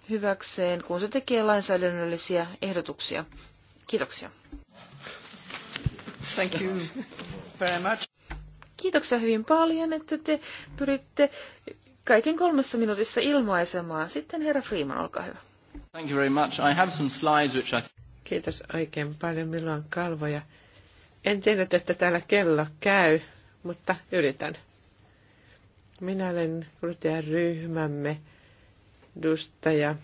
hyväkseen, kun se tekee lainsäädännöllisiä ehdotuksia. Kiitoksia. Thank you very much. Kiitoksia hyvin paljon, että te pyritte kaiken kolmessa minuutissa ilmaisemaan. Sitten herra Freeman, olkaa hyvä. Thank you very much. I have some slides which I... Kiitos oikein paljon. Minulla on kalvoja. En tiedä, että täällä kello käy, mutta yritän. Minä olen kuluttajaryhmämme edustaja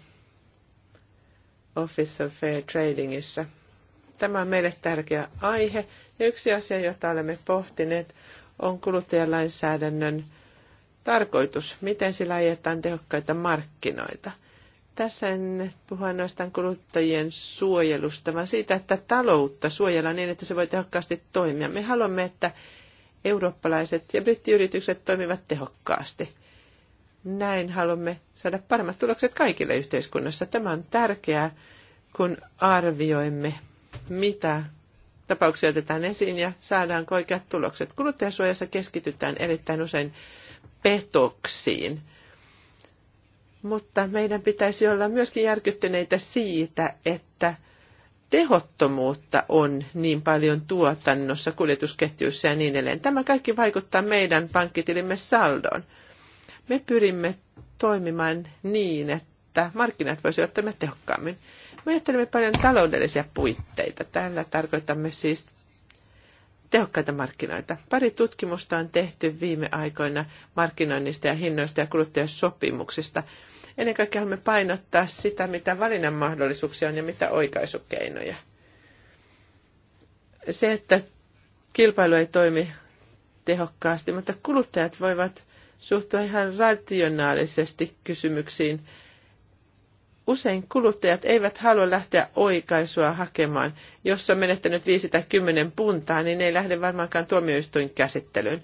Office of Fair Tradingissa. Tämä on meille tärkeä aihe ja yksi asia, jota olemme pohtineet, on kuluttajalainsäädännön tarkoitus, miten sillä ajetaan tehokkaita markkinoita. Tässä en puhu ainoastaan kuluttajien suojelusta, vaan siitä, että taloutta suojellaan niin, että se voi tehokkaasti toimia. Me haluamme, että eurooppalaiset ja brittiyritykset toimivat tehokkaasti. Näin haluamme saada paremmat tulokset kaikille yhteiskunnassa. Tämä on tärkeää, kun arvioimme, mitä tapauksia otetaan esiin ja saadaan oikeat tulokset. Kuluttajasuojassa keskitytään erittäin usein petoksiin. Mutta meidän pitäisi olla myöskin järkyttyneitä siitä, että tehottomuutta on niin paljon tuotannossa, kuljetusketjuissa ja niin edelleen. Tämä kaikki vaikuttaa meidän pankkitilimme saldoon. Me pyrimme toimimaan niin, että markkinat voisivat toimia tehokkaammin. Me ajattelemme paljon taloudellisia puitteita. Tällä tarkoitamme siis tehokkaita markkinoita. Pari tutkimusta on tehty viime aikoina markkinoinnista ja hinnoista ja kuluttajasopimuksista. Ennen kaikkea haluamme painottaa sitä, mitä valinnan mahdollisuuksia on ja mitä oikaisukeinoja. Se, että kilpailu ei toimi tehokkaasti, mutta kuluttajat voivat suhtua ihan rationaalisesti kysymyksiin. Usein kuluttajat eivät halua lähteä oikaisua hakemaan. Jos on menettänyt 5 tai 10 puntaa, niin ei lähde varmaankaan tuomioistuin käsittelyyn.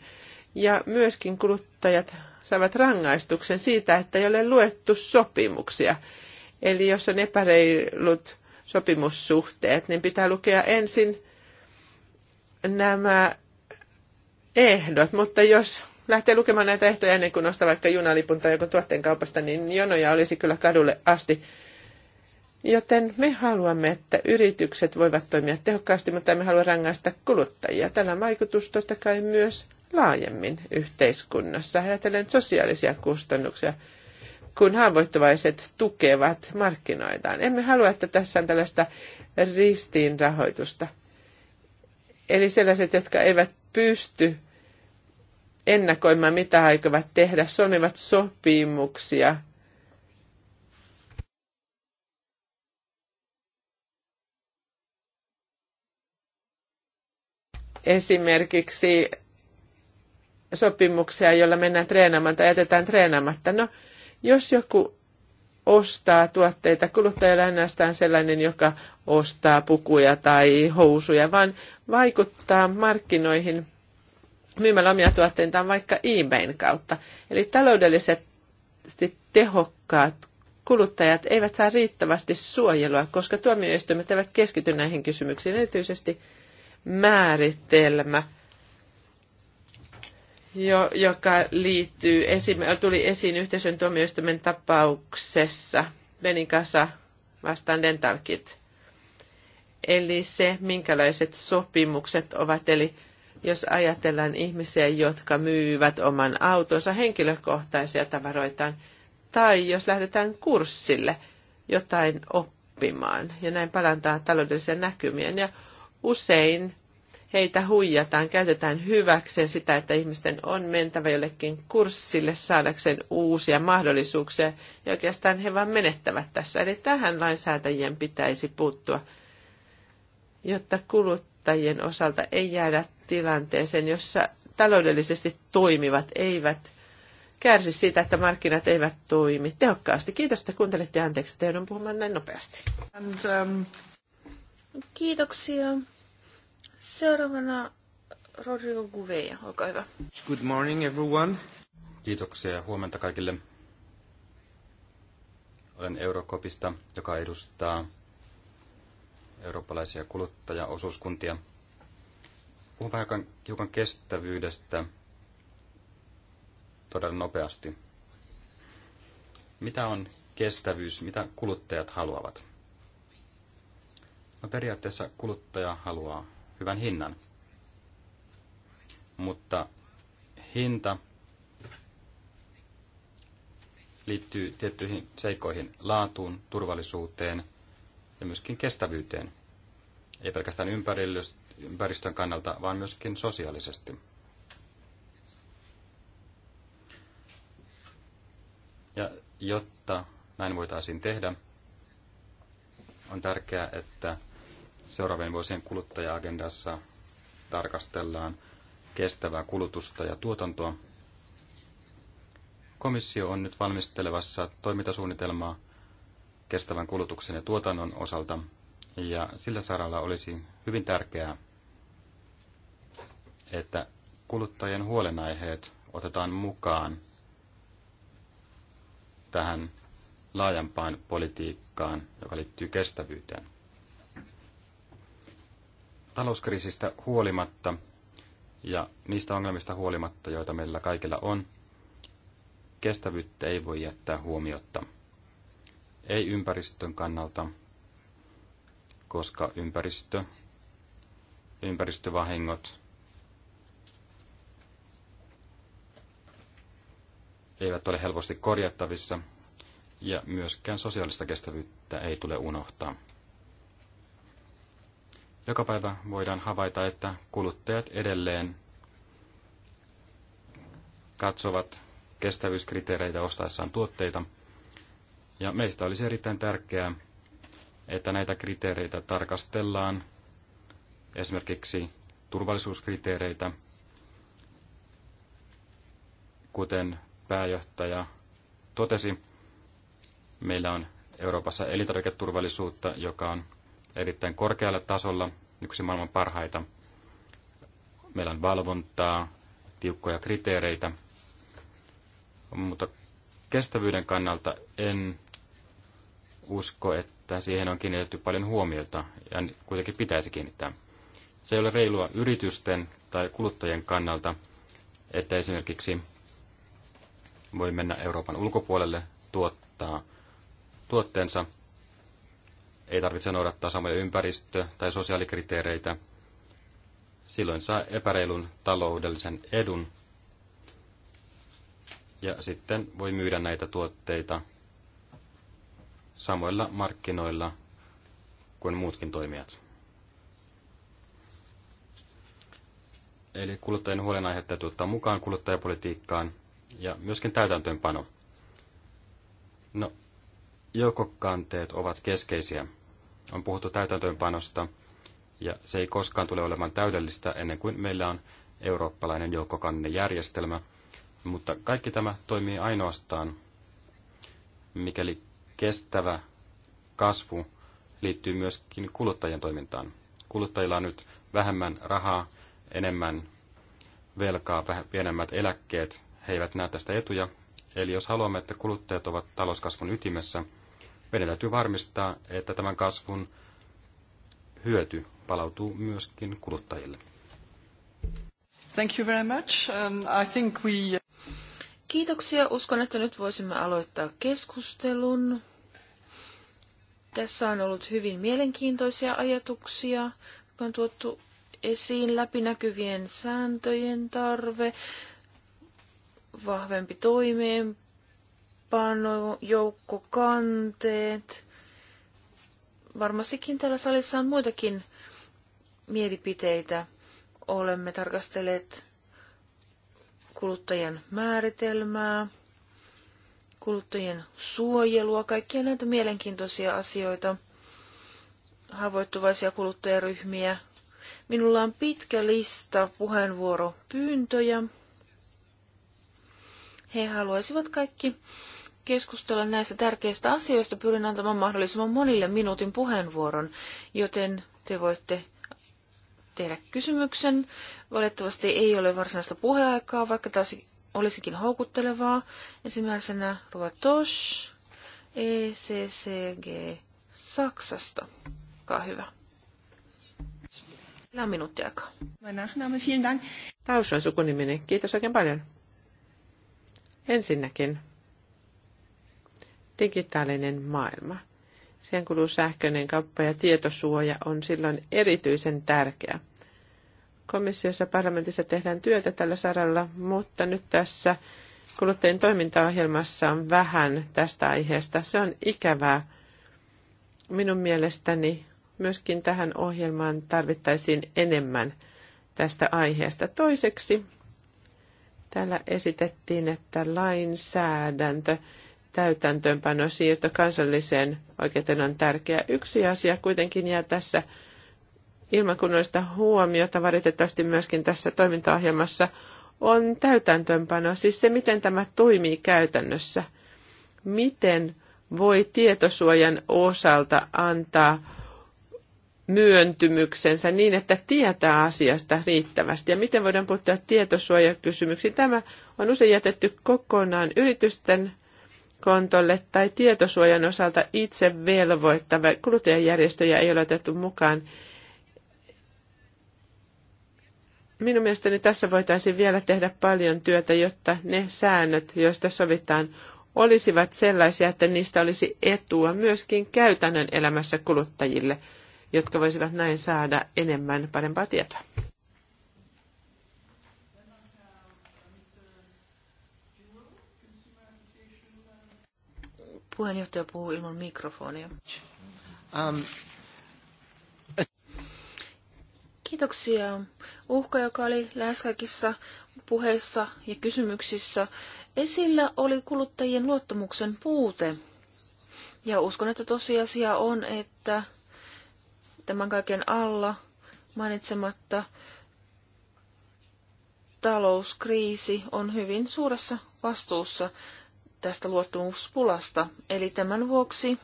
Ja myöskin kuluttajat saavat rangaistuksen siitä, että ei ole luettu sopimuksia. Eli jos on epäreilut sopimussuhteet, niin pitää lukea ensin nämä ehdot, mutta jos lähtee lukemaan näitä ehtoja ennen kuin ostaa vaikka junalipun tai joku tuotteen kaupasta, niin jonoja olisi kyllä kadulle asti. Joten me haluamme, että yritykset voivat toimia tehokkaasti, mutta me haluamme rangaista kuluttajia. Tällä on vaikutus totta kai myös laajemmin yhteiskunnassa. Ajatellen sosiaalisia kustannuksia, kun haavoittuvaiset tukevat markkinoitaan. Emme halua, että tässä on tällaista ristiinrahoitusta. Eli sellaiset, jotka eivät pysty ennakoimaan, mitä aikovat tehdä, solmivat sopimuksia. Esimerkiksi sopimuksia, joilla mennään treenaamaan tai jätetään treenaamatta. No, jos joku ostaa tuotteita, ei ainoastaan sellainen, joka ostaa pukuja tai housuja, vaan vaikuttaa markkinoihin – myymällä omia tuotteitaan vaikka eBayn kautta. Eli taloudellisesti tehokkaat kuluttajat eivät saa riittävästi suojelua, koska tuomioistuimet eivät keskity näihin kysymyksiin, erityisesti määritelmä, jo, joka liittyy, esim. tuli esiin yhteisön tuomioistuimen tapauksessa, Benikasa vastaan dentalkit. Eli se, minkälaiset sopimukset ovat, eli jos ajatellaan ihmisiä, jotka myyvät oman autonsa henkilökohtaisia tavaroitaan, tai jos lähdetään kurssille jotain oppimaan ja näin parantaa taloudellisia näkymiä. Ja usein heitä huijataan, käytetään hyväkseen sitä, että ihmisten on mentävä jollekin kurssille saadakseen uusia mahdollisuuksia, ja oikeastaan he vain menettävät tässä. Eli tähän lainsäätäjien pitäisi puuttua, jotta kuluttajien osalta ei jäädä tilanteeseen, jossa taloudellisesti toimivat eivät kärsi siitä, että markkinat eivät toimi tehokkaasti. Kiitos, että kuuntelitte ja anteeksi, että joudun puhumaan näin nopeasti. And, um... Kiitoksia. Seuraavana Rodrigo Gouveia, olkaa hyvä. Good morning everyone. Kiitoksia ja huomenta kaikille. Olen Eurokopista, joka edustaa eurooppalaisia kuluttajaosuuskuntia – puhun vähän hiukan kestävyydestä todella nopeasti. Mitä on kestävyys, mitä kuluttajat haluavat? No periaatteessa kuluttaja haluaa hyvän hinnan, mutta hinta liittyy tiettyihin seikoihin, laatuun, turvallisuuteen ja myöskin kestävyyteen. Ei pelkästään ympäristön kannalta, vaan myöskin sosiaalisesti. Ja jotta näin voitaisiin tehdä, on tärkeää, että seuraavien vuosien kuluttaja-agendassa tarkastellaan kestävää kulutusta ja tuotantoa. Komissio on nyt valmistelevassa toimintasuunnitelmaa kestävän kulutuksen ja tuotannon osalta, ja sillä saralla olisi hyvin tärkeää, että kuluttajien huolenaiheet otetaan mukaan tähän laajempaan politiikkaan, joka liittyy kestävyyteen. Talouskriisistä huolimatta ja niistä ongelmista huolimatta, joita meillä kaikilla on, kestävyyttä ei voi jättää huomiotta. Ei ympäristön kannalta, koska ympäristö, ympäristövahingot eivät ole helposti korjattavissa, ja myöskään sosiaalista kestävyyttä ei tule unohtaa. Joka päivä voidaan havaita, että kuluttajat edelleen katsovat kestävyyskriteereitä ostaessaan tuotteita, ja meistä olisi erittäin tärkeää, että näitä kriteereitä tarkastellaan, esimerkiksi turvallisuuskriteereitä, kuten pääjohtaja totesi, meillä on Euroopassa elintarviketurvallisuutta, joka on erittäin korkealla tasolla, yksi maailman parhaita. Meillä on valvontaa, tiukkoja kriteereitä, mutta kestävyyden kannalta en usko, että siihen on kiinnitetty paljon huomiota ja kuitenkin pitäisi kiinnittää. Se ei ole reilua yritysten tai kuluttajien kannalta, että esimerkiksi voi mennä Euroopan ulkopuolelle tuottaa tuotteensa. Ei tarvitse noudattaa samoja ympäristö- tai sosiaalikriteereitä. Silloin saa epäreilun taloudellisen edun. Ja sitten voi myydä näitä tuotteita samoilla markkinoilla kuin muutkin toimijat. Eli kuluttajien huolenaihe täytyy ottaa mukaan kuluttajapolitiikkaan ja myöskin täytäntöönpano. No, joukokanteet ovat keskeisiä. On puhuttu täytäntöönpanosta, ja se ei koskaan tule olemaan täydellistä ennen kuin meillä on eurooppalainen joukkokannejärjestelmä, mutta kaikki tämä toimii ainoastaan, mikäli kestävä kasvu liittyy myöskin kuluttajien toimintaan. Kuluttajilla on nyt vähemmän rahaa, enemmän velkaa, pienemmät eläkkeet, he eivät näe tästä etuja. Eli jos haluamme, että kuluttajat ovat talouskasvun ytimessä, meidän täytyy varmistaa, että tämän kasvun hyöty palautuu myöskin kuluttajille. Thank you very much. Um, I think we... Uh, Kiitoksia. Uskon, että nyt voisimme aloittaa keskustelun. Tässä on ollut hyvin mielenkiintoisia ajatuksia, jotka on tuottu esiin läpinäkyvien sääntöjen tarve, vahvempi toimeenpano, joukkokanteet. Varmastikin täällä salissa on muitakin mielipiteitä. Olemme tarkastelleet kuluttajien määritelmää, kuluttajien suojelua, kaikkia näitä mielenkiintoisia asioita, haavoittuvaisia kuluttajaryhmiä. Minulla on pitkä lista puheenvuoropyyntöjä. He haluaisivat kaikki keskustella näistä tärkeistä asioista. Pyrin antamaan mahdollisimman monille minuutin puheenvuoron, joten te voitte tehdä kysymyksen. Valitettavasti ei ole varsinaista puheaikaa, vaikka taas olisikin houkuttelevaa. Ensimmäisenä Ruotos ECCG Saksasta. Olkaa hyvä. Sillä minuutti aikaa. Taus on no, sukunimeni. Kiitos oikein paljon. Ensinnäkin digitaalinen maailma. Siihen kuluu sähköinen kauppa ja tietosuoja on silloin erityisen tärkeä. Komissiossa parlamentissa tehdään työtä tällä saralla, mutta nyt tässä kuluttajien toimintaohjelmassa on vähän tästä aiheesta. Se on ikävää. Minun mielestäni myöskin tähän ohjelmaan tarvittaisiin enemmän tästä aiheesta. Toiseksi Täällä esitettiin, että lainsäädäntö, täytäntöönpano, siirto kansalliseen oikeuteen on tärkeä. Yksi asia kuitenkin jää tässä ilmakunnallista huomiota, varitettavasti myöskin tässä toimintaohjelmassa, on täytäntöönpano, siis se, miten tämä toimii käytännössä. Miten voi tietosuojan osalta antaa myöntymyksensä niin, että tietää asiasta riittävästi. Ja miten voidaan puuttua tietosuojakysymyksiin? Tämä on usein jätetty kokonaan yritysten kontolle tai tietosuojan osalta itse velvoittava. Kuluttajajärjestöjä ei ole otettu mukaan. Minun mielestäni tässä voitaisiin vielä tehdä paljon työtä, jotta ne säännöt, joista sovitaan, olisivat sellaisia, että niistä olisi etua myöskin käytännön elämässä kuluttajille – jotka voisivat näin saada enemmän parempaa tietoa. Puheenjohtaja puhuu ilman mikrofonia. Um. Kiitoksia. Uhka, joka oli lähes kaikissa puheissa ja kysymyksissä, esillä oli kuluttajien luottamuksen puute. Ja uskon, että tosiasia on, että tämän kaiken alla mainitsematta talouskriisi on hyvin suuressa vastuussa tästä luottamuspulasta. Eli tämän vuoksi,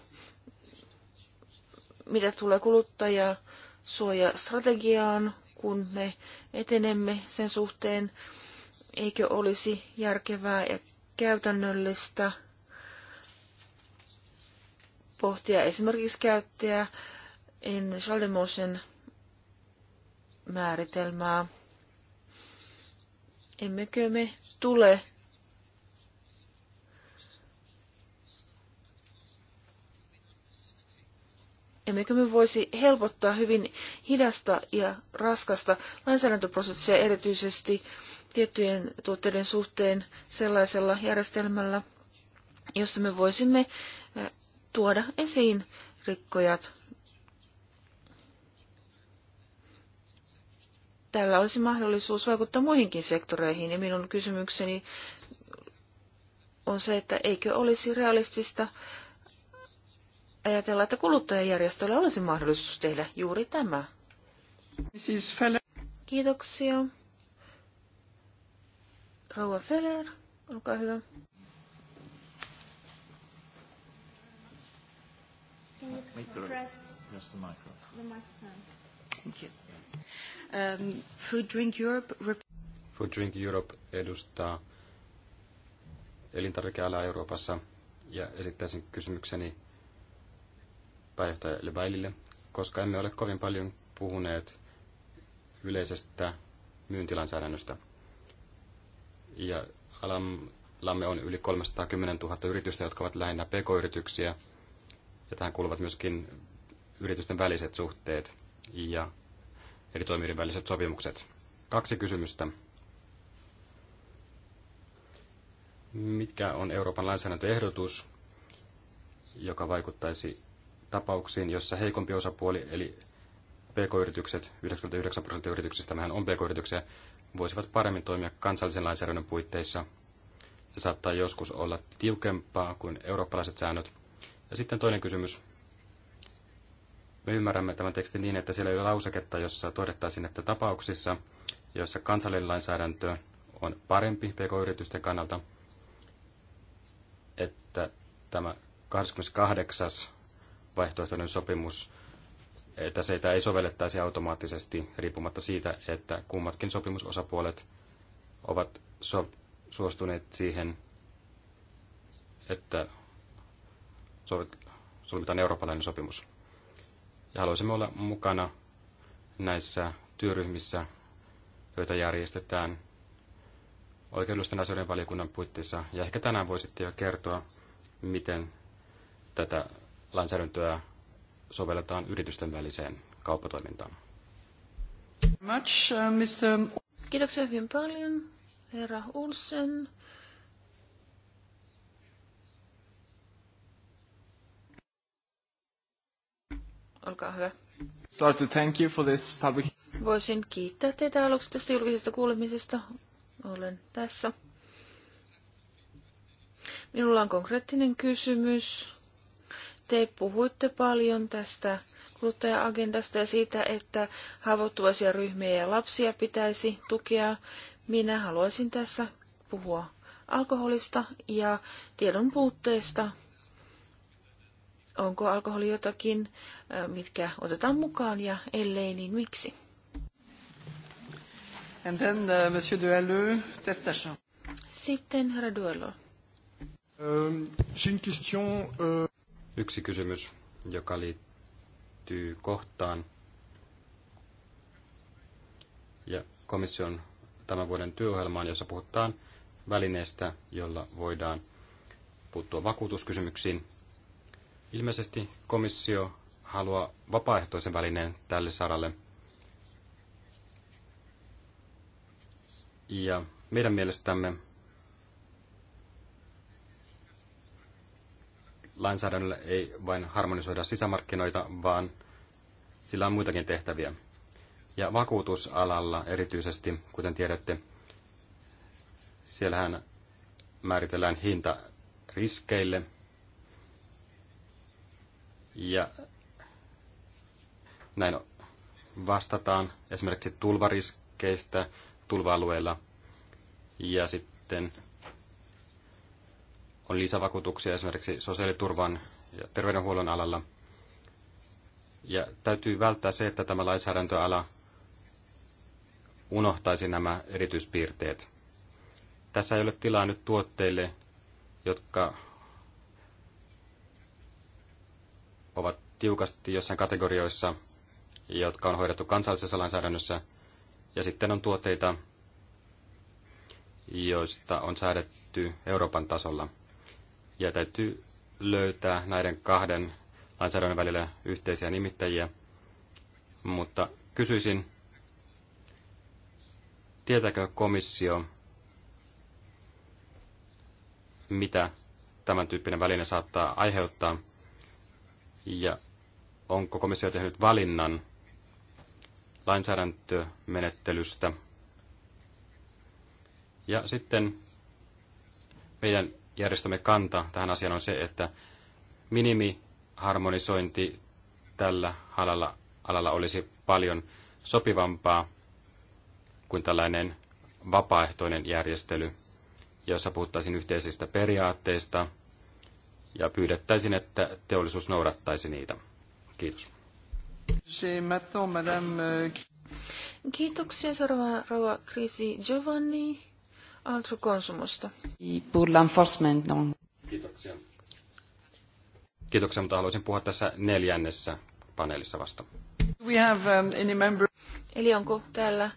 mitä tulee kuluttajasuojastrategiaan, kun me etenemme sen suhteen, eikö olisi järkevää ja käytännöllistä pohtia esimerkiksi käyttäjä in Schaldemosen määritelmää. Emmekö me tule Emmekö me voisi helpottaa hyvin hidasta ja raskasta lainsäädäntöprosessia erityisesti tiettyjen tuotteiden suhteen sellaisella järjestelmällä, jossa me voisimme eh, tuoda esiin rikkojat tällä olisi mahdollisuus vaikuttaa muihinkin sektoreihin. Ja minun kysymykseni on se, että eikö olisi realistista ajatella, että kuluttajajärjestöillä olisi mahdollisuus tehdä juuri tämä. Kiitoksia. Rouva Feller, olkaa hyvä. Press the microphone. The microphone. Thank you. Um, Food Drink Europe... Food Drink Europe edustaa elintarvikealaa Euroopassa ja esittäisin kysymykseni pääjohtajalle Lebailille, koska emme ole kovin paljon puhuneet yleisestä myyntilainsäädännöstä. Ja alamme on yli 310 000 yritystä, jotka ovat lähinnä pk-yrityksiä, ja tähän kuuluvat myöskin yritysten väliset suhteet ja eli toimijoiden väliset sopimukset. Kaksi kysymystä. Mitkä on Euroopan lainsäädäntöehdotus, joka vaikuttaisi tapauksiin, jossa heikompi osapuoli, eli pk-yritykset, 99 prosenttia yrityksistä mehän on pk-yrityksiä, voisivat paremmin toimia kansallisen lainsäädännön puitteissa. Se saattaa joskus olla tiukempaa kuin eurooppalaiset säännöt. Ja sitten toinen kysymys. Me ymmärrämme tämän tekstin niin, että siellä ei ole lauseketta, jossa todettaisiin, että tapauksissa, joissa kansallinen lainsäädäntö on parempi pk-yritysten kannalta, että tämä 28. vaihtoehtoinen sopimus, että sitä ei sovellettaisi automaattisesti riippumatta siitä, että kummatkin sopimusosapuolet ovat so- suostuneet siihen, että solmitaan eurooppalainen sopimus. Ja haluaisimme olla mukana näissä työryhmissä, joita järjestetään oikeudellisten asioiden valiokunnan puitteissa. Ja ehkä tänään voisitte jo kertoa, miten tätä lainsäädäntöä sovelletaan yritysten väliseen kauppatoimintaan. Much, uh, Kiitoksia hyvin paljon, herra Olsen. Olkaa hyvä. Start to thank you for this public... Voisin kiittää teitä aluksi tästä julkisesta kuulemisesta. Olen tässä. Minulla on konkreettinen kysymys. Te puhuitte paljon tästä kuluttaja-agendasta ja siitä, että haavoittuvaisia ryhmiä ja lapsia pitäisi tukea. Minä haluaisin tässä puhua alkoholista ja tiedon puutteesta Onko alkoholi jotakin, mitkä otetaan mukaan ja ellei, niin miksi? And then uh, Monsieur Dualleux, test Sitten herra uh... Yksi kysymys, joka liittyy kohtaan ja komission tämän vuoden työohjelmaan, jossa puhutaan välineestä, jolla voidaan puuttua vakuutuskysymyksiin. Ilmeisesti komissio haluaa vapaaehtoisen välineen tälle saralle. Ja meidän mielestämme lainsäädännöllä ei vain harmonisoida sisämarkkinoita, vaan sillä on muitakin tehtäviä. Ja vakuutusalalla erityisesti, kuten tiedätte, siellähän määritellään hinta riskeille – ja näin vastataan esimerkiksi tulvariskeistä tulva-alueilla ja sitten on lisävakuutuksia esimerkiksi sosiaaliturvan ja terveydenhuollon alalla. Ja täytyy välttää se, että tämä lainsäädäntöala unohtaisi nämä erityispiirteet. Tässä ei ole tilaa nyt tuotteille, jotka ovat tiukasti jossain kategorioissa, jotka on hoidettu kansallisessa lainsäädännössä, ja sitten on tuotteita, joista on säädetty Euroopan tasolla. Ja täytyy löytää näiden kahden lainsäädännön välillä yhteisiä nimittäjiä. Mutta kysyisin, tietääkö komissio, mitä tämän tyyppinen väline saattaa aiheuttaa, ja onko komissio tehnyt valinnan lainsäädäntömenettelystä. Ja sitten meidän järjestämme kanta tähän asiaan on se, että minimiharmonisointi tällä alalla, alalla olisi paljon sopivampaa kuin tällainen vapaaehtoinen järjestely, jossa puhuttaisiin yhteisistä periaatteista, ja pyydettäisiin, että teollisuus noudattaisi niitä. Kiitos. Euh, Kiitoksia seuraava rouva Krisi Giovanni Altru Konsumosta. Kiitoksia. Kiitoksia, mutta haluaisin puhua tässä neljännessä paneelissa vasta. We have, um, any member... Eli onko täällä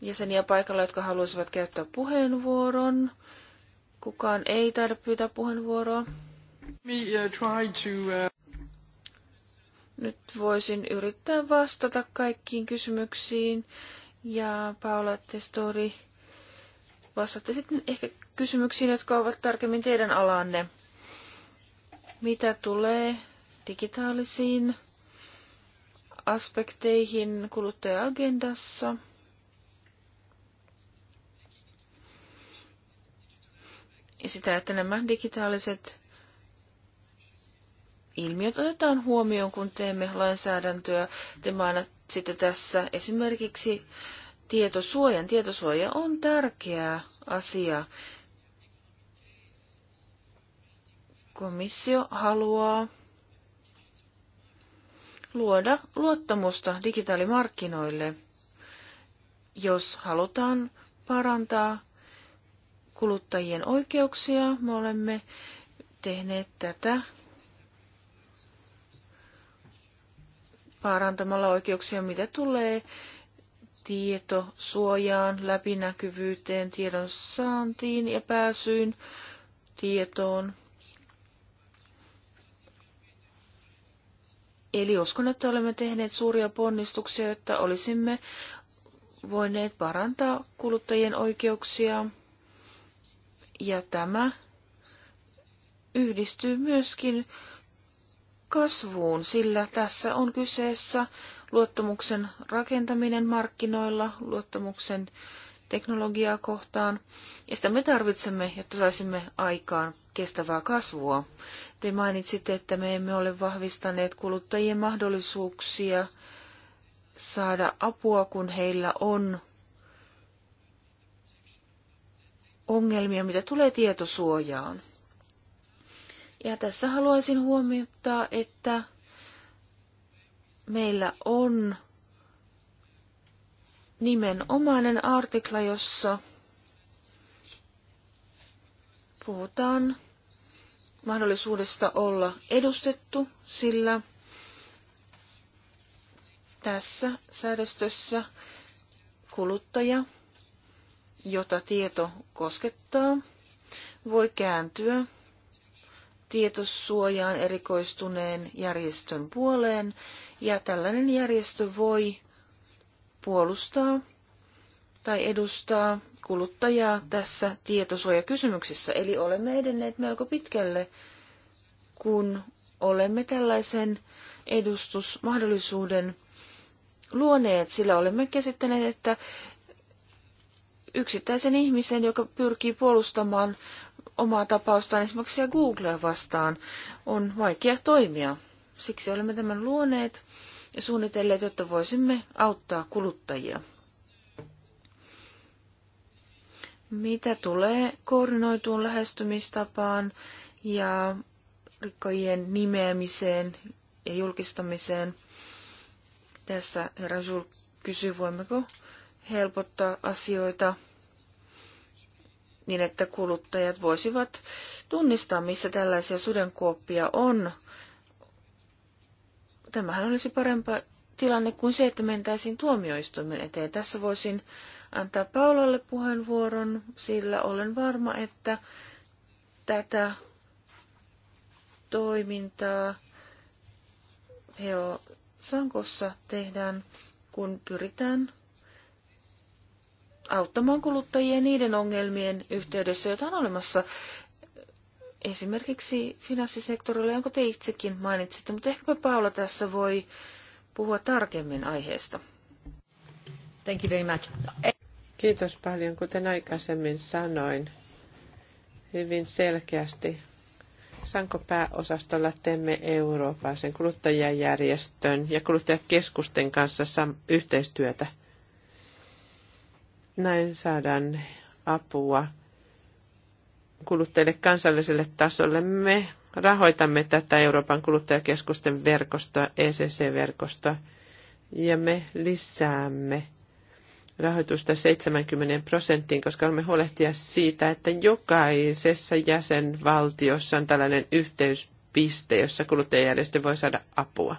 jäseniä paikalla, jotka haluaisivat käyttää puheenvuoron? Kukaan ei taida pyytää puheenvuoroa. Uh, uh, Nyt voisin yrittää vastata kaikkiin kysymyksiin. Ja Paula Testori, vastatte sitten ehkä kysymyksiin, jotka ovat tarkemmin teidän alanne. Mitä tulee digitaalisiin aspekteihin kuluttaja-agendassa? Sitä, että nämä digitaaliset ilmiöt otetaan huomioon, kun teemme lainsäädäntöä. Te mainitsitte tässä esimerkiksi tietosuojan. Tietosuoja on tärkeä asia. Komissio haluaa luoda luottamusta digitaalimarkkinoille, jos halutaan parantaa kuluttajien oikeuksia. Me olemme tehneet tätä parantamalla oikeuksia, mitä tulee tietosuojaan, läpinäkyvyyteen, tiedon saantiin ja pääsyyn tietoon. Eli uskon, että olemme tehneet suuria ponnistuksia, että olisimme voineet parantaa kuluttajien oikeuksia. Ja tämä yhdistyy myöskin kasvuun, sillä tässä on kyseessä luottamuksen rakentaminen markkinoilla, luottamuksen teknologiaa kohtaan, ja sitä me tarvitsemme, jotta saisimme aikaan kestävää kasvua. Te mainitsitte, että me emme ole vahvistaneet kuluttajien mahdollisuuksia saada apua, kun heillä on ongelmia, mitä tulee tietosuojaan. Ja tässä haluaisin huomioittaa, että meillä on nimenomainen artikla, jossa puhutaan mahdollisuudesta olla edustettu, sillä tässä säädöstössä kuluttaja, jota tieto koskettaa, voi kääntyä tietosuojaan erikoistuneen järjestön puoleen, ja tällainen järjestö voi puolustaa tai edustaa kuluttajaa tässä tietosuojakysymyksessä. Eli olemme edenneet melko pitkälle, kun olemme tällaisen edustusmahdollisuuden luoneet, sillä olemme käsittäneet, että yksittäisen ihmisen, joka pyrkii puolustamaan omaa tapaustaan esimerkiksi Googlea vastaan, on vaikea toimia. Siksi olemme tämän luoneet ja suunnitelleet, jotta voisimme auttaa kuluttajia. Mitä tulee koordinoituun lähestymistapaan ja rikkojien nimeämiseen ja julkistamiseen, tässä herra Jul kysyy, voimmeko helpottaa asioita – niin, että kuluttajat voisivat tunnistaa, missä tällaisia sudenkuoppia on. Tämähän olisi parempi tilanne kuin se, että mentäisiin tuomioistuimen eteen. Tässä voisin antaa Paulalle puheenvuoron, sillä olen varma, että tätä toimintaa Heo Sankossa tehdään, kun pyritään auttamaan kuluttajia niiden ongelmien yhteydessä, joita on olemassa esimerkiksi finanssisektorilla, jonka te itsekin mainitsitte, mutta ehkäpä Paula tässä voi puhua tarkemmin aiheesta. Thank you very much. Kiitos paljon. Kuten aikaisemmin sanoin, hyvin selkeästi Sanko-pääosastolla teemme Euroopan sen kuluttajajärjestön ja kuluttajakeskusten kanssa yhteistyötä näin saadaan apua kuluttajille kansalliselle tasolle. Me rahoitamme tätä Euroopan kuluttajakeskusten verkostoa, ECC-verkostoa, ja me lisäämme rahoitusta 70 prosenttiin, koska olemme huolehtia siitä, että jokaisessa jäsenvaltiossa on tällainen yhteyspiste, jossa kuluttajajärjestö voi saada apua.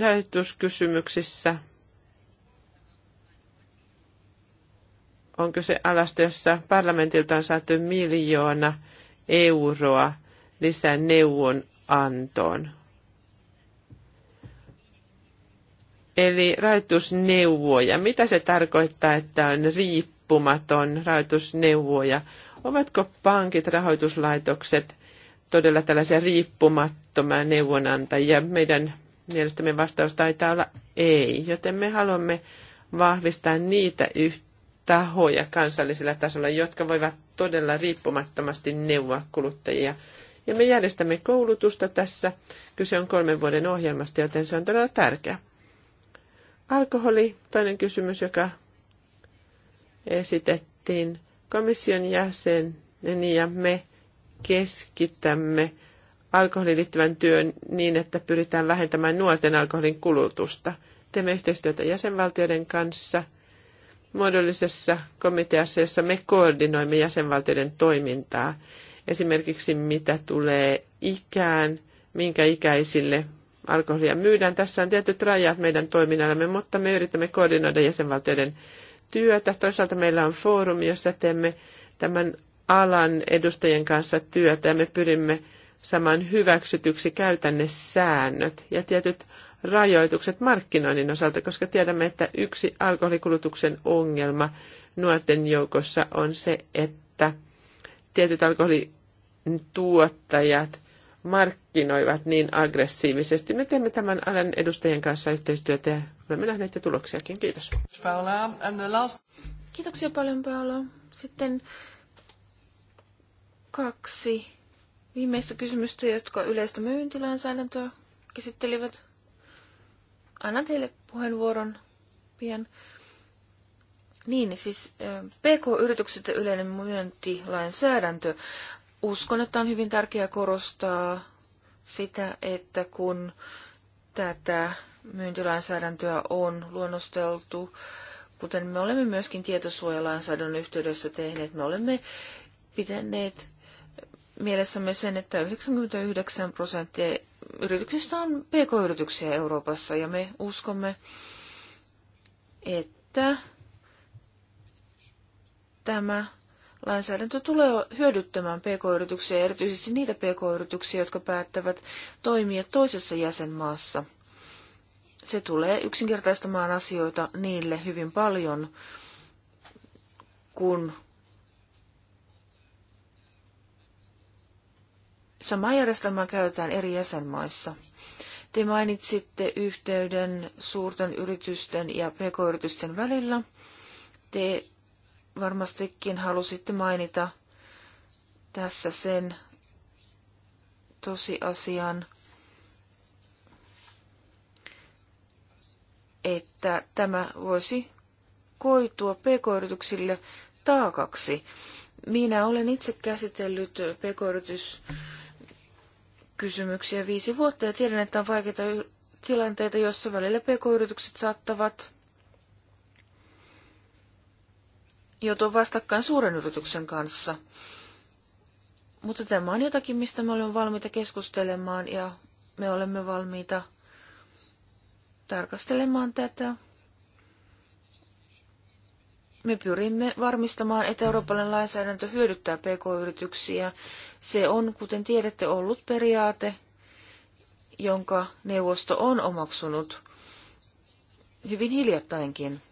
rahoituskysymyksissä on kyse alasta, jossa parlamentilta on saatu miljoona euroa lisää neuvonantoon. Eli rahoitusneuvoja. Mitä se tarkoittaa, että on riippumaton rahoitusneuvoja? Ovatko pankit, rahoituslaitokset todella tällaisia riippumattomia neuvonantajia? Meidän Mielestämme vastaus taitaa olla ei, joten me haluamme vahvistaa niitä yhteyksiä, tahoja kansallisella tasolla, jotka voivat todella riippumattomasti neuvoa kuluttajia. Ja me järjestämme koulutusta tässä. Kyse on kolmen vuoden ohjelmasta, joten se on todella tärkeä. Alkoholi, toinen kysymys, joka esitettiin komission jäseneni ja me keskitämme alkoholin liittyvän työn niin, että pyritään vähentämään nuorten alkoholin kulutusta. Teemme yhteistyötä jäsenvaltioiden kanssa muodollisessa komiteassa, jossa me koordinoimme jäsenvaltioiden toimintaa. Esimerkiksi mitä tulee ikään, minkä ikäisille alkoholia myydään. Tässä on tietyt rajat meidän toiminnallamme, mutta me yritämme koordinoida jäsenvaltioiden työtä. Toisaalta meillä on foorumi, jossa teemme tämän alan edustajien kanssa työtä ja me pyrimme saman hyväksytyksi käytännesäännöt ja tietyt rajoitukset markkinoinnin osalta, koska tiedämme, että yksi alkoholikulutuksen ongelma nuorten joukossa on se, että tietyt alkoholituottajat markkinoivat niin aggressiivisesti. Me teemme tämän alan edustajien kanssa yhteistyötä ja olemme nähneet jo tuloksiakin. Kiitos. Kiitoksia paljon, Paolo. Sitten kaksi viimeistä kysymystä, jotka yleistä myyntilainsäädäntöä käsittelivät. Annan teille puheenvuoron pian. Niin, siis PK-yritykset ja yleinen myyntilainsäädäntö. Uskon, että on hyvin tärkeää korostaa sitä, että kun tätä myyntilainsäädäntöä on luonnosteltu, kuten me olemme myöskin tietosuojalainsäädännön yhteydessä tehneet, me olemme pitäneet mielessämme sen, että 99 prosenttia yrityksistä on pk-yrityksiä Euroopassa ja me uskomme, että tämä lainsäädäntö tulee hyödyttämään pk-yrityksiä ja erityisesti niitä pk-yrityksiä, jotka päättävät toimia toisessa jäsenmaassa. Se tulee yksinkertaistamaan asioita niille hyvin paljon, kun Sama järjestelmää käytetään eri jäsenmaissa. Te mainitsitte yhteyden suurten yritysten ja pk-yritysten välillä. Te varmastikin halusitte mainita tässä sen tosiasian, että tämä voisi koitua pk-yrityksille taakaksi. Minä olen itse käsitellyt pk kysymyksiä viisi vuotta ja tiedän, että on vaikeita tilanteita, jossa välillä pk-yritykset saattavat joutua vastakkain suuren yrityksen kanssa. Mutta tämä on jotakin, mistä me olemme valmiita keskustelemaan ja me olemme valmiita tarkastelemaan tätä me pyrimme varmistamaan, että eurooppalainen lainsäädäntö hyödyttää pk-yrityksiä. Se on, kuten tiedätte, ollut periaate, jonka neuvosto on omaksunut hyvin hiljattainkin.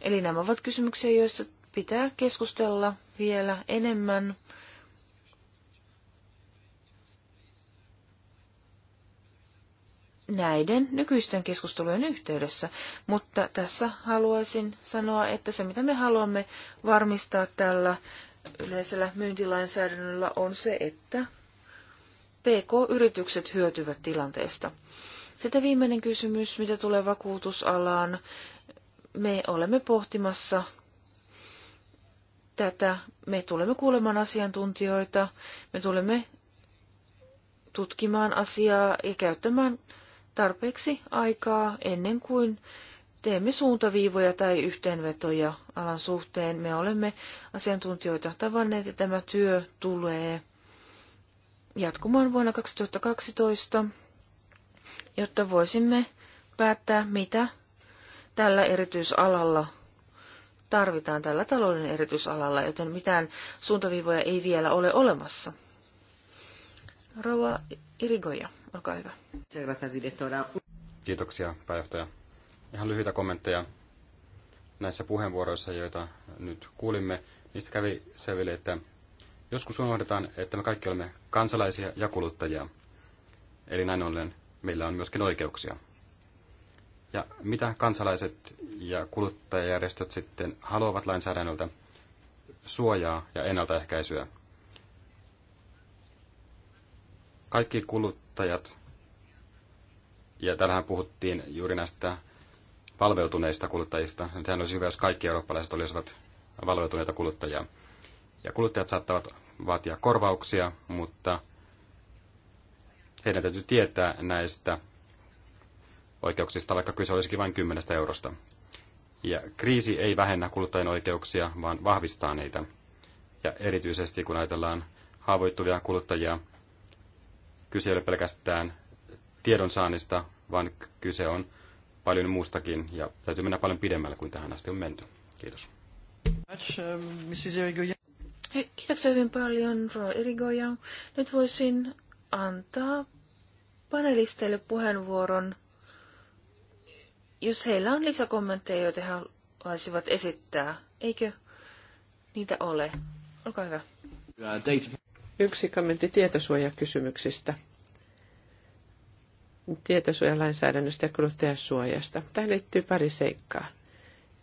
Eli nämä ovat kysymyksiä, joista pitää keskustella vielä enemmän näiden nykyisten keskustelujen yhteydessä. Mutta tässä haluaisin sanoa, että se mitä me haluamme varmistaa tällä yleisellä myyntilainsäädännöllä on se, että PK-yritykset hyötyvät tilanteesta. Sitten viimeinen kysymys, mitä tulee vakuutusalaan. Me olemme pohtimassa tätä. Me tulemme kuulemaan asiantuntijoita. Me tulemme tutkimaan asiaa ja käyttämään tarpeeksi aikaa ennen kuin teemme suuntaviivoja tai yhteenvetoja alan suhteen. Me olemme asiantuntijoita tavanneet ja tämä työ tulee jatkumaan vuonna 2012, jotta voisimme päättää, mitä tällä erityisalalla tarvitaan tällä talouden erityisalalla, joten mitään suuntaviivoja ei vielä ole olemassa. Rouva Irigoja, olkaa hyvä. Kiitoksia, pääjohtaja. Ihan lyhyitä kommentteja näissä puheenvuoroissa, joita nyt kuulimme. Niistä kävi selville, että joskus unohdetaan, että me kaikki olemme kansalaisia ja kuluttajia. Eli näin ollen meillä on myöskin oikeuksia. Ja mitä kansalaiset ja kuluttajajärjestöt sitten haluavat lainsäädännöltä? Suojaa ja ennaltaehkäisyä kaikki kuluttajat, ja täällähän puhuttiin juuri näistä valveutuneista kuluttajista. Niin sehän olisi hyvä, jos kaikki eurooppalaiset olisivat valveutuneita kuluttajia. Ja kuluttajat saattavat vaatia korvauksia, mutta heidän täytyy tietää näistä oikeuksista, vaikka kyse olisikin vain 10 eurosta. Ja kriisi ei vähennä kuluttajien oikeuksia, vaan vahvistaa niitä. Ja erityisesti kun ajatellaan haavoittuvia kuluttajia, Kyse ei ole pelkästään tiedonsaannista, vaan kyse on paljon muustakin ja täytyy mennä paljon pidemmälle kuin tähän asti on menty. Kiitos. Kiitoksia hyvin paljon, Roa Erigoja. Nyt voisin antaa panelisteille puheenvuoron, jos heillä on lisäkommentteja, joita he haluaisivat esittää. Eikö niitä ole? Olkaa hyvä. Uh, Yksi kommentti tietosuojakysymyksistä, tietosuojalainsäädännöstä ja kuluttajasuojasta. Tähän liittyy pari seikkaa.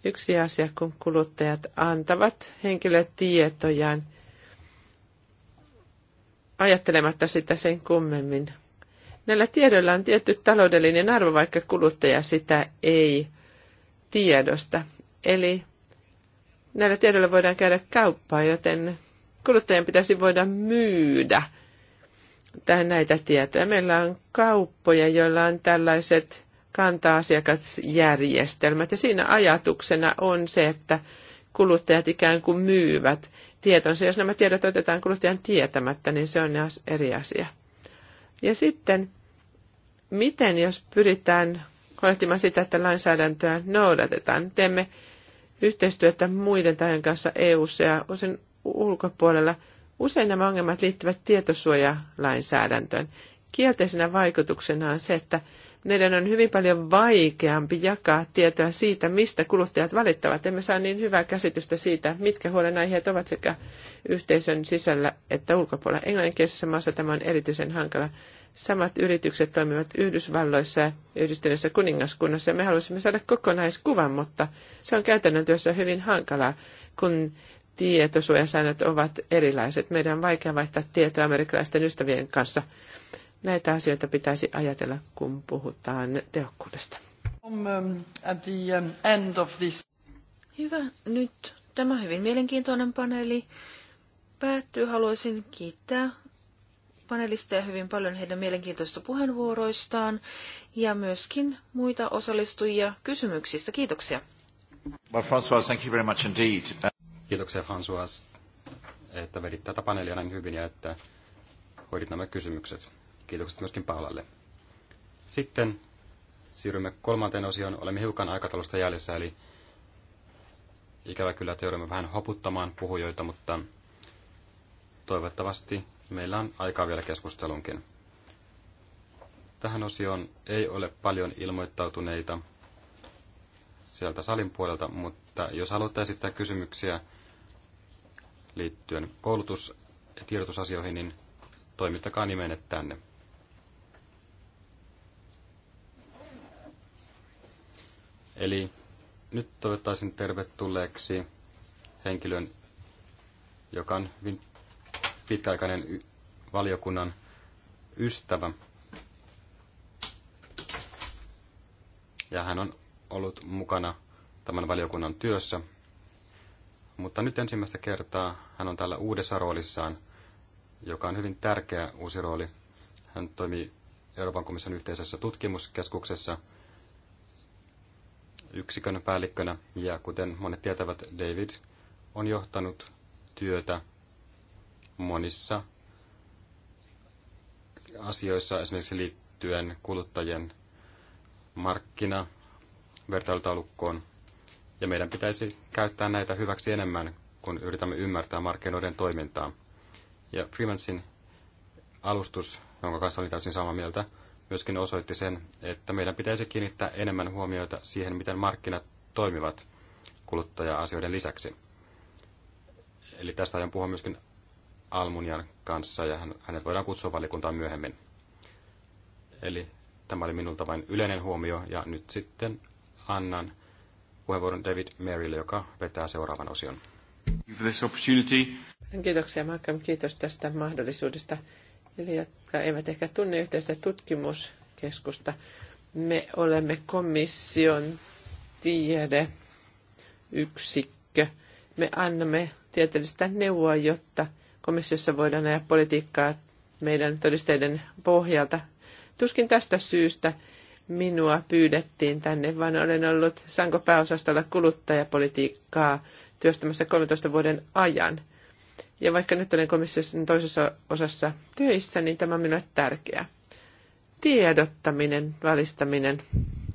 Yksi asia, kun kuluttajat antavat henkilötietojaan ajattelematta sitä sen kummemmin. Näillä tiedoilla on tietty taloudellinen arvo, vaikka kuluttaja sitä ei tiedosta. Eli näillä tiedoilla voidaan käydä kauppaa, joten kuluttajan pitäisi voida myydä tähän näitä tietoja. Meillä on kauppoja, joilla on tällaiset kanta-asiakasjärjestelmät ja siinä ajatuksena on se, että kuluttajat ikään kuin myyvät tietonsa. Jos nämä tiedot otetaan kuluttajan tietämättä, niin se on eri asia. Ja sitten, miten jos pyritään huolehtimaan sitä, että lainsäädäntöä noudatetaan? Teemme yhteistyötä muiden tahojen kanssa eu ja usein ulkopuolella. Usein nämä ongelmat liittyvät tietosuojalainsäädäntöön. Kielteisenä vaikutuksena on se, että meidän on hyvin paljon vaikeampi jakaa tietoa siitä, mistä kuluttajat valittavat. Emme saa niin hyvää käsitystä siitä, mitkä huolenaiheet ovat sekä yhteisön sisällä että ulkopuolella. Englanninkielisessä maassa tämä on erityisen hankala. Samat yritykset toimivat Yhdysvalloissa ja yhdistyneessä kuningaskunnassa, me haluaisimme saada kokonaiskuvan, mutta se on käytännön työssä hyvin hankalaa, kun tietosuojasäännöt ovat erilaiset. Meidän on vaikea vaihtaa tietoa amerikkalaisten ystävien kanssa. Näitä asioita pitäisi ajatella, kun puhutaan tehokkuudesta. Um, um, Hyvä. Nyt tämä hyvin mielenkiintoinen paneeli päättyy. Haluaisin kiittää panelisteja hyvin paljon heidän mielenkiintoista puheenvuoroistaan ja myöskin muita osallistujia kysymyksistä. Kiitoksia. Well, François, thank you very much indeed. Kiitoksia François, että vedit tätä paneelia näin hyvin ja että hoidit nämä kysymykset. Kiitokset myöskin Paulalle. Sitten siirrymme kolmanteen osioon. Olemme hiukan aikataulusta jäljessä, eli ikävä kyllä te joudumme vähän hoputtamaan puhujoita, mutta toivottavasti meillä on aikaa vielä keskustelunkin. Tähän osioon ei ole paljon ilmoittautuneita sieltä salin puolelta, mutta jos haluatte esittää kysymyksiä liittyen koulutus- ja tiedotusasioihin, niin toimittakaa nimenne tänne. Eli nyt toivottaisin tervetulleeksi henkilön, joka on hyvin pitkäaikainen valiokunnan ystävä. Ja hän on ollut mukana tämän valiokunnan työssä mutta nyt ensimmäistä kertaa hän on täällä uudessa roolissaan, joka on hyvin tärkeä uusi rooli. Hän toimii Euroopan komission yhteisessä tutkimuskeskuksessa yksikön päällikkönä, ja kuten monet tietävät, David on johtanut työtä monissa asioissa, esimerkiksi liittyen kuluttajien markkina vertailutaulukkoon ja meidän pitäisi käyttää näitä hyväksi enemmän, kun yritämme ymmärtää markkinoiden toimintaa. Ja Freemansin alustus, jonka kanssa olin täysin samaa mieltä, myöskin osoitti sen, että meidän pitäisi kiinnittää enemmän huomiota siihen, miten markkinat toimivat kuluttaja-asioiden lisäksi. Eli tästä aion puhua myöskin Almunian kanssa ja hänet voidaan kutsua valikuntaan myöhemmin. Eli tämä oli minulta vain yleinen huomio ja nyt sitten annan puheenvuoron David Marylle, joka vetää seuraavan osion. Kiitoksia Malcolm, kiitos tästä mahdollisuudesta. Eli jotka eivät ehkä tunne yhteistä tutkimuskeskusta, me olemme komission tiedeyksikkö. Me annamme tieteellistä neuvoa, jotta komissiossa voidaan ajaa politiikkaa meidän todisteiden pohjalta. Tuskin tästä syystä minua pyydettiin tänne, vaan olen ollut Sanko pääosastolla kuluttajapolitiikkaa työstämässä 13 vuoden ajan. Ja vaikka nyt olen komissiossa toisessa osassa töissä, niin tämä on minulle tärkeää. Tiedottaminen, valistaminen,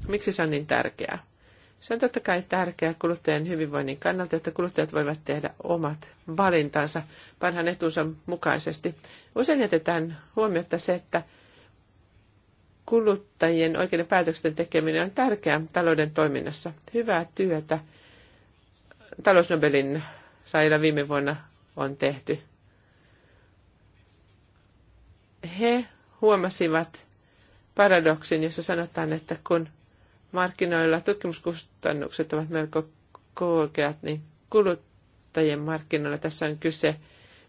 miksi se on niin tärkeää? Se on totta kai tärkeää kuluttajien hyvinvoinnin kannalta, että kuluttajat voivat tehdä omat valintansa parhaan etunsa mukaisesti. Usein jätetään huomiota se, että kuluttajien oikeiden päätösten tekeminen on tärkeää talouden toiminnassa. Hyvää työtä talousnobelin sairaala viime vuonna on tehty. He huomasivat paradoksin, jossa sanotaan, että kun markkinoilla tutkimuskustannukset ovat melko korkeat, niin kuluttajien markkinoilla tässä on kyse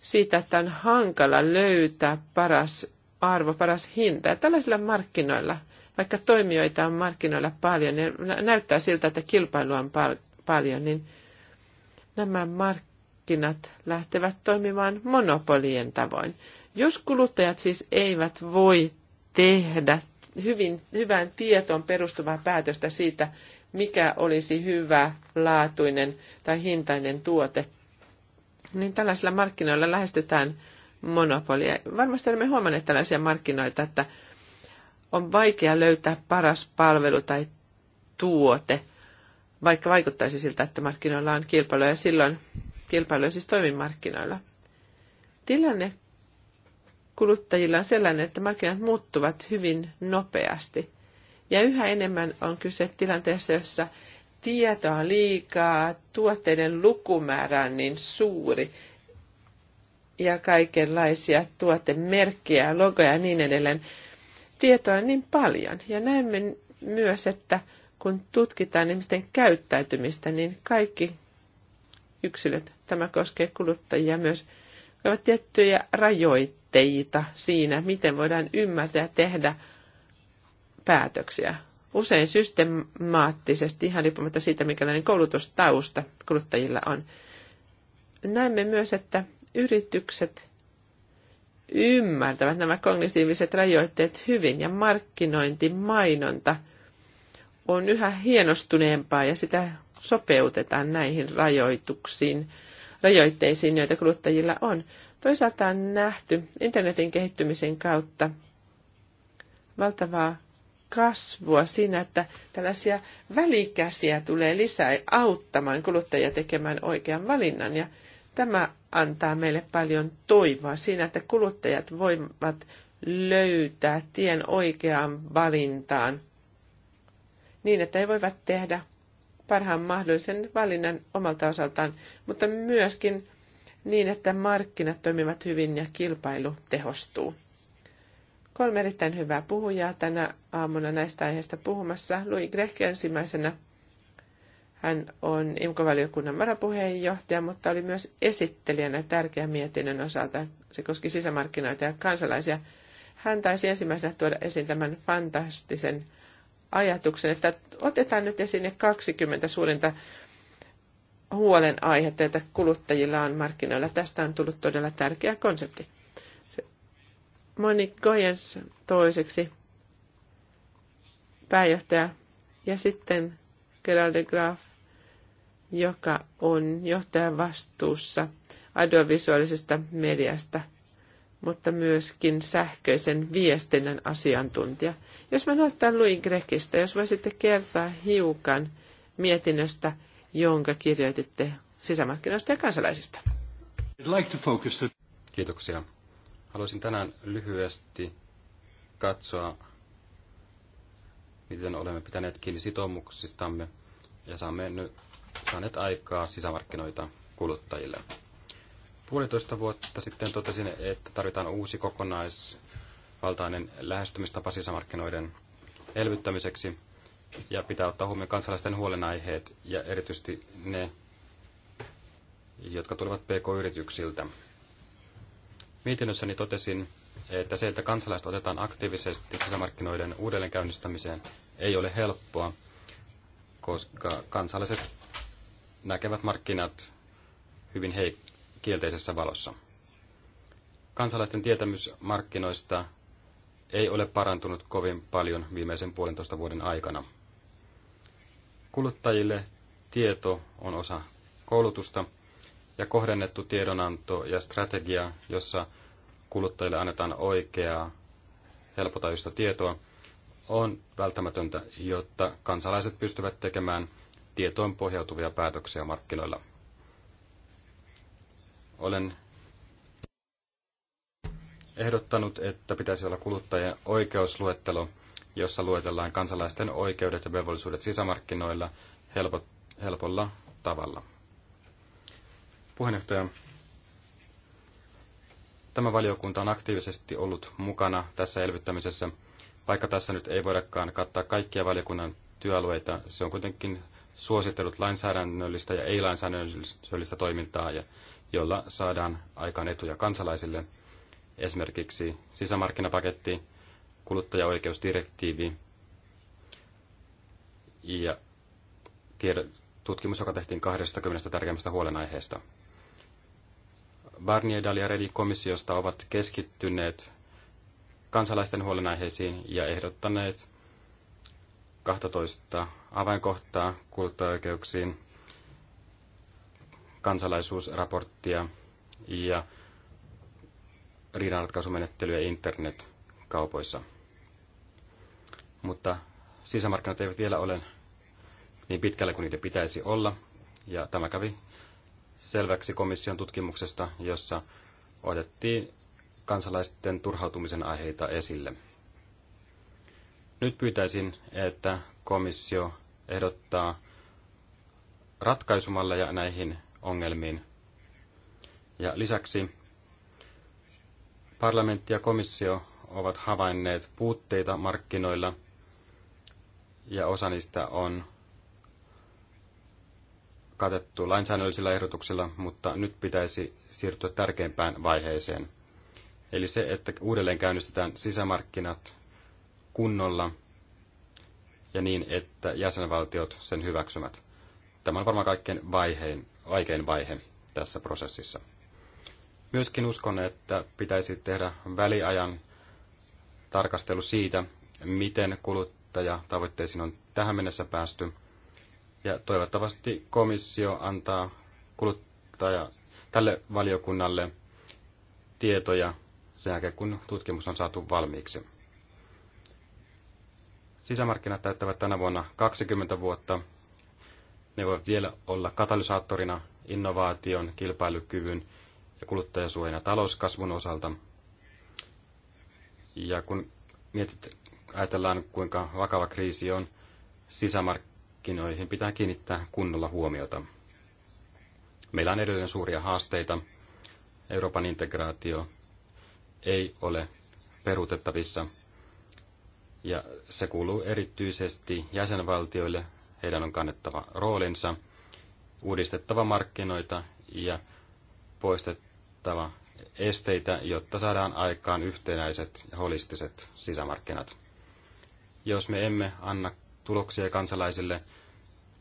siitä, että on hankala löytää paras arvo, paras hinta. Ja tällaisilla markkinoilla, vaikka toimijoita on markkinoilla paljon niin näyttää siltä, että kilpailua on pal- paljon, niin nämä markkinat lähtevät toimimaan monopolien tavoin. Jos kuluttajat siis eivät voi tehdä hyvin, hyvään tietoon perustuvaa päätöstä siitä, mikä olisi hyvä, laatuinen tai hintainen tuote, niin tällaisilla markkinoilla lähestytään monopolia. Varmasti olemme huomanneet tällaisia markkinoita, että on vaikea löytää paras palvelu tai tuote, vaikka vaikuttaisi siltä, että markkinoilla on kilpailu ja silloin kilpailu siis toimii markkinoilla. Tilanne kuluttajilla on sellainen, että markkinat muuttuvat hyvin nopeasti. Ja yhä enemmän on kyse tilanteessa, jossa tietoa on liikaa, tuotteiden lukumäärä on niin suuri, ja kaikenlaisia tuotemerkkejä, logoja ja niin edelleen. Tietoa on niin paljon ja näemme myös, että kun tutkitaan ihmisten käyttäytymistä, niin kaikki yksilöt, tämä koskee kuluttajia myös, ovat tiettyjä rajoitteita siinä, miten voidaan ymmärtää ja tehdä päätöksiä. Usein systemaattisesti, ihan riippumatta siitä, minkälainen koulutustausta kuluttajilla on. Näemme myös, että yritykset ymmärtävät nämä kognitiiviset rajoitteet hyvin ja markkinointi, mainonta on yhä hienostuneempaa ja sitä sopeutetaan näihin rajoituksiin, rajoitteisiin, joita kuluttajilla on. Toisaalta on nähty internetin kehittymisen kautta valtavaa kasvua siinä, että tällaisia välikäsiä tulee lisää auttamaan kuluttajia tekemään oikean valinnan. Ja tämä antaa meille paljon toivoa siinä, että kuluttajat voivat löytää tien oikeaan valintaan niin, että he voivat tehdä parhaan mahdollisen valinnan omalta osaltaan, mutta myöskin niin, että markkinat toimivat hyvin ja kilpailu tehostuu. Kolme erittäin hyvää puhujaa tänä aamuna näistä aiheista puhumassa. Louis Grech ensimmäisenä hän on IMKO-valiokunnan varapuheenjohtaja, mutta oli myös esittelijänä tärkeän mietinnön osalta. Se koski sisämarkkinoita ja kansalaisia. Hän taisi ensimmäisenä tuoda esiin tämän fantastisen ajatuksen, että otetaan nyt esiin ne 20 suurinta huolenaihetta, joita kuluttajilla on markkinoilla. Tästä on tullut todella tärkeä konsepti. Moni Goyens toiseksi pääjohtaja ja sitten Gerald de Graaf joka on johtajan vastuussa audiovisuaalisesta mediasta, mutta myöskin sähköisen viestinnän asiantuntija. Jos mä näytän Luin Grekistä, jos voisitte kertoa hiukan mietinnöstä, jonka kirjoititte sisämarkkinoista ja kansalaisista. Kiitoksia. Haluaisin tänään lyhyesti katsoa, miten olemme pitäneet kiinni sitoumuksistamme ja saamme nyt saaneet aikaa sisämarkkinoita kuluttajille. Puolitoista vuotta sitten totesin, että tarvitaan uusi kokonaisvaltainen lähestymistapa sisämarkkinoiden elvyttämiseksi ja pitää ottaa huomioon kansalaisten huolenaiheet ja erityisesti ne, jotka tulevat PK-yrityksiltä. Mietinnössäni totesin, että se, että kansalaiset otetaan aktiivisesti sisämarkkinoiden uudelleenkäynnistämiseen, ei ole helppoa, koska kansalaiset näkevät markkinat hyvin heik- kielteisessä valossa. Kansalaisten tietämys markkinoista ei ole parantunut kovin paljon viimeisen puolentoista vuoden aikana. Kuluttajille tieto on osa koulutusta ja kohdennettu tiedonanto ja strategia, jossa kuluttajille annetaan oikeaa, helpotajuista tietoa, on välttämätöntä, jotta kansalaiset pystyvät tekemään – tietoon pohjautuvia päätöksiä markkinoilla. Olen ehdottanut, että pitäisi olla kuluttajien oikeusluettelo, jossa luetellaan kansalaisten oikeudet ja velvollisuudet sisämarkkinoilla helpo, helpolla tavalla. Puheenjohtaja, tämä valiokunta on aktiivisesti ollut mukana tässä elvyttämisessä. Vaikka tässä nyt ei voidakaan kattaa kaikkia valiokunnan työalueita, se on kuitenkin suositellut lainsäädännöllistä ja ei-lainsäädännöllistä toimintaa, jolla saadaan aikaan etuja kansalaisille, esimerkiksi sisämarkkinapaketti, kuluttajaoikeusdirektiivi ja tutkimus, joka tehtiin 20 tärkeimmästä huolenaiheesta. Barnier, Dali ja Redi komissiosta ovat keskittyneet kansalaisten huolenaiheisiin ja ehdottaneet 12 avainkohtaa kuluttajaoikeuksiin, kansalaisuusraporttia ja riidanratkaisumenettelyä internetkaupoissa. Mutta sisämarkkinat eivät vielä ole niin pitkällä kuin niiden pitäisi olla, ja tämä kävi selväksi komission tutkimuksesta, jossa otettiin kansalaisten turhautumisen aiheita esille. Nyt pyytäisin, että komissio ehdottaa ratkaisumalleja näihin ongelmiin. Ja lisäksi parlamentti ja komissio ovat havainneet puutteita markkinoilla ja osa niistä on katettu lainsäädännöllisillä ehdotuksilla, mutta nyt pitäisi siirtyä tärkeimpään vaiheeseen. Eli se, että uudelleen käynnistetään sisämarkkinat kunnolla ja niin, että jäsenvaltiot sen hyväksymät. Tämä on varmaan kaikkein vaihein, vaikein vaihe tässä prosessissa. Myöskin uskon, että pitäisi tehdä väliajan tarkastelu siitä, miten kuluttajatavoitteisiin on tähän mennessä päästy. Ja toivottavasti komissio antaa kuluttaja tälle valiokunnalle tietoja sen jälkeen, kun tutkimus on saatu valmiiksi. Sisämarkkinat täyttävät tänä vuonna 20 vuotta. Ne voivat vielä olla katalysaattorina innovaation, kilpailukyvyn ja kuluttajasuojan ja talouskasvun osalta. Ja kun mietit, ajatellaan kuinka vakava kriisi on, sisämarkkinoihin pitää kiinnittää kunnolla huomiota. Meillä on edelleen suuria haasteita. Euroopan integraatio ei ole peruutettavissa – ja se kuuluu erityisesti jäsenvaltioille. Heidän on kannettava roolinsa, uudistettava markkinoita ja poistettava esteitä, jotta saadaan aikaan yhtenäiset ja holistiset sisämarkkinat. Jos me emme anna tuloksia kansalaisille,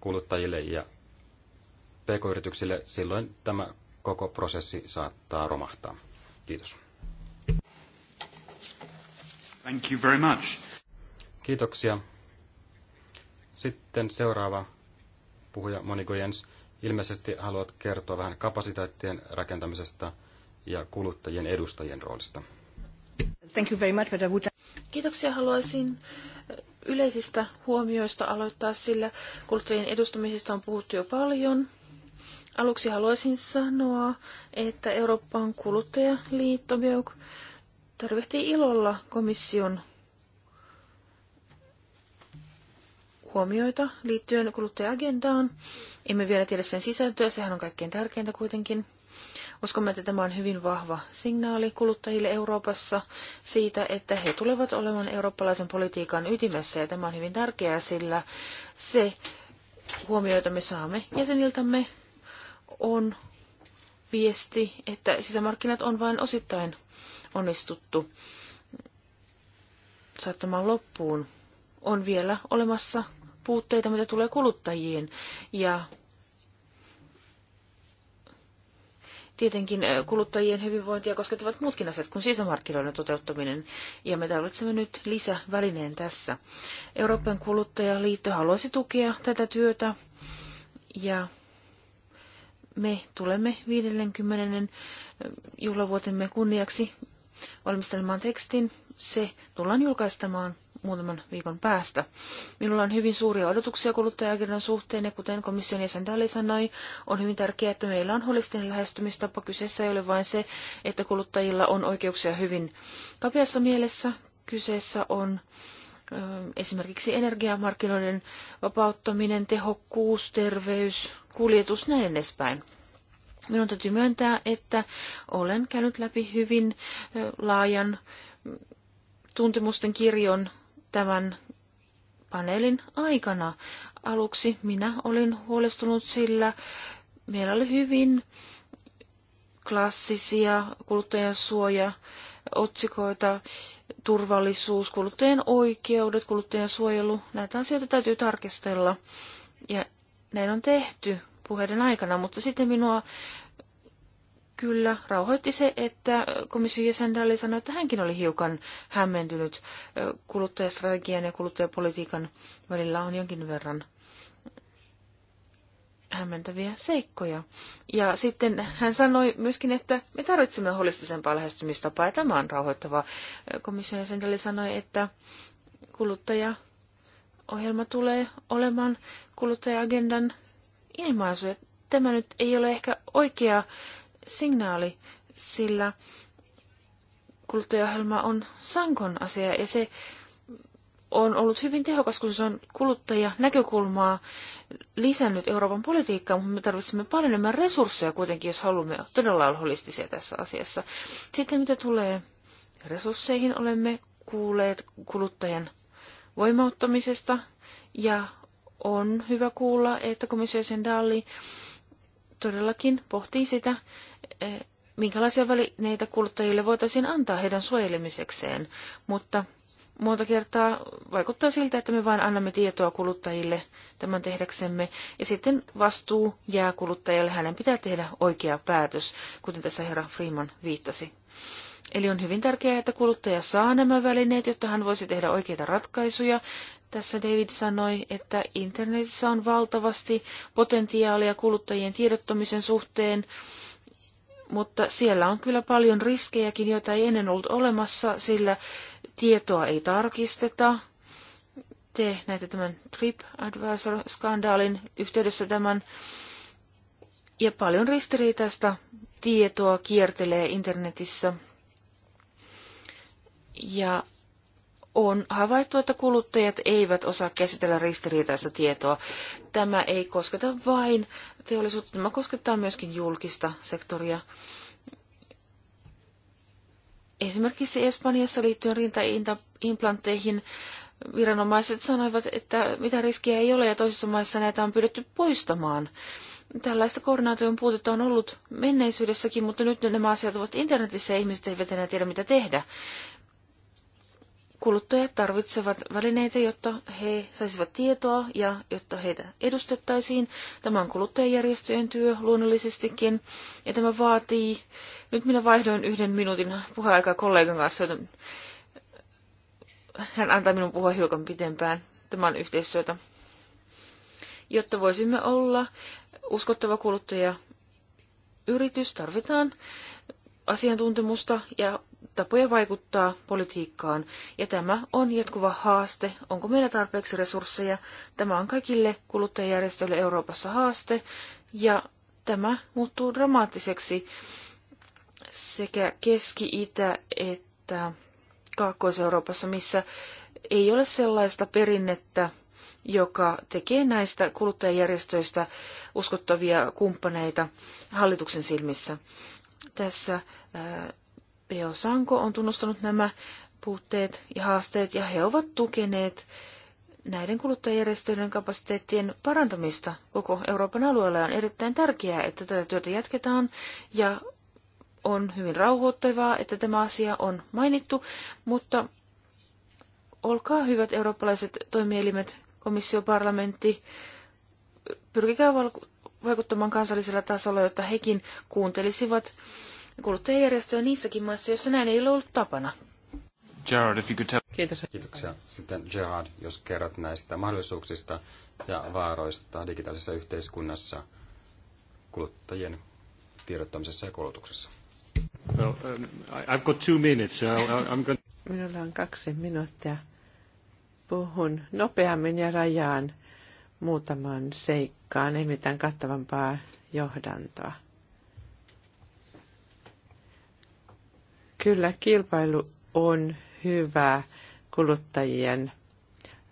kuluttajille ja pk-yrityksille, silloin tämä koko prosessi saattaa romahtaa. Kiitos. Thank you very much. Kiitoksia. Sitten seuraava puhuja Moniko Jens. Ilmeisesti haluat kertoa vähän kapasiteettien rakentamisesta ja kuluttajien edustajien roolista. Thank you very much, but I would... Kiitoksia. Haluaisin yleisistä huomioista aloittaa, sillä kuluttajien edustamisesta on puhuttu jo paljon. Aluksi haluaisin sanoa, että Euroopan kuluttajaliitto BEUK tervehtii ilolla komission huomioita liittyen kuluttaja-agendaan. Emme vielä tiedä sen sisältöä, sehän on kaikkein tärkeintä kuitenkin. Uskomme, että tämä on hyvin vahva signaali kuluttajille Euroopassa siitä, että he tulevat olemaan eurooppalaisen politiikan ytimessä ja tämä on hyvin tärkeää, sillä se huomioita me saamme jäseniltämme, on viesti, että sisämarkkinat on vain osittain onnistuttu saattamaan loppuun. On vielä olemassa puutteita, mitä tulee kuluttajiin. Ja tietenkin eh, kuluttajien hyvinvointia koskettavat muutkin asiat kuin sisämarkkinoiden toteuttaminen, ja me tarvitsemme nyt lisävälineen tässä. Euroopan kuluttajaliitto haluaisi tukea tätä työtä, ja me tulemme 50. Eh, juhlavuotemme kunniaksi valmistelemaan tekstin. Se tullaan julkaistamaan muutaman viikon päästä. Minulla on hyvin suuria odotuksia kuluttajakirjan suhteen ja kuten komission jäsen Dali sanoi, on hyvin tärkeää, että meillä on holistinen lähestymistapa. Kyseessä ei ole vain se, että kuluttajilla on oikeuksia hyvin kapeassa mielessä. Kyseessä on esimerkiksi energiamarkkinoiden vapauttaminen, tehokkuus, terveys, kuljetus, näin edespäin. Minun täytyy myöntää, että olen käynyt läpi hyvin laajan mm, tuntemusten kirjon tämän paneelin aikana. Aluksi minä olin huolestunut, sillä meillä oli hyvin klassisia kuluttajansuoja otsikoita, turvallisuus, kuluttajan oikeudet, kuluttajan suojelu. Näitä asioita täytyy tarkistella. Ja näin on tehty puheiden aikana, mutta sitten minua kyllä rauhoitti se, että komission jäsen Dalli sanoi, että hänkin oli hiukan hämmentynyt. Kuluttajastrategian ja kuluttajapolitiikan välillä on jonkin verran hämmentäviä seikkoja. Ja sitten hän sanoi myöskin, että me tarvitsemme holistisempaa lähestymistapaa, ja tämä on rauhoittavaa. Komission jäsen Dalli sanoi, että kuluttaja ohjelma tulee olemaan kuluttaja-agendan ilmaisu. Tämä nyt ei ole ehkä oikea signaali, sillä kuluttajaohjelma on sankon asia ja se on ollut hyvin tehokas, kun se on kuluttajanäkökulmaa lisännyt Euroopan politiikkaa, mutta me tarvitsemme paljon enemmän resursseja kuitenkin, jos haluamme todella olla holistisia tässä asiassa. Sitten mitä tulee resursseihin, olemme kuulleet kuluttajan voimauttamisesta ja on hyvä kuulla, että komissio Dalli todellakin pohtii sitä, Eh, minkälaisia välineitä kuluttajille voitaisiin antaa heidän suojelemisekseen, mutta monta kertaa vaikuttaa siltä, että me vain annamme tietoa kuluttajille tämän tehdäksemme, ja sitten vastuu jää kuluttajalle. Hänen pitää tehdä oikea päätös, kuten tässä herra Freeman viittasi. Eli on hyvin tärkeää, että kuluttaja saa nämä välineet, jotta hän voisi tehdä oikeita ratkaisuja. Tässä David sanoi, että internetissä on valtavasti potentiaalia kuluttajien tiedottamisen suhteen mutta siellä on kyllä paljon riskejäkin, joita ei ennen ollut olemassa, sillä tietoa ei tarkisteta. Te näitä tämän trip advisor skandaalin yhteydessä tämän ja paljon ristiriitaista tietoa kiertelee internetissä. Ja on havaittu, että kuluttajat eivät osaa käsitellä ristiriitaista tietoa. Tämä ei kosketa vain teollisuutta, tämä koskettaa myöskin julkista sektoria. Esimerkiksi Espanjassa liittyen rintaimplantteihin viranomaiset sanoivat, että mitä riskiä ei ole ja toisissa maissa näitä on pyydetty poistamaan. Tällaista koordinaation puutetta on ollut menneisyydessäkin, mutta nyt nämä asiat ovat internetissä ja ihmiset eivät enää tiedä mitä tehdä. Kuluttajat tarvitsevat välineitä, jotta he saisivat tietoa ja jotta heitä edustettaisiin. Tämä on kuluttajajärjestöjen työ luonnollisestikin ja tämä vaatii... Nyt minä vaihdoin yhden minuutin puheaikaa kollegan kanssa, joten hän antaa minun puhua hiukan pitempään. Tämä on yhteistyötä. Jotta voisimme olla uskottava kuluttaja yritys, tarvitaan asiantuntemusta ja tapoja vaikuttaa politiikkaan, ja tämä on jatkuva haaste. Onko meillä tarpeeksi resursseja? Tämä on kaikille kuluttajajärjestöille Euroopassa haaste, ja tämä muuttuu dramaattiseksi sekä Keski-Itä että Kaakkois-Euroopassa, missä ei ole sellaista perinnettä, joka tekee näistä kuluttajajärjestöistä uskottavia kumppaneita hallituksen silmissä. Tässä Peo Sanko on tunnustanut nämä puutteet ja haasteet ja he ovat tukeneet näiden kuluttajajärjestöiden kapasiteettien parantamista koko Euroopan alueella. On erittäin tärkeää, että tätä työtä jatketaan ja on hyvin rauhoittavaa, että tämä asia on mainittu, mutta olkaa hyvät eurooppalaiset toimielimet, komissio, parlamentti, pyrkikää vaikuttamaan kansallisella tasolla, jotta hekin kuuntelisivat kuluttajajärjestöjä niissäkin maissa, joissa näin ei ole ollut tapana. Gerard, if you could tell... Kiitos. Kiitoksia. Sitten Gerard, jos kerrot näistä mahdollisuuksista ja vaaroista digitaalisessa yhteiskunnassa kuluttajien tiedottamisessa ja koulutuksessa. Well, um, I've got two minutes. I'm going... Minulla on kaksi minuuttia. Puhun nopeammin ja rajaan muutaman seikkaan, ei mitään kattavampaa johdantoa. Kyllä kilpailu on hyvää kuluttajien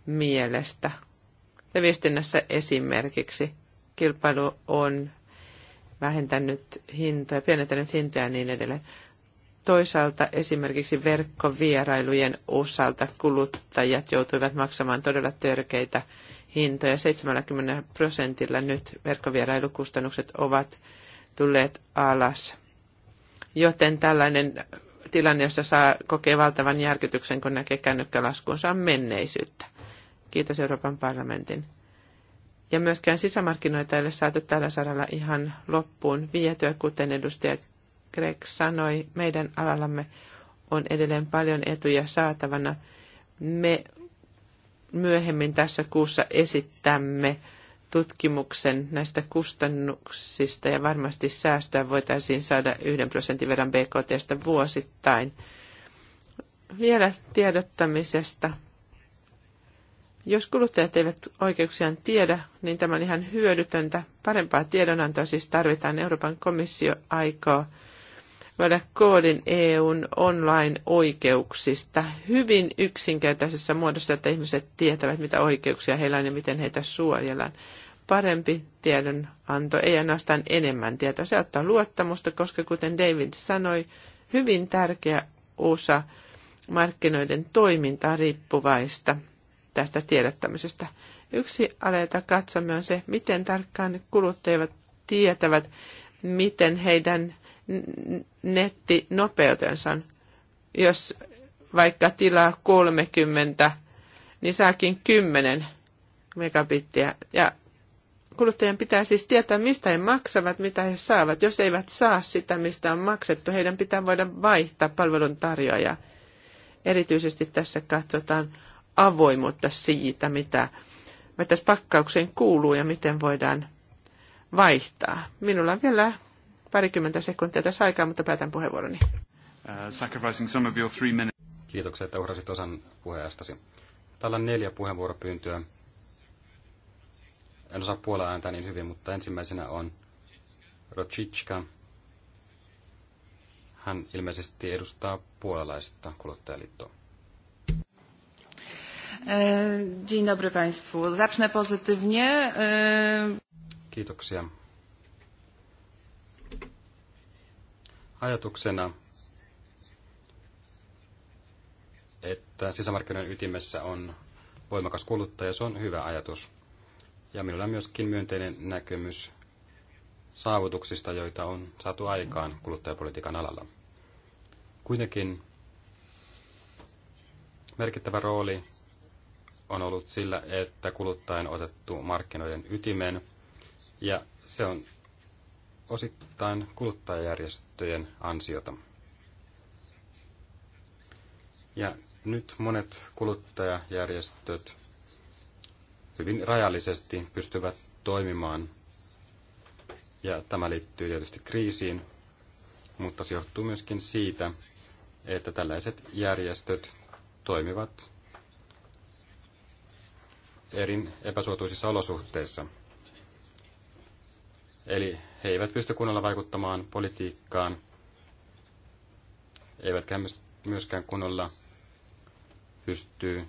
mielestä. Ja viestinnässä esimerkiksi kilpailu on vähentänyt hintoja, pienentänyt hintoja ja niin edelleen. Toisaalta esimerkiksi verkkovierailujen osalta kuluttajat joutuivat maksamaan todella törkeitä hintoja. 70 prosentilla nyt verkkovierailukustannukset ovat tulleet alas. Joten tällainen tilanne, jossa saa kokee valtavan järkytyksen, kun näkee kännykkälaskunsa menneisyyttä. Kiitos Euroopan parlamentin. Ja myöskään sisämarkkinoita ei ole saatu tällä saralla ihan loppuun vietyä, kuten edustaja Greg sanoi, meidän alallamme on edelleen paljon etuja saatavana. Me myöhemmin tässä kuussa esittämme tutkimuksen näistä kustannuksista ja varmasti säästöä voitaisiin saada yhden prosentin verran BKTstä vuosittain. Vielä tiedottamisesta. Jos kuluttajat eivät oikeuksiaan tiedä, niin tämä on ihan hyödytöntä. Parempaa tiedonantoa siis tarvitaan. Euroopan komissio aikoo löydä koodin EUn online-oikeuksista hyvin yksinkertaisessa muodossa, että ihmiset tietävät, mitä oikeuksia heillä on ja miten heitä suojellaan. Parempi tiedonanto, ei ainoastaan enemmän tietoa. Se ottaa luottamusta, koska kuten David sanoi, hyvin tärkeä osa markkinoiden toimintaa riippuvaista tästä tiedottamisesta. Yksi aleita katsomme on se, miten tarkkaan kuluttajat tietävät, miten heidän nettinopeutensa. Jos vaikka tilaa 30, niin saakin 10 megabittiä. Ja kuluttajien pitää siis tietää, mistä he maksavat, mitä he saavat. Jos eivät saa sitä, mistä on maksettu, heidän pitää voida vaihtaa palvelun tarjoajaa. Erityisesti tässä katsotaan avoimuutta siitä, mitä, mitä pakkaukseen kuuluu ja miten voidaan vaihtaa. Minulla on vielä parikymmentä sekuntia tässä aikaa, mutta päätän puheenvuoroni. Uh, Kiitoksia, että uhrasit osan puheestasi. Täällä on neljä puheenvuoropyyntöä. En osaa puolella ääntää niin hyvin, mutta ensimmäisenä on Rochitska. Hän ilmeisesti edustaa puolalaista kuluttajaliittoa. E, dzień dobry Państwu. Zacznę pozytywnie. E, Kiitoksia. ajatuksena, että sisämarkkinoiden ytimessä on voimakas kuluttaja, se on hyvä ajatus. Ja minulla on myöskin myönteinen näkemys saavutuksista, joita on saatu aikaan kuluttajapolitiikan alalla. Kuitenkin merkittävä rooli on ollut sillä, että kuluttajan otettu markkinoiden ytimeen, ja se on osittain kuluttajajärjestöjen ansiota. Ja nyt monet kuluttajajärjestöt hyvin rajallisesti pystyvät toimimaan. Ja tämä liittyy tietysti kriisiin, mutta se johtuu myöskin siitä, että tällaiset järjestöt toimivat erin epäsuotuisissa olosuhteissa. Eli he eivät pysty kunnolla vaikuttamaan politiikkaan, eivätkä myöskään kunnolla pysty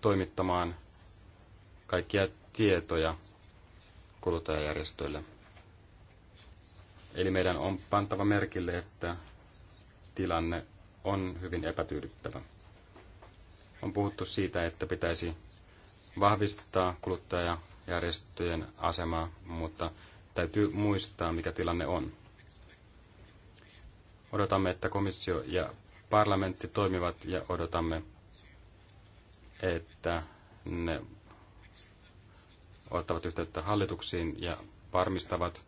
toimittamaan kaikkia tietoja kuluttajajärjestöille. Eli meidän on pantava merkille, että tilanne on hyvin epätyydyttävä. On puhuttu siitä, että pitäisi vahvistaa kuluttaja järjestöjen asemaa, mutta täytyy muistaa, mikä tilanne on. Odotamme, että komissio ja parlamentti toimivat ja odotamme, että ne ottavat yhteyttä hallituksiin ja varmistavat,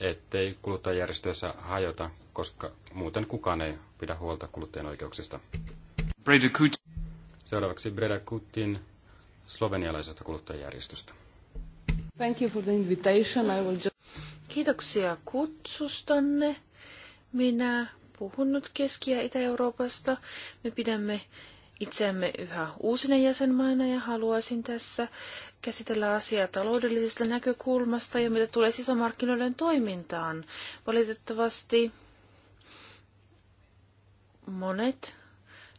ettei kuluttajajärjestöissä hajota, koska muuten kukaan ei pidä huolta kuluttajan oikeuksista. Breda Kut. Seuraavaksi Breda Kutin slovenialaisesta kuluttajajärjestöstä. Thank you for the invitation. I will just... Kiitoksia kutsustanne. Minä puhun nyt Keski- ja Itä-Euroopasta. Me pidämme itseämme yhä uusina jäsenmaina ja haluaisin tässä käsitellä asiaa taloudellisesta näkökulmasta ja mitä tulee sisämarkkinoiden toimintaan. Valitettavasti monet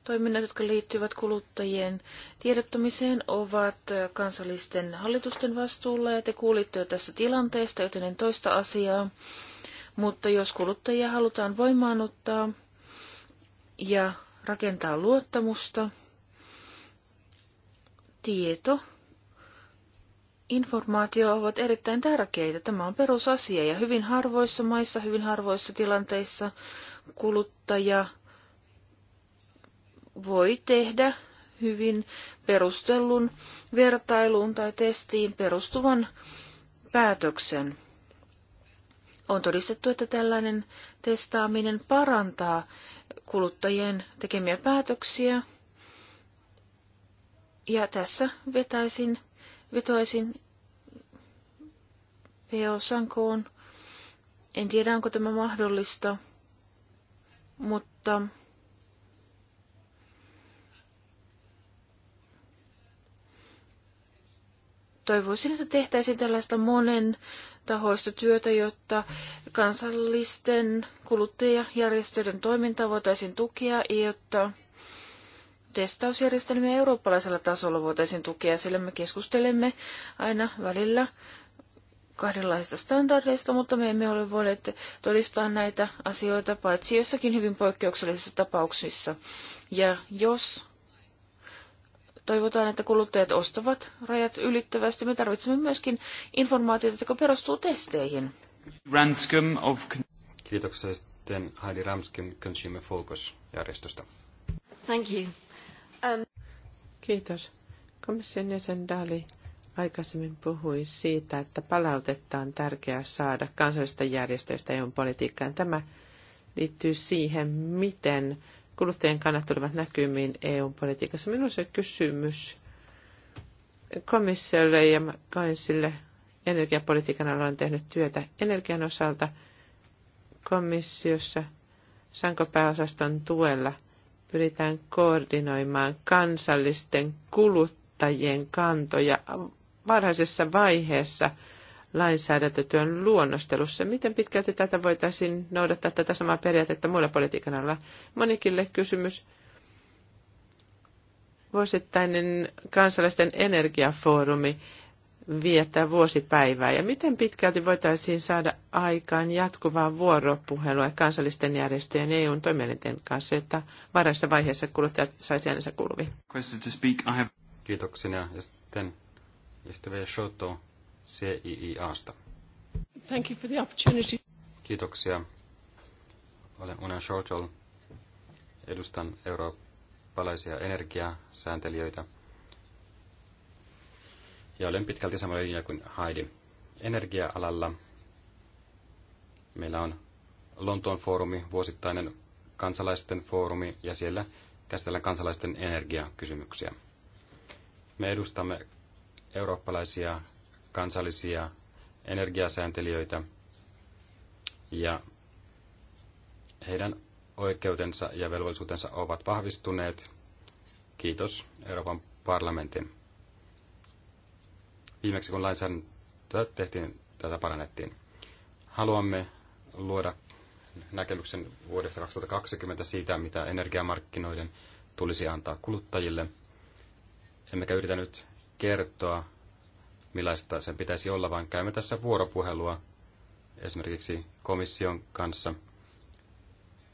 Toiminnat, jotka liittyvät kuluttajien tiedottamiseen, ovat kansallisten hallitusten vastuulla ja te kuulitte jo tästä tilanteesta, joten en toista asiaa. Mutta jos kuluttajia halutaan voimaanottaa ja rakentaa luottamusta, tieto, informaatio ovat erittäin tärkeitä. Tämä on perusasia ja hyvin harvoissa maissa, hyvin harvoissa tilanteissa kuluttaja voi tehdä hyvin perustellun vertailuun tai testiin perustuvan päätöksen. On todistettu, että tällainen testaaminen parantaa kuluttajien tekemiä päätöksiä. Ja tässä vetäisin, vetoisin PO-sankoon. En tiedä, onko tämä mahdollista, mutta toivoisin, että tehtäisiin tällaista monen tahoista työtä, jotta kansallisten kuluttajajärjestöiden toimintaa voitaisiin tukea, jotta testausjärjestelmiä eurooppalaisella tasolla voitaisiin tukea, sillä me keskustelemme aina välillä kahdenlaisista standardeista, mutta me emme ole voineet todistaa näitä asioita paitsi jossakin hyvin poikkeuksellisissa tapauksissa. Ja jos Toivotaan, että kuluttajat ostavat rajat ylittävästi. Me tarvitsemme myöskin informaatiota, joka perustuu testeihin. of... Kiitoksia sitten Heidi Ramskin Consumer Focus-järjestöstä. Thank you. Um... Kiitos. Komission jäsen Dali aikaisemmin puhui siitä, että palautetta on tärkeää saada kansallisista järjestöistä EUn politiikkaan. Tämä liittyy siihen, miten kuluttajien kannat tulevat näkymiin EU-politiikassa. Minun se kysymys komissiolle ja Kainsille energiapolitiikan alalla on tehnyt työtä energian osalta komissiossa sankopääosaston tuella pyritään koordinoimaan kansallisten kuluttajien kantoja varhaisessa vaiheessa – lainsäädäntötyön luonnostelussa. Miten pitkälti tätä voitaisiin noudattaa tätä samaa periaatetta muilla politiikan alla? Monikille kysymys. Vuosittainen kansalaisten energiafoorumi viettää vuosipäivää ja miten pitkälti voitaisiin saada aikaan jatkuvaa vuoropuhelua kansallisten järjestöjen ja EUn toimielinten kanssa, että varhaisessa vaiheessa kuluttajat saisi äänensä kuuluviin. Kiitoksia ja sitten Esteve Shoto CIIAsta. Thank you for the opportunity. Kiitoksia. Olen Una Shortol. Edustan eurooppalaisia energiasääntelijöitä. Ja olen pitkälti samalla linjalla kuin Heidi. Energia-alalla meillä on Lontoon foorumi, vuosittainen kansalaisten foorumi, ja siellä käsitellään kansalaisten energiakysymyksiä. Me edustamme eurooppalaisia kansallisia energiasääntelijöitä ja heidän oikeutensa ja velvollisuutensa ovat vahvistuneet. Kiitos Euroopan parlamentin. Viimeksi kun lainsäädäntöä tehtiin, tätä parannettiin. Haluamme luoda näkemyksen vuodesta 2020 siitä, mitä energiamarkkinoiden tulisi antaa kuluttajille. Emmekä yritä nyt kertoa millaista sen pitäisi olla, vaan käymme tässä vuoropuhelua esimerkiksi komission kanssa.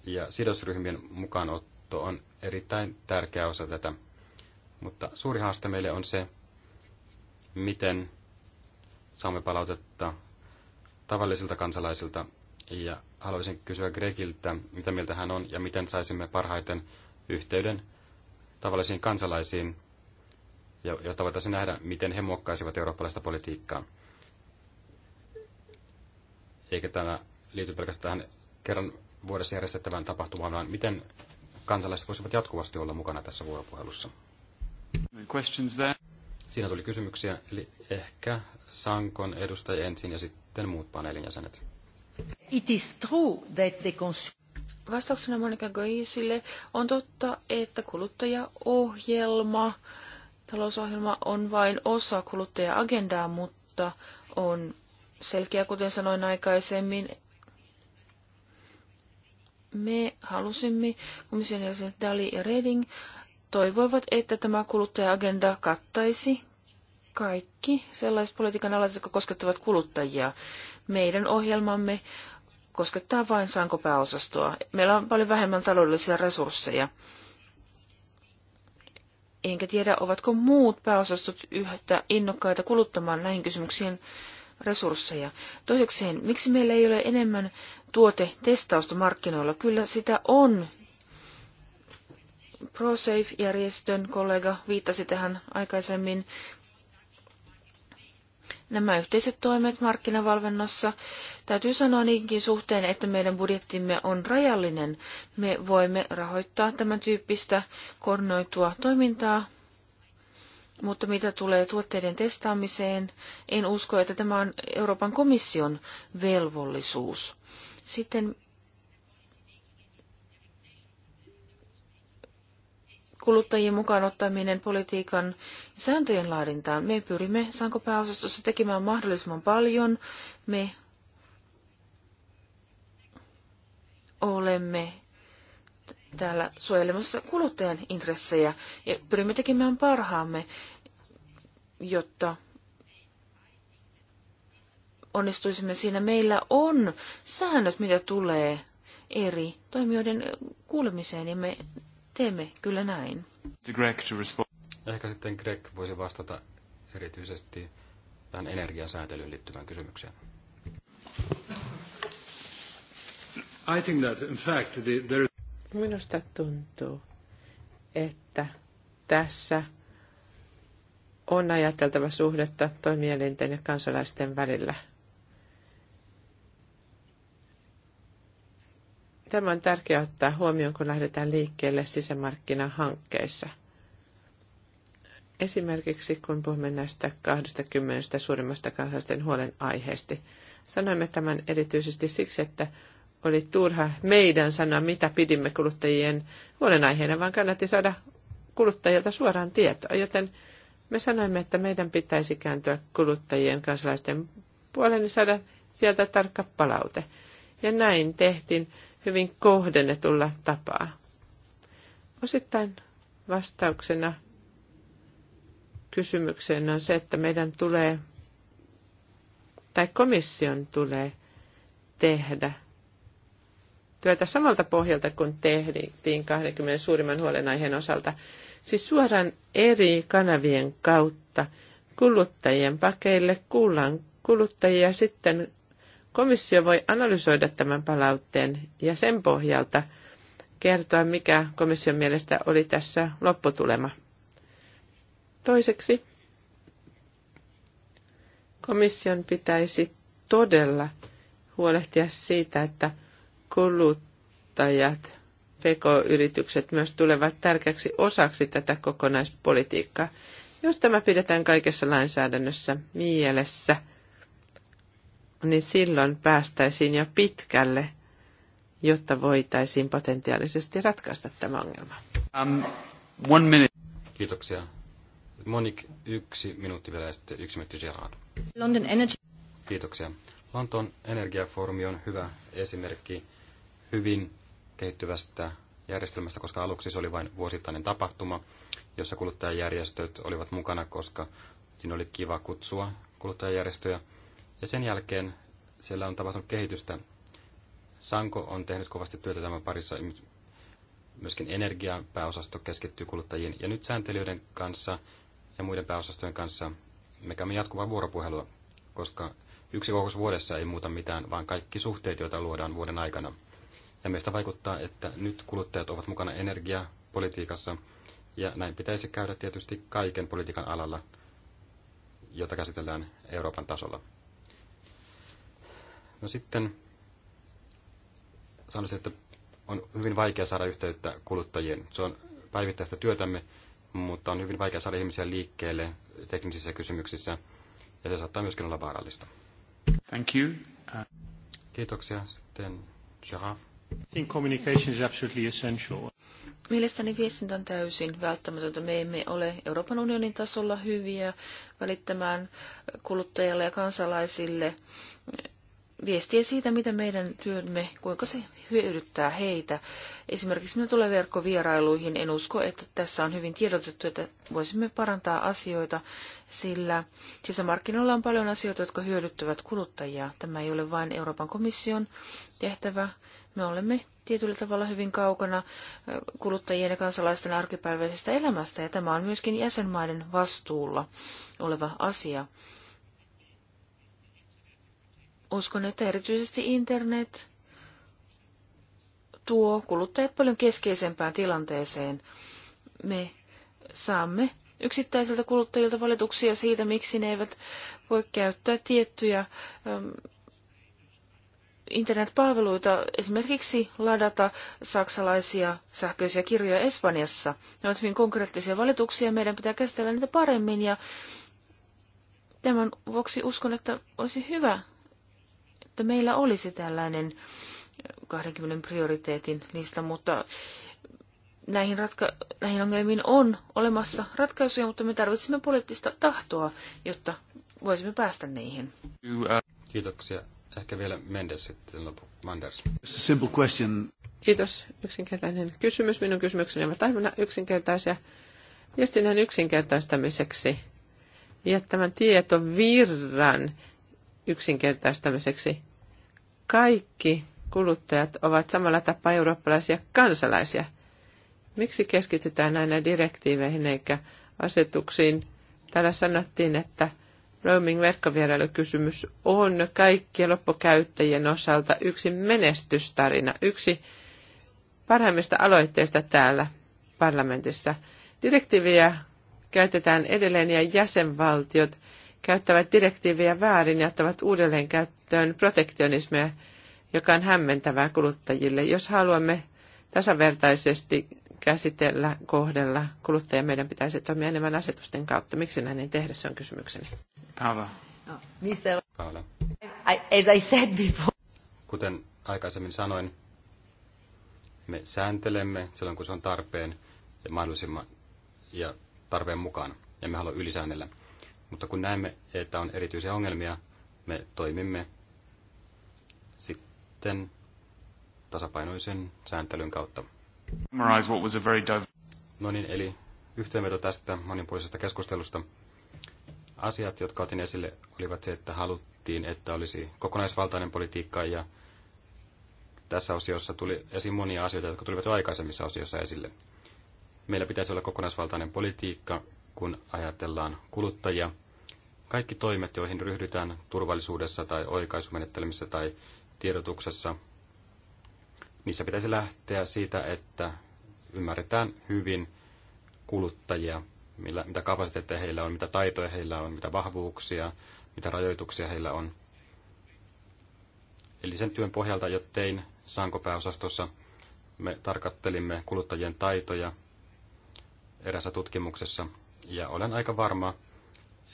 Ja sidosryhmien mukaanotto on erittäin tärkeä osa tätä. Mutta suuri haaste meille on se, miten saamme palautetta tavallisilta kansalaisilta. Ja haluaisin kysyä Gregiltä, mitä mieltä hän on ja miten saisimme parhaiten yhteyden tavallisiin kansalaisiin jotta voitaisiin nähdä, miten he muokkaisivat eurooppalaista politiikkaa. Eikä tämä liity pelkästään tähän kerran vuodessa järjestettävään tapahtumaan, vaan miten kansalaiset voisivat jatkuvasti olla mukana tässä vuoropuhelussa. Siinä tuli kysymyksiä, eli ehkä Sankon edustaja ensin ja sitten muut paneelin jäsenet. It is true that the Vastauksena Monika Goisille on totta, että kuluttajaohjelma – Talousohjelma on vain osa kuluttaja-agendaa, mutta on selkeä, kuten sanoin aikaisemmin. Me halusimme, komission jäsenet Dali ja Reding toivoivat, että tämä kuluttaja-agenda kattaisi kaikki sellaiset politiikan alat, jotka koskettavat kuluttajia. Meidän ohjelmamme koskettaa vain sankopääosastoa. Meillä on paljon vähemmän taloudellisia resursseja. Enkä tiedä, ovatko muut pääosastot yhtä innokkaita kuluttamaan näihin kysymyksiin resursseja. Toisekseen, miksi meillä ei ole enemmän tuotetestausta markkinoilla? Kyllä sitä on. ProSafe-järjestön kollega viittasi tähän aikaisemmin. Nämä yhteiset toimet markkinavalvonnassa täytyy sanoa niinkin suhteen, että meidän budjettimme on rajallinen. Me voimme rahoittaa tämän tyyppistä koordinoitua toimintaa, mutta mitä tulee tuotteiden testaamiseen, en usko, että tämä on Euroopan komission velvollisuus. Sitten kuluttajien mukaan ottaminen politiikan ja sääntöjen laadintaan. Me pyrimme Sanko pääosastossa tekemään mahdollisimman paljon. Me olemme täällä suojelemassa kuluttajan intressejä ja pyrimme tekemään parhaamme, jotta onnistuisimme siinä. Meillä on säännöt, mitä tulee eri toimijoiden kuulemiseen ja me Teemme kyllä näin. Ehkä sitten Greg voisi vastata erityisesti tähän energiasäätelyyn liittyvään kysymykseen. I think that in fact the, there... Minusta tuntuu, että tässä on ajateltava suhdetta toimielinten ja kansalaisten välillä – Tämä on tärkeää ottaa huomioon, kun lähdetään liikkeelle sisämarkkinahankkeissa. Esimerkiksi kun puhumme näistä 20 suurimmasta kansallisten huolen aiheesti. Sanoimme tämän erityisesti siksi, että oli turha meidän sanoa, mitä pidimme kuluttajien huolenaiheena, vaan kannatti saada kuluttajilta suoraan tietoa. Joten me sanoimme, että meidän pitäisi kääntyä kuluttajien kansalaisten puoleen ja saada sieltä tarkka palaute. Ja näin tehtiin hyvin kohdennetulla tapaa. Osittain vastauksena kysymykseen on se, että meidän tulee, tai komission tulee tehdä työtä samalta pohjalta kuin tehtiin 20 suurimman huolenaiheen osalta. Siis suoraan eri kanavien kautta kuluttajien pakeille kuullaan kuluttajia sitten Komissio voi analysoida tämän palautteen ja sen pohjalta kertoa, mikä komission mielestä oli tässä lopputulema. Toiseksi, komission pitäisi todella huolehtia siitä, että kuluttajat, PK-yritykset myös tulevat tärkeäksi osaksi tätä kokonaispolitiikkaa. Jos tämä pidetään kaikessa lainsäädännössä mielessä – niin silloin päästäisiin jo pitkälle, jotta voitaisiin potentiaalisesti ratkaista tämä ongelma. Um, one minute. Kiitoksia. Monik, yksi minuutti vielä ja sitten yksi minuutti Gerard. London Energy. Kiitoksia. Lontoon energiafoorumi on hyvä esimerkki hyvin kehittyvästä järjestelmästä, koska aluksi se oli vain vuosittainen tapahtuma, jossa kuluttajajärjestöt olivat mukana, koska siinä oli kiva kutsua kuluttajajärjestöjä – ja sen jälkeen siellä on tapahtunut kehitystä. Sanko on tehnyt kovasti työtä tämän parissa. Myöskin energiapääosasto keskittyy kuluttajiin. Ja nyt sääntelijöiden kanssa ja muiden pääosastojen kanssa me käymme jatkuvaa vuoropuhelua, koska yksi kokous vuodessa ei muuta mitään, vaan kaikki suhteet, joita luodaan vuoden aikana. Ja meistä vaikuttaa, että nyt kuluttajat ovat mukana energiapolitiikassa, ja näin pitäisi käydä tietysti kaiken politiikan alalla, jota käsitellään Euroopan tasolla. No sitten sanoisin, että on hyvin vaikea saada yhteyttä kuluttajien. Se on päivittäistä työtämme, mutta on hyvin vaikea saada ihmisiä liikkeelle teknisissä kysymyksissä, ja se saattaa myöskin olla vaarallista. Thank you. Uh... Kiitoksia. Sitten Gerard. think communication is absolutely essential. Mielestäni viestintä on täysin välttämätöntä. Me emme ole Euroopan unionin tasolla hyviä välittämään kuluttajille ja kansalaisille viestiä siitä, mitä meidän työmme, kuinka se hyödyttää heitä. Esimerkiksi minä tulee verkkovierailuihin, en usko, että tässä on hyvin tiedotettu, että voisimme parantaa asioita, sillä sisämarkkinoilla on paljon asioita, jotka hyödyttävät kuluttajia. Tämä ei ole vain Euroopan komission tehtävä. Me olemme tietyllä tavalla hyvin kaukana kuluttajien ja kansalaisten arkipäiväisestä elämästä, ja tämä on myöskin jäsenmaiden vastuulla oleva asia. Uskon, että erityisesti internet tuo kuluttajat paljon keskeisempään tilanteeseen. Me saamme yksittäisiltä kuluttajilta valituksia siitä, miksi ne eivät voi käyttää tiettyjä ähm, internetpalveluita, esimerkiksi ladata saksalaisia sähköisiä kirjoja Espanjassa. Ne ovat hyvin konkreettisia valituksia, meidän pitää käsitellä niitä paremmin ja tämän vuoksi uskon, että olisi hyvä että meillä olisi tällainen 20 prioriteetin lista, mutta näihin, ratka- näihin ongelmiin on olemassa ratkaisuja, mutta me tarvitsemme poliittista tahtoa, jotta voisimme päästä niihin. Kiitoksia. Ehkä vielä Mendes sitten lopu. Manders. Simple question. Kiitos. Yksinkertainen kysymys. Minun kysymykseni ovat aivan yksinkertaisia. Viestinnän yksinkertaistamiseksi ja tämän tietovirran yksinkertaistamiseksi. Kaikki kuluttajat ovat samalla tapaa eurooppalaisia kansalaisia. Miksi keskitytään aina direktiiveihin eikä asetuksiin? Täällä sanottiin, että roaming verkkovierailukysymys on kaikkien loppukäyttäjien osalta yksi menestystarina, yksi parhaimmista aloitteista täällä parlamentissa. Direktiiviä käytetään edelleen ja jäsenvaltiot käyttävät direktiiviä väärin ja ottavat uudelleen käyttöön protektionismia, joka on hämmentävää kuluttajille. Jos haluamme tasavertaisesti käsitellä, kohdella kuluttajia, meidän pitäisi toimia enemmän asetusten kautta. Miksi näin ei tehdä, se on kysymykseni. Paula. No, Paula. as I said before. Kuten aikaisemmin sanoin, me sääntelemme silloin, kun se on tarpeen ja mahdollisimman ja tarpeen mukaan. Ja me haluamme ylisäännellä. Mutta kun näemme, että on erityisiä ongelmia, me toimimme sitten tasapainoisen sääntelyn kautta. No niin, eli yhteenveto tästä monipuolisesta keskustelusta. Asiat, jotka otin esille, olivat se, että haluttiin, että olisi kokonaisvaltainen politiikka ja tässä osiossa tuli esiin monia asioita, jotka tulivat jo aikaisemmissa osioissa esille. Meillä pitäisi olla kokonaisvaltainen politiikka, kun ajatellaan kuluttajia. Kaikki toimet, joihin ryhdytään turvallisuudessa tai oikaisumenettelmissä tai tiedotuksessa, niissä pitäisi lähteä siitä, että ymmärretään hyvin kuluttajia, millä, mitä kapasiteetteja heillä on, mitä taitoja heillä on, mitä vahvuuksia, mitä rajoituksia heillä on. Eli sen työn pohjalta jo tein Sanko pääosastossa. Me tarkattelimme kuluttajien taitoja erässä tutkimuksessa. Ja olen aika varma,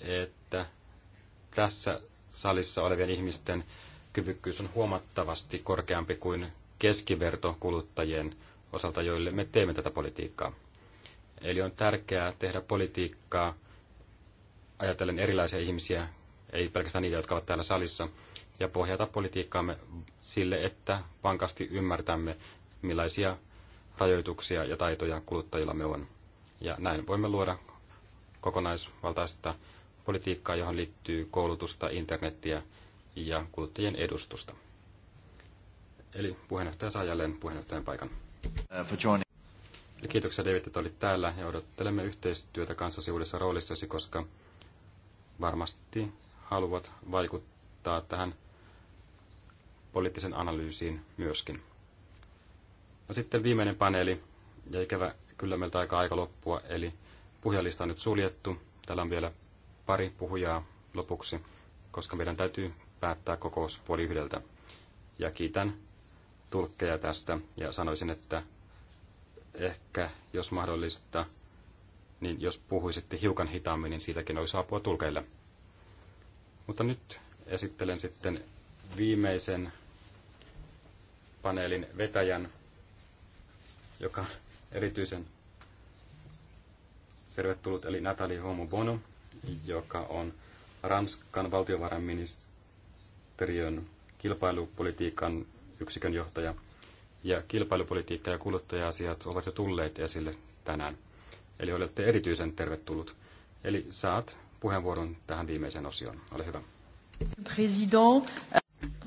että tässä salissa olevien ihmisten kyvykkyys on huomattavasti korkeampi kuin keskiverto kuluttajien osalta, joille me teemme tätä politiikkaa. Eli on tärkeää tehdä politiikkaa ajatellen erilaisia ihmisiä, ei pelkästään niitä, jotka ovat täällä salissa, ja pohjata politiikkaamme sille, että vankasti ymmärtämme, millaisia rajoituksia ja taitoja kuluttajillamme on. Ja näin voimme luoda kokonaisvaltaista politiikkaa, johon liittyy koulutusta, internettiä ja kuluttajien edustusta. Eli puheenjohtaja saa jälleen puheenjohtajan paikan. Uh, kiitoksia David, että olit täällä ja odottelemme yhteistyötä kanssasi uudessa roolissasi, koska varmasti haluat vaikuttaa tähän poliittisen analyysiin myöskin. No sitten viimeinen paneeli, ja ikävä kyllä meiltä aika aika loppua, eli puhujalista on nyt suljettu. Täällä on vielä pari puhujaa lopuksi, koska meidän täytyy päättää kokous puoli yhdeltä. Ja kiitän tulkkeja tästä ja sanoisin, että ehkä jos mahdollista, niin jos puhuisitte hiukan hitaammin, niin siitäkin olisi apua tulkeille. Mutta nyt esittelen sitten viimeisen paneelin vetäjän, joka erityisen tervetullut, eli Nathalie Homo-Bono, joka on Ranskan valtiovarainministeriön kilpailupolitiikan yksikön johtaja. Ja kilpailupolitiikka ja kuluttaja-asiat ovat jo tulleet esille tänään. Eli olette erityisen tervetullut. Eli saat puheenvuoron tähän viimeiseen osioon. Ole hyvä. President.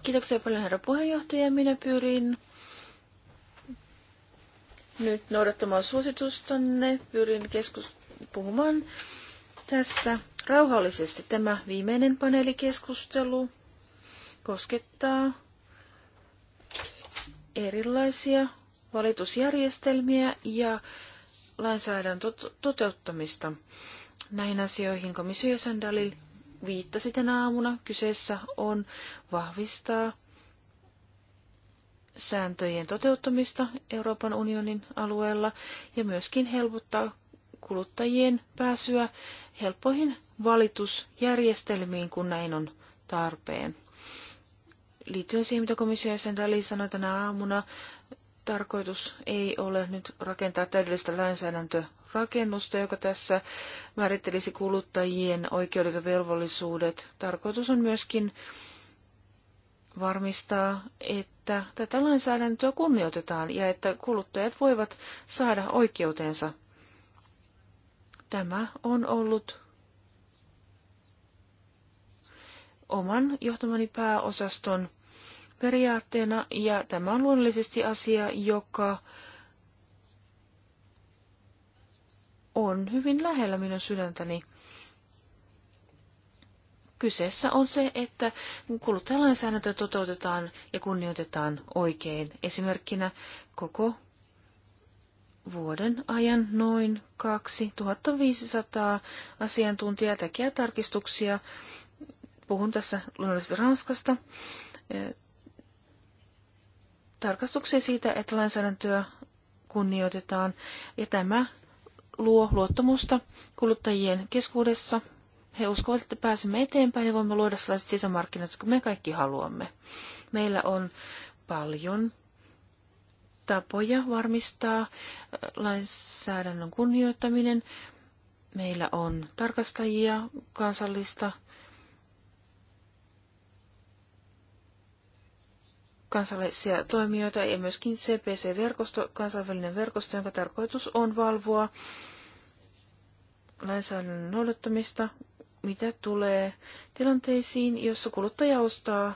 Kiitoksia paljon herra puheenjohtaja. Minä pyrin nyt noudattamaan suositustanne. Pyrin keskus puhumaan tässä rauhallisesti. Tämä viimeinen paneelikeskustelu koskettaa erilaisia valitusjärjestelmiä ja lainsäädäntö toteuttamista. Näihin asioihin komissio Sandalil viittasi tänä aamuna. Kyseessä on vahvistaa sääntöjen toteuttamista Euroopan unionin alueella ja myöskin helpottaa kuluttajien pääsyä helppoihin valitusjärjestelmiin, kun näin on tarpeen. Liittyen siihen, mitä komissio jäsen sanoi tänä aamuna, tarkoitus ei ole nyt rakentaa täydellistä lainsäädäntörakennusta, joka tässä määrittelisi kuluttajien oikeudet ja velvollisuudet. Tarkoitus on myöskin varmistaa, että että tätä lainsäädäntöä kunnioitetaan ja että kuluttajat voivat saada oikeutensa. Tämä on ollut oman johtamani pääosaston periaatteena ja tämä on luonnollisesti asia, joka on hyvin lähellä minun sydäntäni. Kyseessä on se, että kuluttajalainsäädäntö toteutetaan ja kunnioitetaan oikein. Esimerkkinä koko vuoden ajan noin 2500 asiantuntijaa tekee tarkistuksia. Puhun tässä luonnollisesti Ranskasta. Tarkastuksia siitä, että lainsäädäntöä kunnioitetaan ja tämä luo luottamusta kuluttajien keskuudessa – he uskovat, että pääsemme eteenpäin ja voimme luoda sellaiset sisämarkkinat, jotka me kaikki haluamme. Meillä on paljon tapoja varmistaa äh, lainsäädännön kunnioittaminen. Meillä on tarkastajia kansallista kansallisia toimijoita ja myöskin CPC-verkosto, kansainvälinen verkosto, jonka tarkoitus on valvoa lainsäädännön noudattamista mitä tulee tilanteisiin, jossa kuluttaja ostaa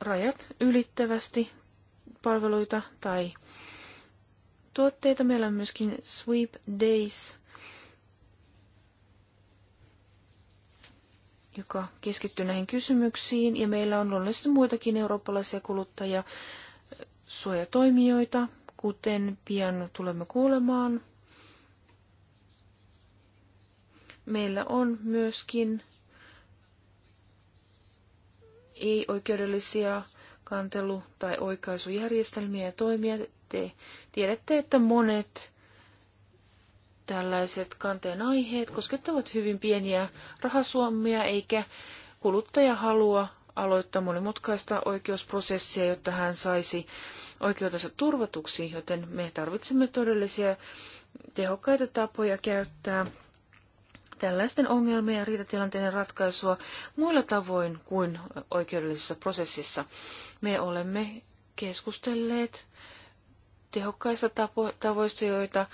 rajat ylittävästi palveluita tai tuotteita. Meillä on myöskin Sweep Days, joka keskittyy näihin kysymyksiin. Ja meillä on luonnollisesti muitakin eurooppalaisia kuluttajia suojatoimijoita, kuten pian tulemme kuulemaan. Meillä on myöskin ei-oikeudellisia kantelu- tai oikaisujärjestelmiä ja toimia. Te tiedätte, että monet tällaiset kanteen aiheet koskettavat hyvin pieniä rahasuomia, eikä kuluttaja halua aloittaa monimutkaista oikeusprosessia, jotta hän saisi oikeutensa turvatuksi, joten me tarvitsemme todellisia tehokkaita tapoja käyttää tällaisten ongelmien ja riitatilanteiden ratkaisua muilla tavoin kuin oikeudellisessa prosessissa. Me olemme keskustelleet tehokkaista tapo- tavoista, joita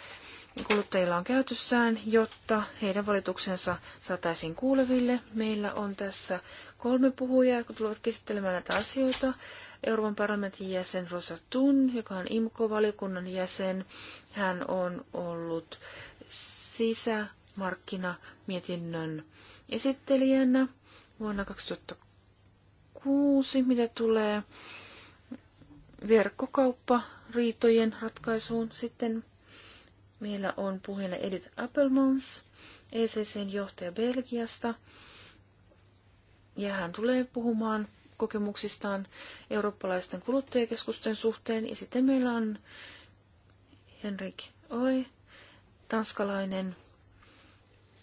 kuluttajilla on käytössään, jotta heidän valituksensa saataisiin kuuleville. Meillä on tässä kolme puhujaa, jotka tulevat käsittelemään näitä asioita. Euroopan parlamentin jäsen Rosa Tun, joka on IMKO-valiokunnan jäsen. Hän on ollut sisä sisämarkkinamietinnön esittelijänä vuonna 2006, mitä tulee verkkokauppa riitojen ratkaisuun. Sitten meillä on puheena Edith Appelmans, ECCn johtaja Belgiasta, ja hän tulee puhumaan kokemuksistaan eurooppalaisten kuluttajakeskusten suhteen. Ja sitten meillä on Henrik Oi, tanskalainen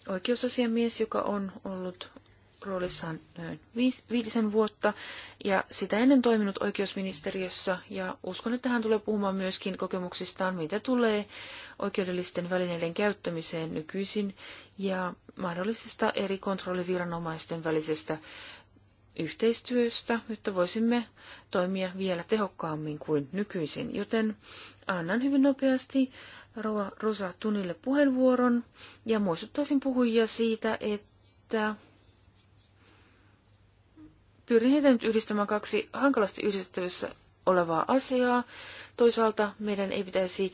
oikeusasiamies, joka on ollut roolissaan noin viitisen vuotta ja sitä ennen toiminut oikeusministeriössä ja uskon, että hän tulee puhumaan myöskin kokemuksistaan, mitä tulee oikeudellisten välineiden käyttämiseen nykyisin ja mahdollisista eri kontrolliviranomaisten välisestä yhteistyöstä, jotta voisimme toimia vielä tehokkaammin kuin nykyisin, joten annan hyvin nopeasti Roa Rosa Tunille puheenvuoron ja muistuttaisin puhujia siitä, että pyrin heitä nyt yhdistämään kaksi hankalasti yhdistettävissä olevaa asiaa. Toisaalta meidän ei pitäisi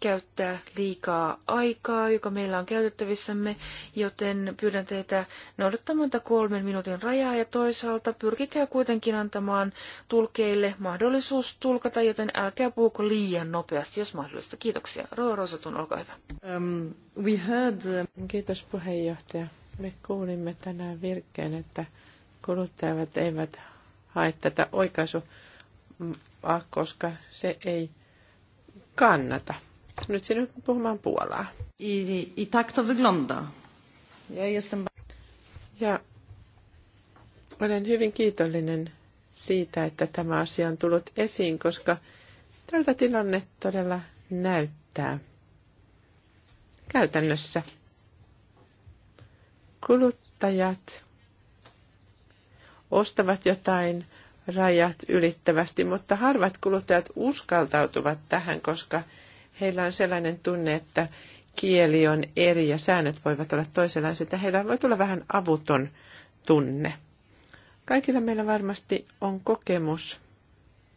käyttää liikaa aikaa, joka meillä on käytettävissämme, joten pyydän teitä noudattamaan tätä kolmen minuutin rajaa ja toisaalta pyrkikää kuitenkin antamaan tulkeille mahdollisuus tulkata, joten älkää puhuko liian nopeasti, jos mahdollista. Kiitoksia. Rova Rosatun, olkaa hyvä. Um, we heard... Uh, Kiitos puheenjohtaja. Me kuulimme tänään virkkeen, että kuluttajat eivät hae tätä oikaisu koska se ei kannata. Nyt sinä puhumaan Puolaa. I, i tak to wygląda. Ja jestem... Ja olen hyvin kiitollinen siitä, että tämä asia on tullut esiin, koska tältä tilanne todella näyttää käytännössä. Kuluttajat ostavat jotain rajat ylittävästi, mutta harvat kuluttajat uskaltautuvat tähän, koska heillä on sellainen tunne, että kieli on eri ja säännöt voivat olla toisenlaiset, että heillä voi tulla vähän avuton tunne. Kaikilla meillä varmasti on kokemus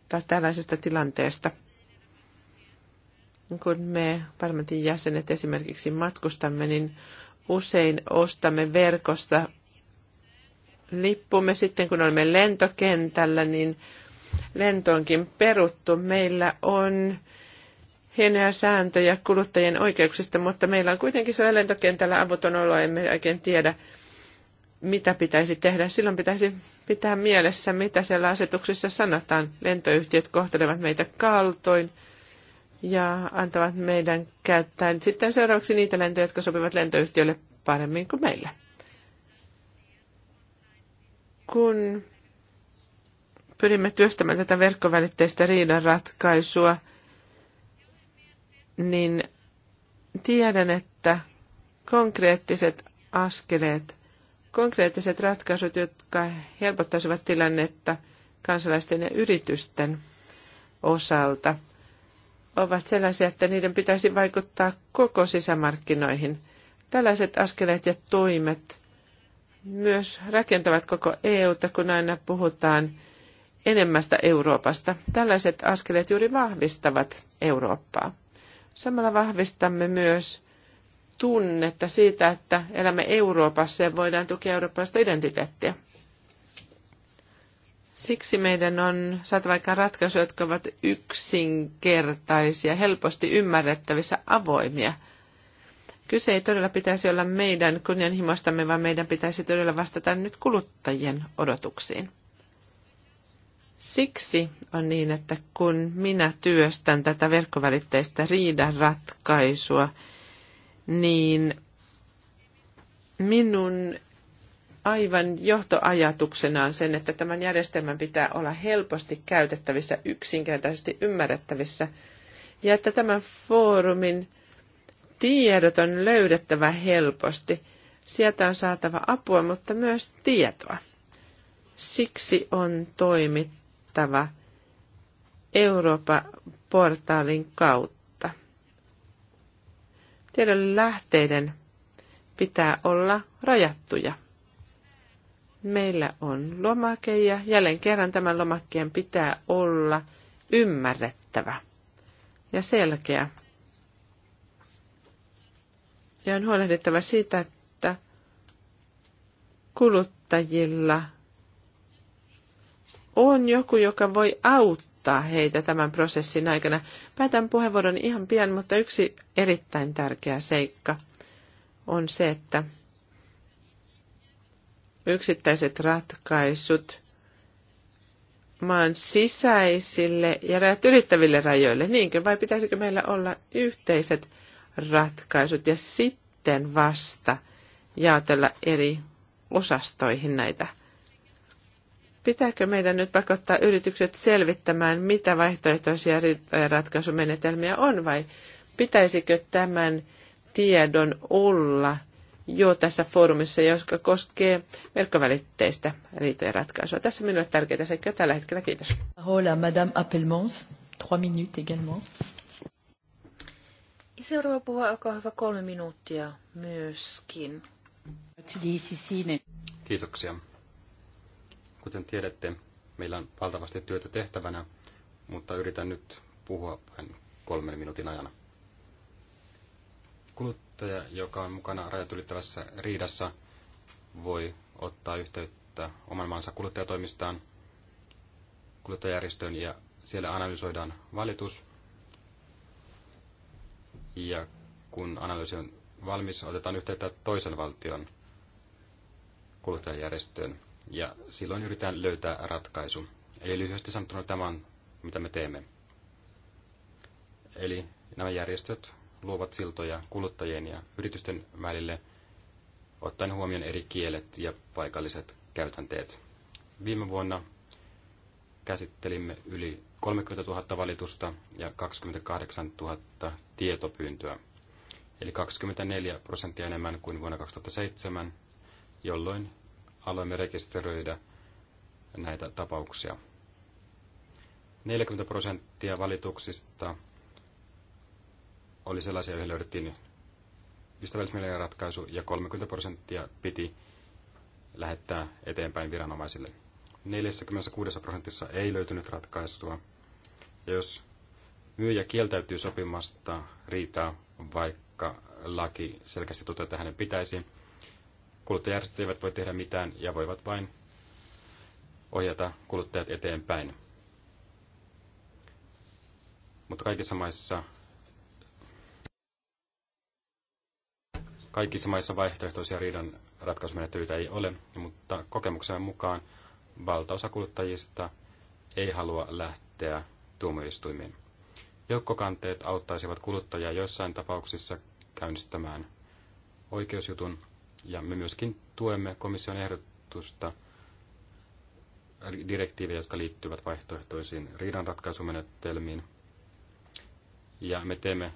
tai tällaisesta tilanteesta, kun me parlamentin jäsenet esimerkiksi matkustamme, niin usein ostamme verkosta lippumme sitten, kun olemme lentokentällä, niin lento onkin peruttu. Meillä on hienoja sääntöjä kuluttajien oikeuksista, mutta meillä on kuitenkin siellä lentokentällä avuton olo, emme oikein tiedä, mitä pitäisi tehdä. Silloin pitäisi pitää mielessä, mitä siellä asetuksessa sanotaan. Lentoyhtiöt kohtelevat meitä kaltoin ja antavat meidän käyttää sitten seuraavaksi niitä lentoja, jotka sopivat lentoyhtiölle paremmin kuin meillä. Kun pyrimme työstämään tätä verkkovälitteistä riidanratkaisua, niin tiedän, että konkreettiset askeleet, konkreettiset ratkaisut, jotka helpottaisivat tilannetta kansalaisten ja yritysten osalta, ovat sellaisia, että niiden pitäisi vaikuttaa koko sisämarkkinoihin. Tällaiset askeleet ja toimet myös rakentavat koko EUta, kun aina puhutaan enemmästä Euroopasta. Tällaiset askeleet juuri vahvistavat Eurooppaa. Samalla vahvistamme myös tunnetta siitä, että elämme Euroopassa ja voidaan tukea eurooppalaista identiteettiä. Siksi meidän on saatava aikaan ratkaisuja, jotka ovat yksinkertaisia, helposti ymmärrettävissä, avoimia – Kyse ei todella pitäisi olla meidän kunnianhimostamme, vaan meidän pitäisi todella vastata nyt kuluttajien odotuksiin. Siksi on niin, että kun minä työstän tätä verkkovälitteistä riidan ratkaisua, niin minun aivan johtoajatuksena on sen, että tämän järjestelmän pitää olla helposti käytettävissä, yksinkertaisesti ymmärrettävissä, ja että tämän foorumin tiedot on löydettävä helposti. Sieltä on saatava apua, mutta myös tietoa. Siksi on toimittava Eurooppa-portaalin kautta. Tiedon lähteiden pitää olla rajattuja. Meillä on lomake ja jälleen kerran tämän lomakkeen pitää olla ymmärrettävä ja selkeä ja on huolehdittava siitä, että kuluttajilla on joku, joka voi auttaa heitä tämän prosessin aikana. Päätän puheenvuoron ihan pian, mutta yksi erittäin tärkeä seikka on se, että yksittäiset ratkaisut maan sisäisille ja rajat ylittäville rajoille, niinkö, vai pitäisikö meillä olla yhteiset ratkaisut ja sitten sitten vasta jaotella eri osastoihin näitä. Pitääkö meidän nyt pakottaa yritykset selvittämään, mitä vaihtoehtoisia ratkaisumenetelmiä on, vai pitäisikö tämän tiedon olla jo tässä foorumissa, joka koskee verkkovälitteistä riitojen ratkaisua. Tässä minulle tärkeitä sekä tällä hetkellä. Kiitos. Hola, Madame Appelmans. Trois minutes également. Ja seuraava puhuja, olkaa hyvä, kolme minuuttia myöskin. Kiitoksia. Kuten tiedätte, meillä on valtavasti työtä tehtävänä, mutta yritän nyt puhua vain kolmen minuutin ajan. Kuluttaja, joka on mukana rajat ylittävässä riidassa, voi ottaa yhteyttä oman maansa kuluttajatoimistaan kuluttajajärjestöön ja siellä analysoidaan valitus ja kun analyysi on valmis, otetaan yhteyttä toisen valtion kuluttajajärjestöön ja silloin yritetään löytää ratkaisu. Eli lyhyesti sanottuna tämä on, mitä me teemme. Eli nämä järjestöt luovat siltoja kuluttajien ja yritysten välille, ottaen huomioon eri kielet ja paikalliset käytänteet. Viime vuonna käsittelimme yli 30 000 valitusta ja 28 000 tietopyyntöä, eli 24 prosenttia enemmän kuin vuonna 2007, jolloin aloimme rekisteröidä näitä tapauksia. 40 prosenttia valituksista oli sellaisia, joihin löydettiin ystävällismielinen ratkaisu, ja 30 prosenttia piti lähettää eteenpäin viranomaisille. 46 prosentissa ei löytynyt ratkaisua. Ja jos myyjä kieltäytyy sopimasta riitaa, vaikka laki selkeästi toteaa, että hänen pitäisi, kuluttajärjestöt eivät voi tehdä mitään ja voivat vain ohjata kuluttajat eteenpäin. Mutta kaikissa maissa Kaikissa maissa vaihtoehtoisia riidan ratkaisumenettelyitä ei ole, mutta kokemuksen mukaan valtaosa kuluttajista ei halua lähteä tuomioistuimiin. Joukkokanteet auttaisivat kuluttajia joissain tapauksissa käynnistämään oikeusjutun, ja me myöskin tuemme komission ehdotusta direktiivejä, jotka liittyvät vaihtoehtoisiin riidanratkaisumenetelmiin. Ja me teemme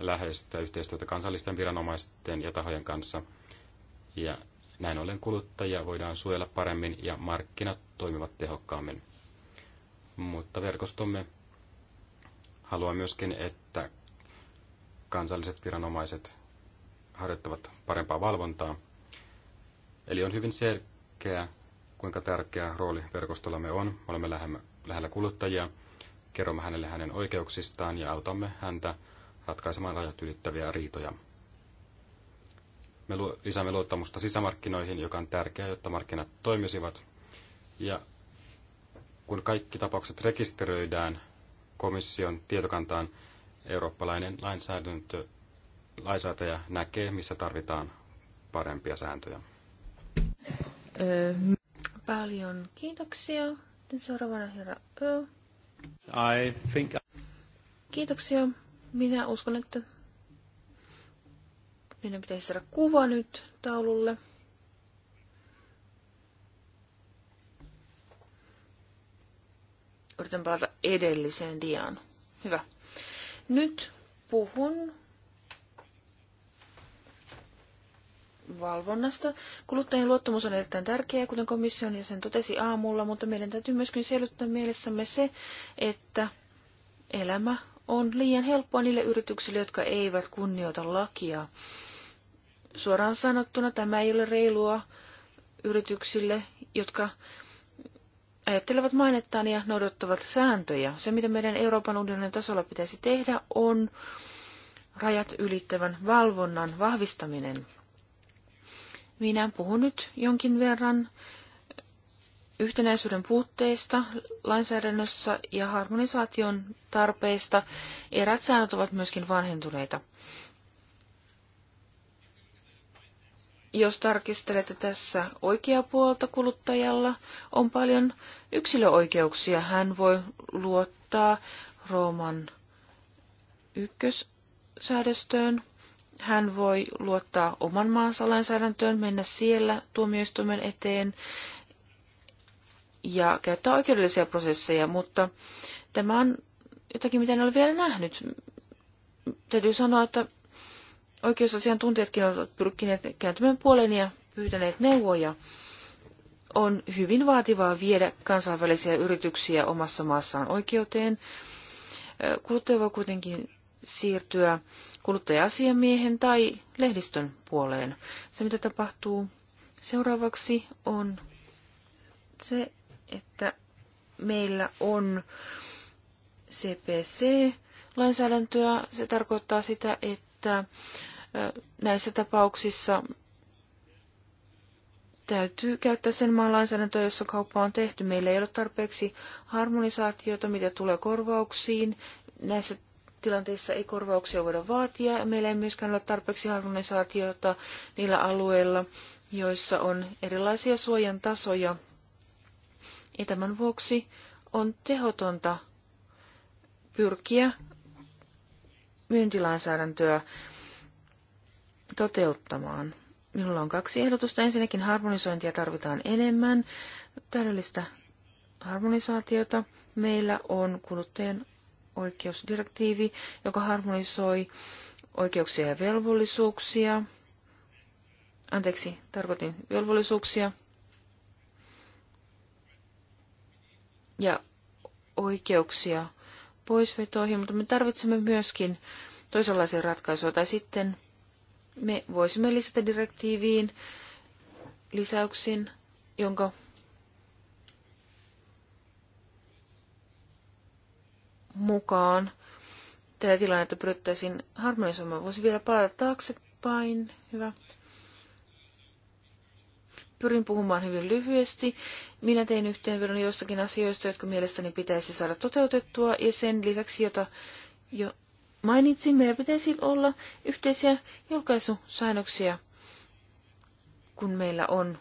läheistä yhteistyötä kansallisten viranomaisten ja tahojen kanssa. Ja näin ollen kuluttajia voidaan suojella paremmin ja markkinat toimivat tehokkaammin. Mutta verkostomme haluaa myöskin, että kansalliset viranomaiset harjoittavat parempaa valvontaa. Eli on hyvin selkeä, kuinka tärkeä rooli verkostollamme on. Olemme lähellä kuluttajia, kerromme hänelle hänen oikeuksistaan ja autamme häntä ratkaisemaan rajat ylittäviä riitoja. Me lisäämme luottamusta sisämarkkinoihin, joka on tärkeää, jotta markkinat toimisivat. Ja kun kaikki tapaukset rekisteröidään komission tietokantaan, eurooppalainen lainsäädäntö, lainsäätäjä näkee, missä tarvitaan parempia sääntöjä. Paljon kiitoksia. Seuraavana herra Ö. I think... Kiitoksia. Minä uskon, että meidän pitäisi saada kuva nyt taululle. Yritän palata edelliseen diaan. Hyvä. Nyt puhun valvonnasta. Kuluttajien luottamus on erittäin tärkeää, kuten komission jäsen totesi aamulla, mutta meidän täytyy myöskin selvittää mielessämme se, että elämä on liian helppoa niille yrityksille, jotka eivät kunnioita lakia. Suoraan sanottuna tämä ei ole reilua yrityksille, jotka ajattelevat mainettaan ja noudattavat sääntöjä. Se, mitä meidän Euroopan unionin tasolla pitäisi tehdä, on rajat ylittävän valvonnan vahvistaminen. Minä puhun nyt jonkin verran yhtenäisyyden puutteista lainsäädännössä ja harmonisaation tarpeista. Erät säännöt ovat myöskin vanhentuneita. jos tarkistelette tässä oikea puolta kuluttajalla, on paljon yksilöoikeuksia. Hän voi luottaa Rooman ykkössäädöstöön. Hän voi luottaa oman maansa lainsäädäntöön, mennä siellä tuomioistuimen eteen ja käyttää oikeudellisia prosesseja, mutta tämä on jotakin, mitä en ole vielä nähnyt. Täytyy sanoa, että oikeusasiantuntijatkin ovat pyrkineet kääntymään puoleen ja pyytäneet neuvoja. On hyvin vaativaa viedä kansainvälisiä yrityksiä omassa maassaan oikeuteen. Kuluttaja voi kuitenkin siirtyä kuluttaja-asiamiehen tai lehdistön puoleen. Se, mitä tapahtuu seuraavaksi, on se, että meillä on CPC-lainsäädäntöä. Se tarkoittaa sitä, että näissä tapauksissa täytyy käyttää sen maan lainsäädäntöä, jossa kauppa on tehty. Meillä ei ole tarpeeksi harmonisaatiota, mitä tulee korvauksiin. Näissä tilanteissa ei korvauksia voida vaatia. Meillä ei myöskään ole tarpeeksi harmonisaatiota niillä alueilla, joissa on erilaisia suojan tasoja. Ja tämän vuoksi on tehotonta pyrkiä myyntilainsäädäntöä toteuttamaan. Minulla on kaksi ehdotusta. Ensinnäkin harmonisointia tarvitaan enemmän, täydellistä harmonisaatiota. Meillä on kuluttajan oikeusdirektiivi, joka harmonisoi oikeuksia ja velvollisuuksia. Anteeksi, tarkoitin velvollisuuksia. Ja oikeuksia poisvetoihin, mutta me tarvitsemme myöskin toisenlaisia ratkaisuja tai sitten me voisimme lisätä direktiiviin lisäyksin, jonka mukaan tätä tilannetta pyrittäisiin harmonisoimaan. Voisi vielä palata taaksepäin. Hyvä. Pyrin puhumaan hyvin lyhyesti. Minä tein yhteenvedon joistakin asioista, jotka mielestäni pitäisi saada toteutettua, ja sen lisäksi, jota, jo, mainitsin, meillä pitäisi olla yhteisiä julkaisusäännöksiä, kun meillä on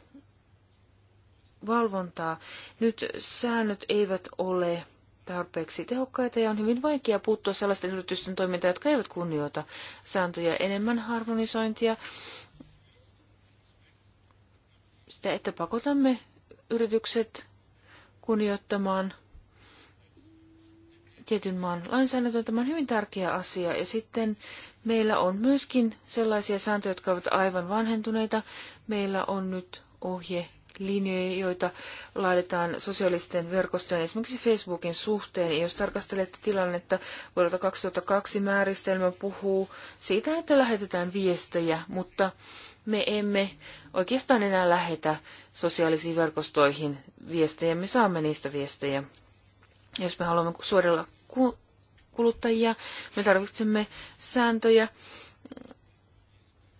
valvontaa. Nyt säännöt eivät ole tarpeeksi tehokkaita ja on hyvin vaikea puuttua sellaisten yritysten toimintaan, jotka eivät kunnioita sääntöjä enemmän harmonisointia. Sitä, että pakotamme yritykset kunnioittamaan – tietyn maan lainsäädäntö, Tämä on hyvin tärkeä asia. Ja sitten meillä on myöskin sellaisia sääntöjä, jotka ovat aivan vanhentuneita. Meillä on nyt ohje linjoja, joita laaditaan sosiaalisten verkostojen, esimerkiksi Facebookin suhteen. Ja jos tarkastelette tilannetta vuodelta 2002, määristelmä puhuu siitä, että lähetetään viestejä, mutta me emme oikeastaan enää lähetä sosiaalisiin verkostoihin viestejä, me saamme niistä viestejä. Jos me haluamme suodella kuluttajia. Me tarvitsemme sääntöjä,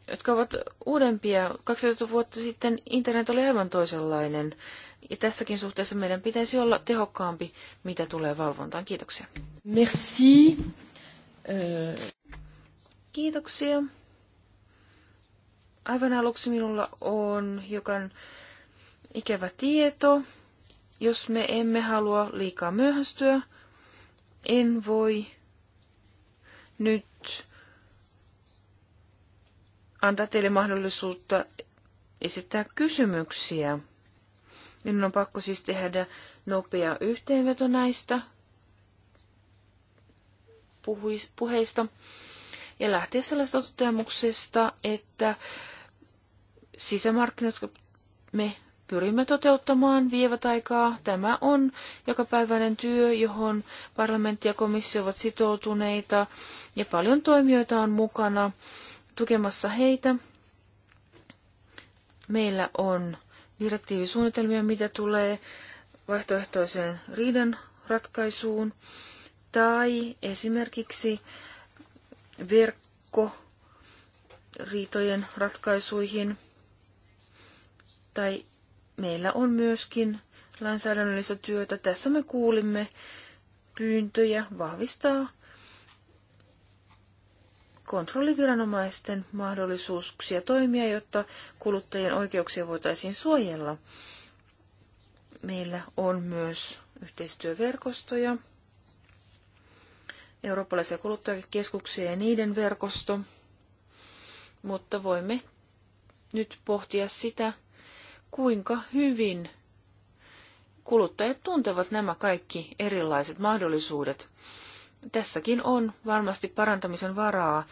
jotka ovat uudempia. 2000 vuotta sitten internet oli aivan toisenlainen. Ja tässäkin suhteessa meidän pitäisi olla tehokkaampi, mitä tulee valvontaan. Kiitoksia. Merci. Kiitoksia. Aivan aluksi minulla on hiukan ikävä tieto. Jos me emme halua liikaa myöhästyä, en voi nyt antaa teille mahdollisuutta esittää kysymyksiä. Minun on pakko siis tehdä nopea yhteenveto näistä puheista ja lähteä sellaista toteamuksesta, että sisämarkkinat, jotka me pyrimme toteuttamaan vievät aikaa. Tämä on jokapäiväinen työ, johon parlamentti ja komissio ovat sitoutuneita ja paljon toimijoita on mukana tukemassa heitä. Meillä on direktiivisuunnitelmia, mitä tulee vaihtoehtoiseen riidan ratkaisuun tai esimerkiksi verkkoriitojen ratkaisuihin tai meillä on myöskin lainsäädännöllistä työtä. Tässä me kuulimme pyyntöjä vahvistaa kontrolliviranomaisten mahdollisuuksia toimia, jotta kuluttajien oikeuksia voitaisiin suojella. Meillä on myös yhteistyöverkostoja, eurooppalaisia kuluttajakeskuksia ja niiden verkosto, mutta voimme nyt pohtia sitä, kuinka hyvin kuluttajat tuntevat nämä kaikki erilaiset mahdollisuudet. Tässäkin on varmasti parantamisen varaa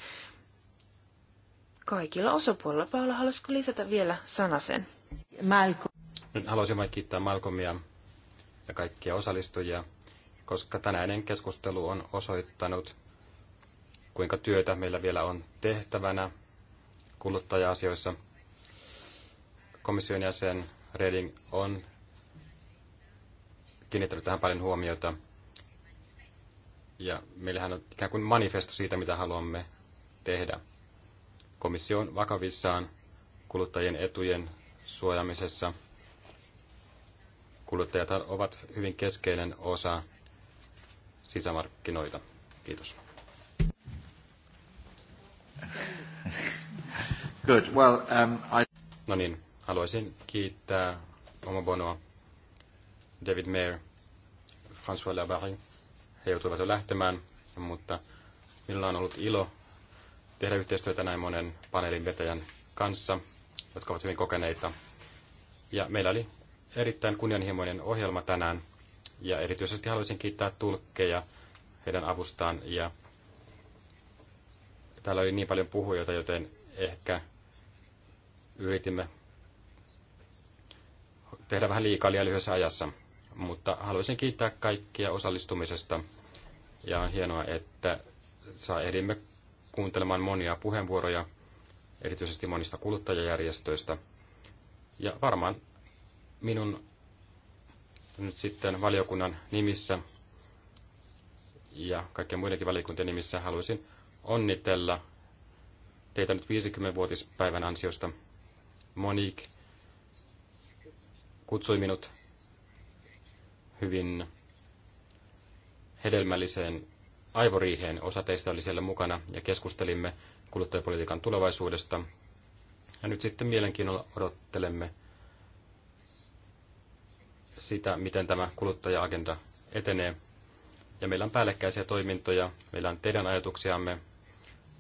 kaikilla osapuolilla. Paula, haluaisitko lisätä vielä sanasen? Malcolm. Nyt haluaisin vain kiittää Malcolmia ja kaikkia osallistujia, koska tänäinen keskustelu on osoittanut, kuinka työtä meillä vielä on tehtävänä kuluttaja-asioissa – komission jäsen Reding on kiinnittänyt tähän paljon huomiota. Ja meillähän on ikään kuin manifesto siitä, mitä haluamme tehdä. Komissio on vakavissaan kuluttajien etujen suojamisessa. Kuluttajat ovat hyvin keskeinen osa sisämarkkinoita. Kiitos. Good. Well, um, I... No niin, Haluaisin kiittää Oma Bonoa, David Mayer, François Lavary. He joutuivat jo lähtemään, mutta minulla on ollut ilo tehdä yhteistyötä näin monen paneelin vetäjän kanssa, jotka ovat hyvin kokeneita. Ja meillä oli erittäin kunnianhimoinen ohjelma tänään, ja erityisesti haluaisin kiittää tulkkeja heidän avustaan. Ja täällä oli niin paljon puhujoita, joten ehkä yritimme tehdä vähän liikaa liian lyhyessä ajassa. Mutta haluaisin kiittää kaikkia osallistumisesta ja on hienoa, että saa edimme kuuntelemaan monia puheenvuoroja, erityisesti monista kuluttajajärjestöistä. Ja varmaan minun nyt sitten valiokunnan nimissä ja kaikkien muidenkin valiokuntien nimissä haluaisin onnitella teitä nyt 50-vuotispäivän ansiosta. Monique kutsui minut hyvin hedelmälliseen aivoriiheen. Osa teistä oli siellä mukana ja keskustelimme kuluttajapolitiikan tulevaisuudesta. Ja nyt sitten mielenkiinnolla odottelemme sitä, miten tämä kuluttaja-agenda etenee. Ja meillä on päällekkäisiä toimintoja, meillä on teidän ajatuksiamme,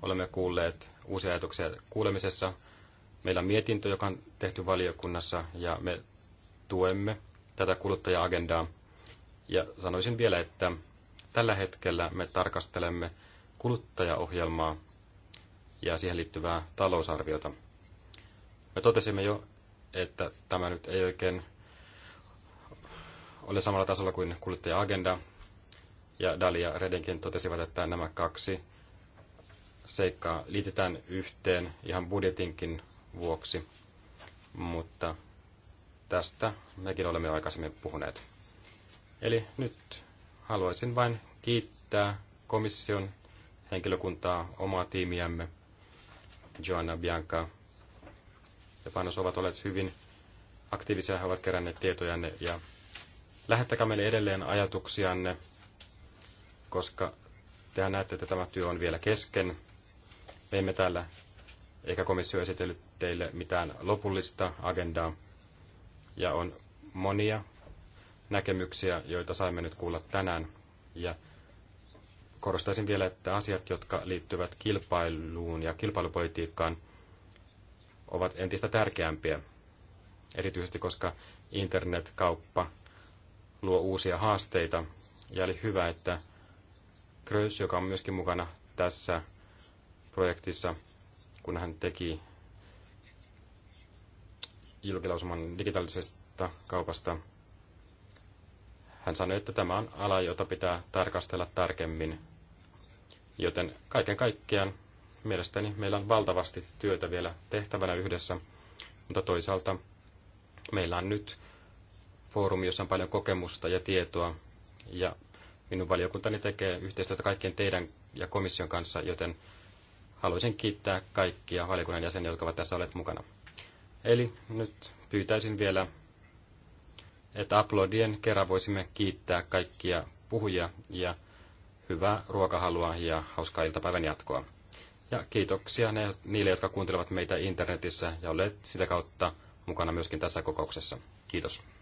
olemme kuulleet uusia ajatuksia kuulemisessa. Meillä on mietintö, joka on tehty valiokunnassa, ja me tuemme tätä kuluttaja-agendaa. Ja sanoisin vielä, että tällä hetkellä me tarkastelemme kuluttajaohjelmaa ja siihen liittyvää talousarviota. Me totesimme jo, että tämä nyt ei oikein ole samalla tasolla kuin kuluttaja-agenda. Ja Dali ja Redenkin totesivat, että nämä kaksi seikkaa liitetään yhteen ihan budjetinkin vuoksi. Mutta Tästä mekin olemme aikaisemmin puhuneet. Eli nyt haluaisin vain kiittää komission henkilökuntaa, omaa tiimiämme, Joanna Bianca ja Panos ovat olleet hyvin aktiivisia, he ovat keränneet tietojanne ja lähettäkää meille edelleen ajatuksianne, koska tehän näette, että tämä työ on vielä kesken. Me emme täällä, eikä komissio esitellyt teille mitään lopullista agendaa ja on monia näkemyksiä, joita saimme nyt kuulla tänään. Ja korostaisin vielä, että asiat, jotka liittyvät kilpailuun ja kilpailupolitiikkaan, ovat entistä tärkeämpiä, erityisesti koska internetkauppa luo uusia haasteita. Ja oli hyvä, että Kröys, joka on myöskin mukana tässä projektissa, kun hän teki julkilausuman digitaalisesta kaupasta. Hän sanoi, että tämä on ala, jota pitää tarkastella tarkemmin. Joten kaiken kaikkiaan mielestäni meillä on valtavasti työtä vielä tehtävänä yhdessä, mutta toisaalta meillä on nyt foorumi, jossa on paljon kokemusta ja tietoa, ja minun valiokuntani tekee yhteistyötä kaikkien teidän ja komission kanssa, joten haluaisin kiittää kaikkia valiokunnan jäseniä, jotka ovat tässä olleet mukana. Eli nyt pyytäisin vielä, että aplodien kerran voisimme kiittää kaikkia puhujia ja hyvää ruokahalua ja hauskaa iltapäivän jatkoa. Ja kiitoksia ne, niille, jotka kuuntelevat meitä internetissä ja olet sitä kautta mukana myöskin tässä kokouksessa. Kiitos.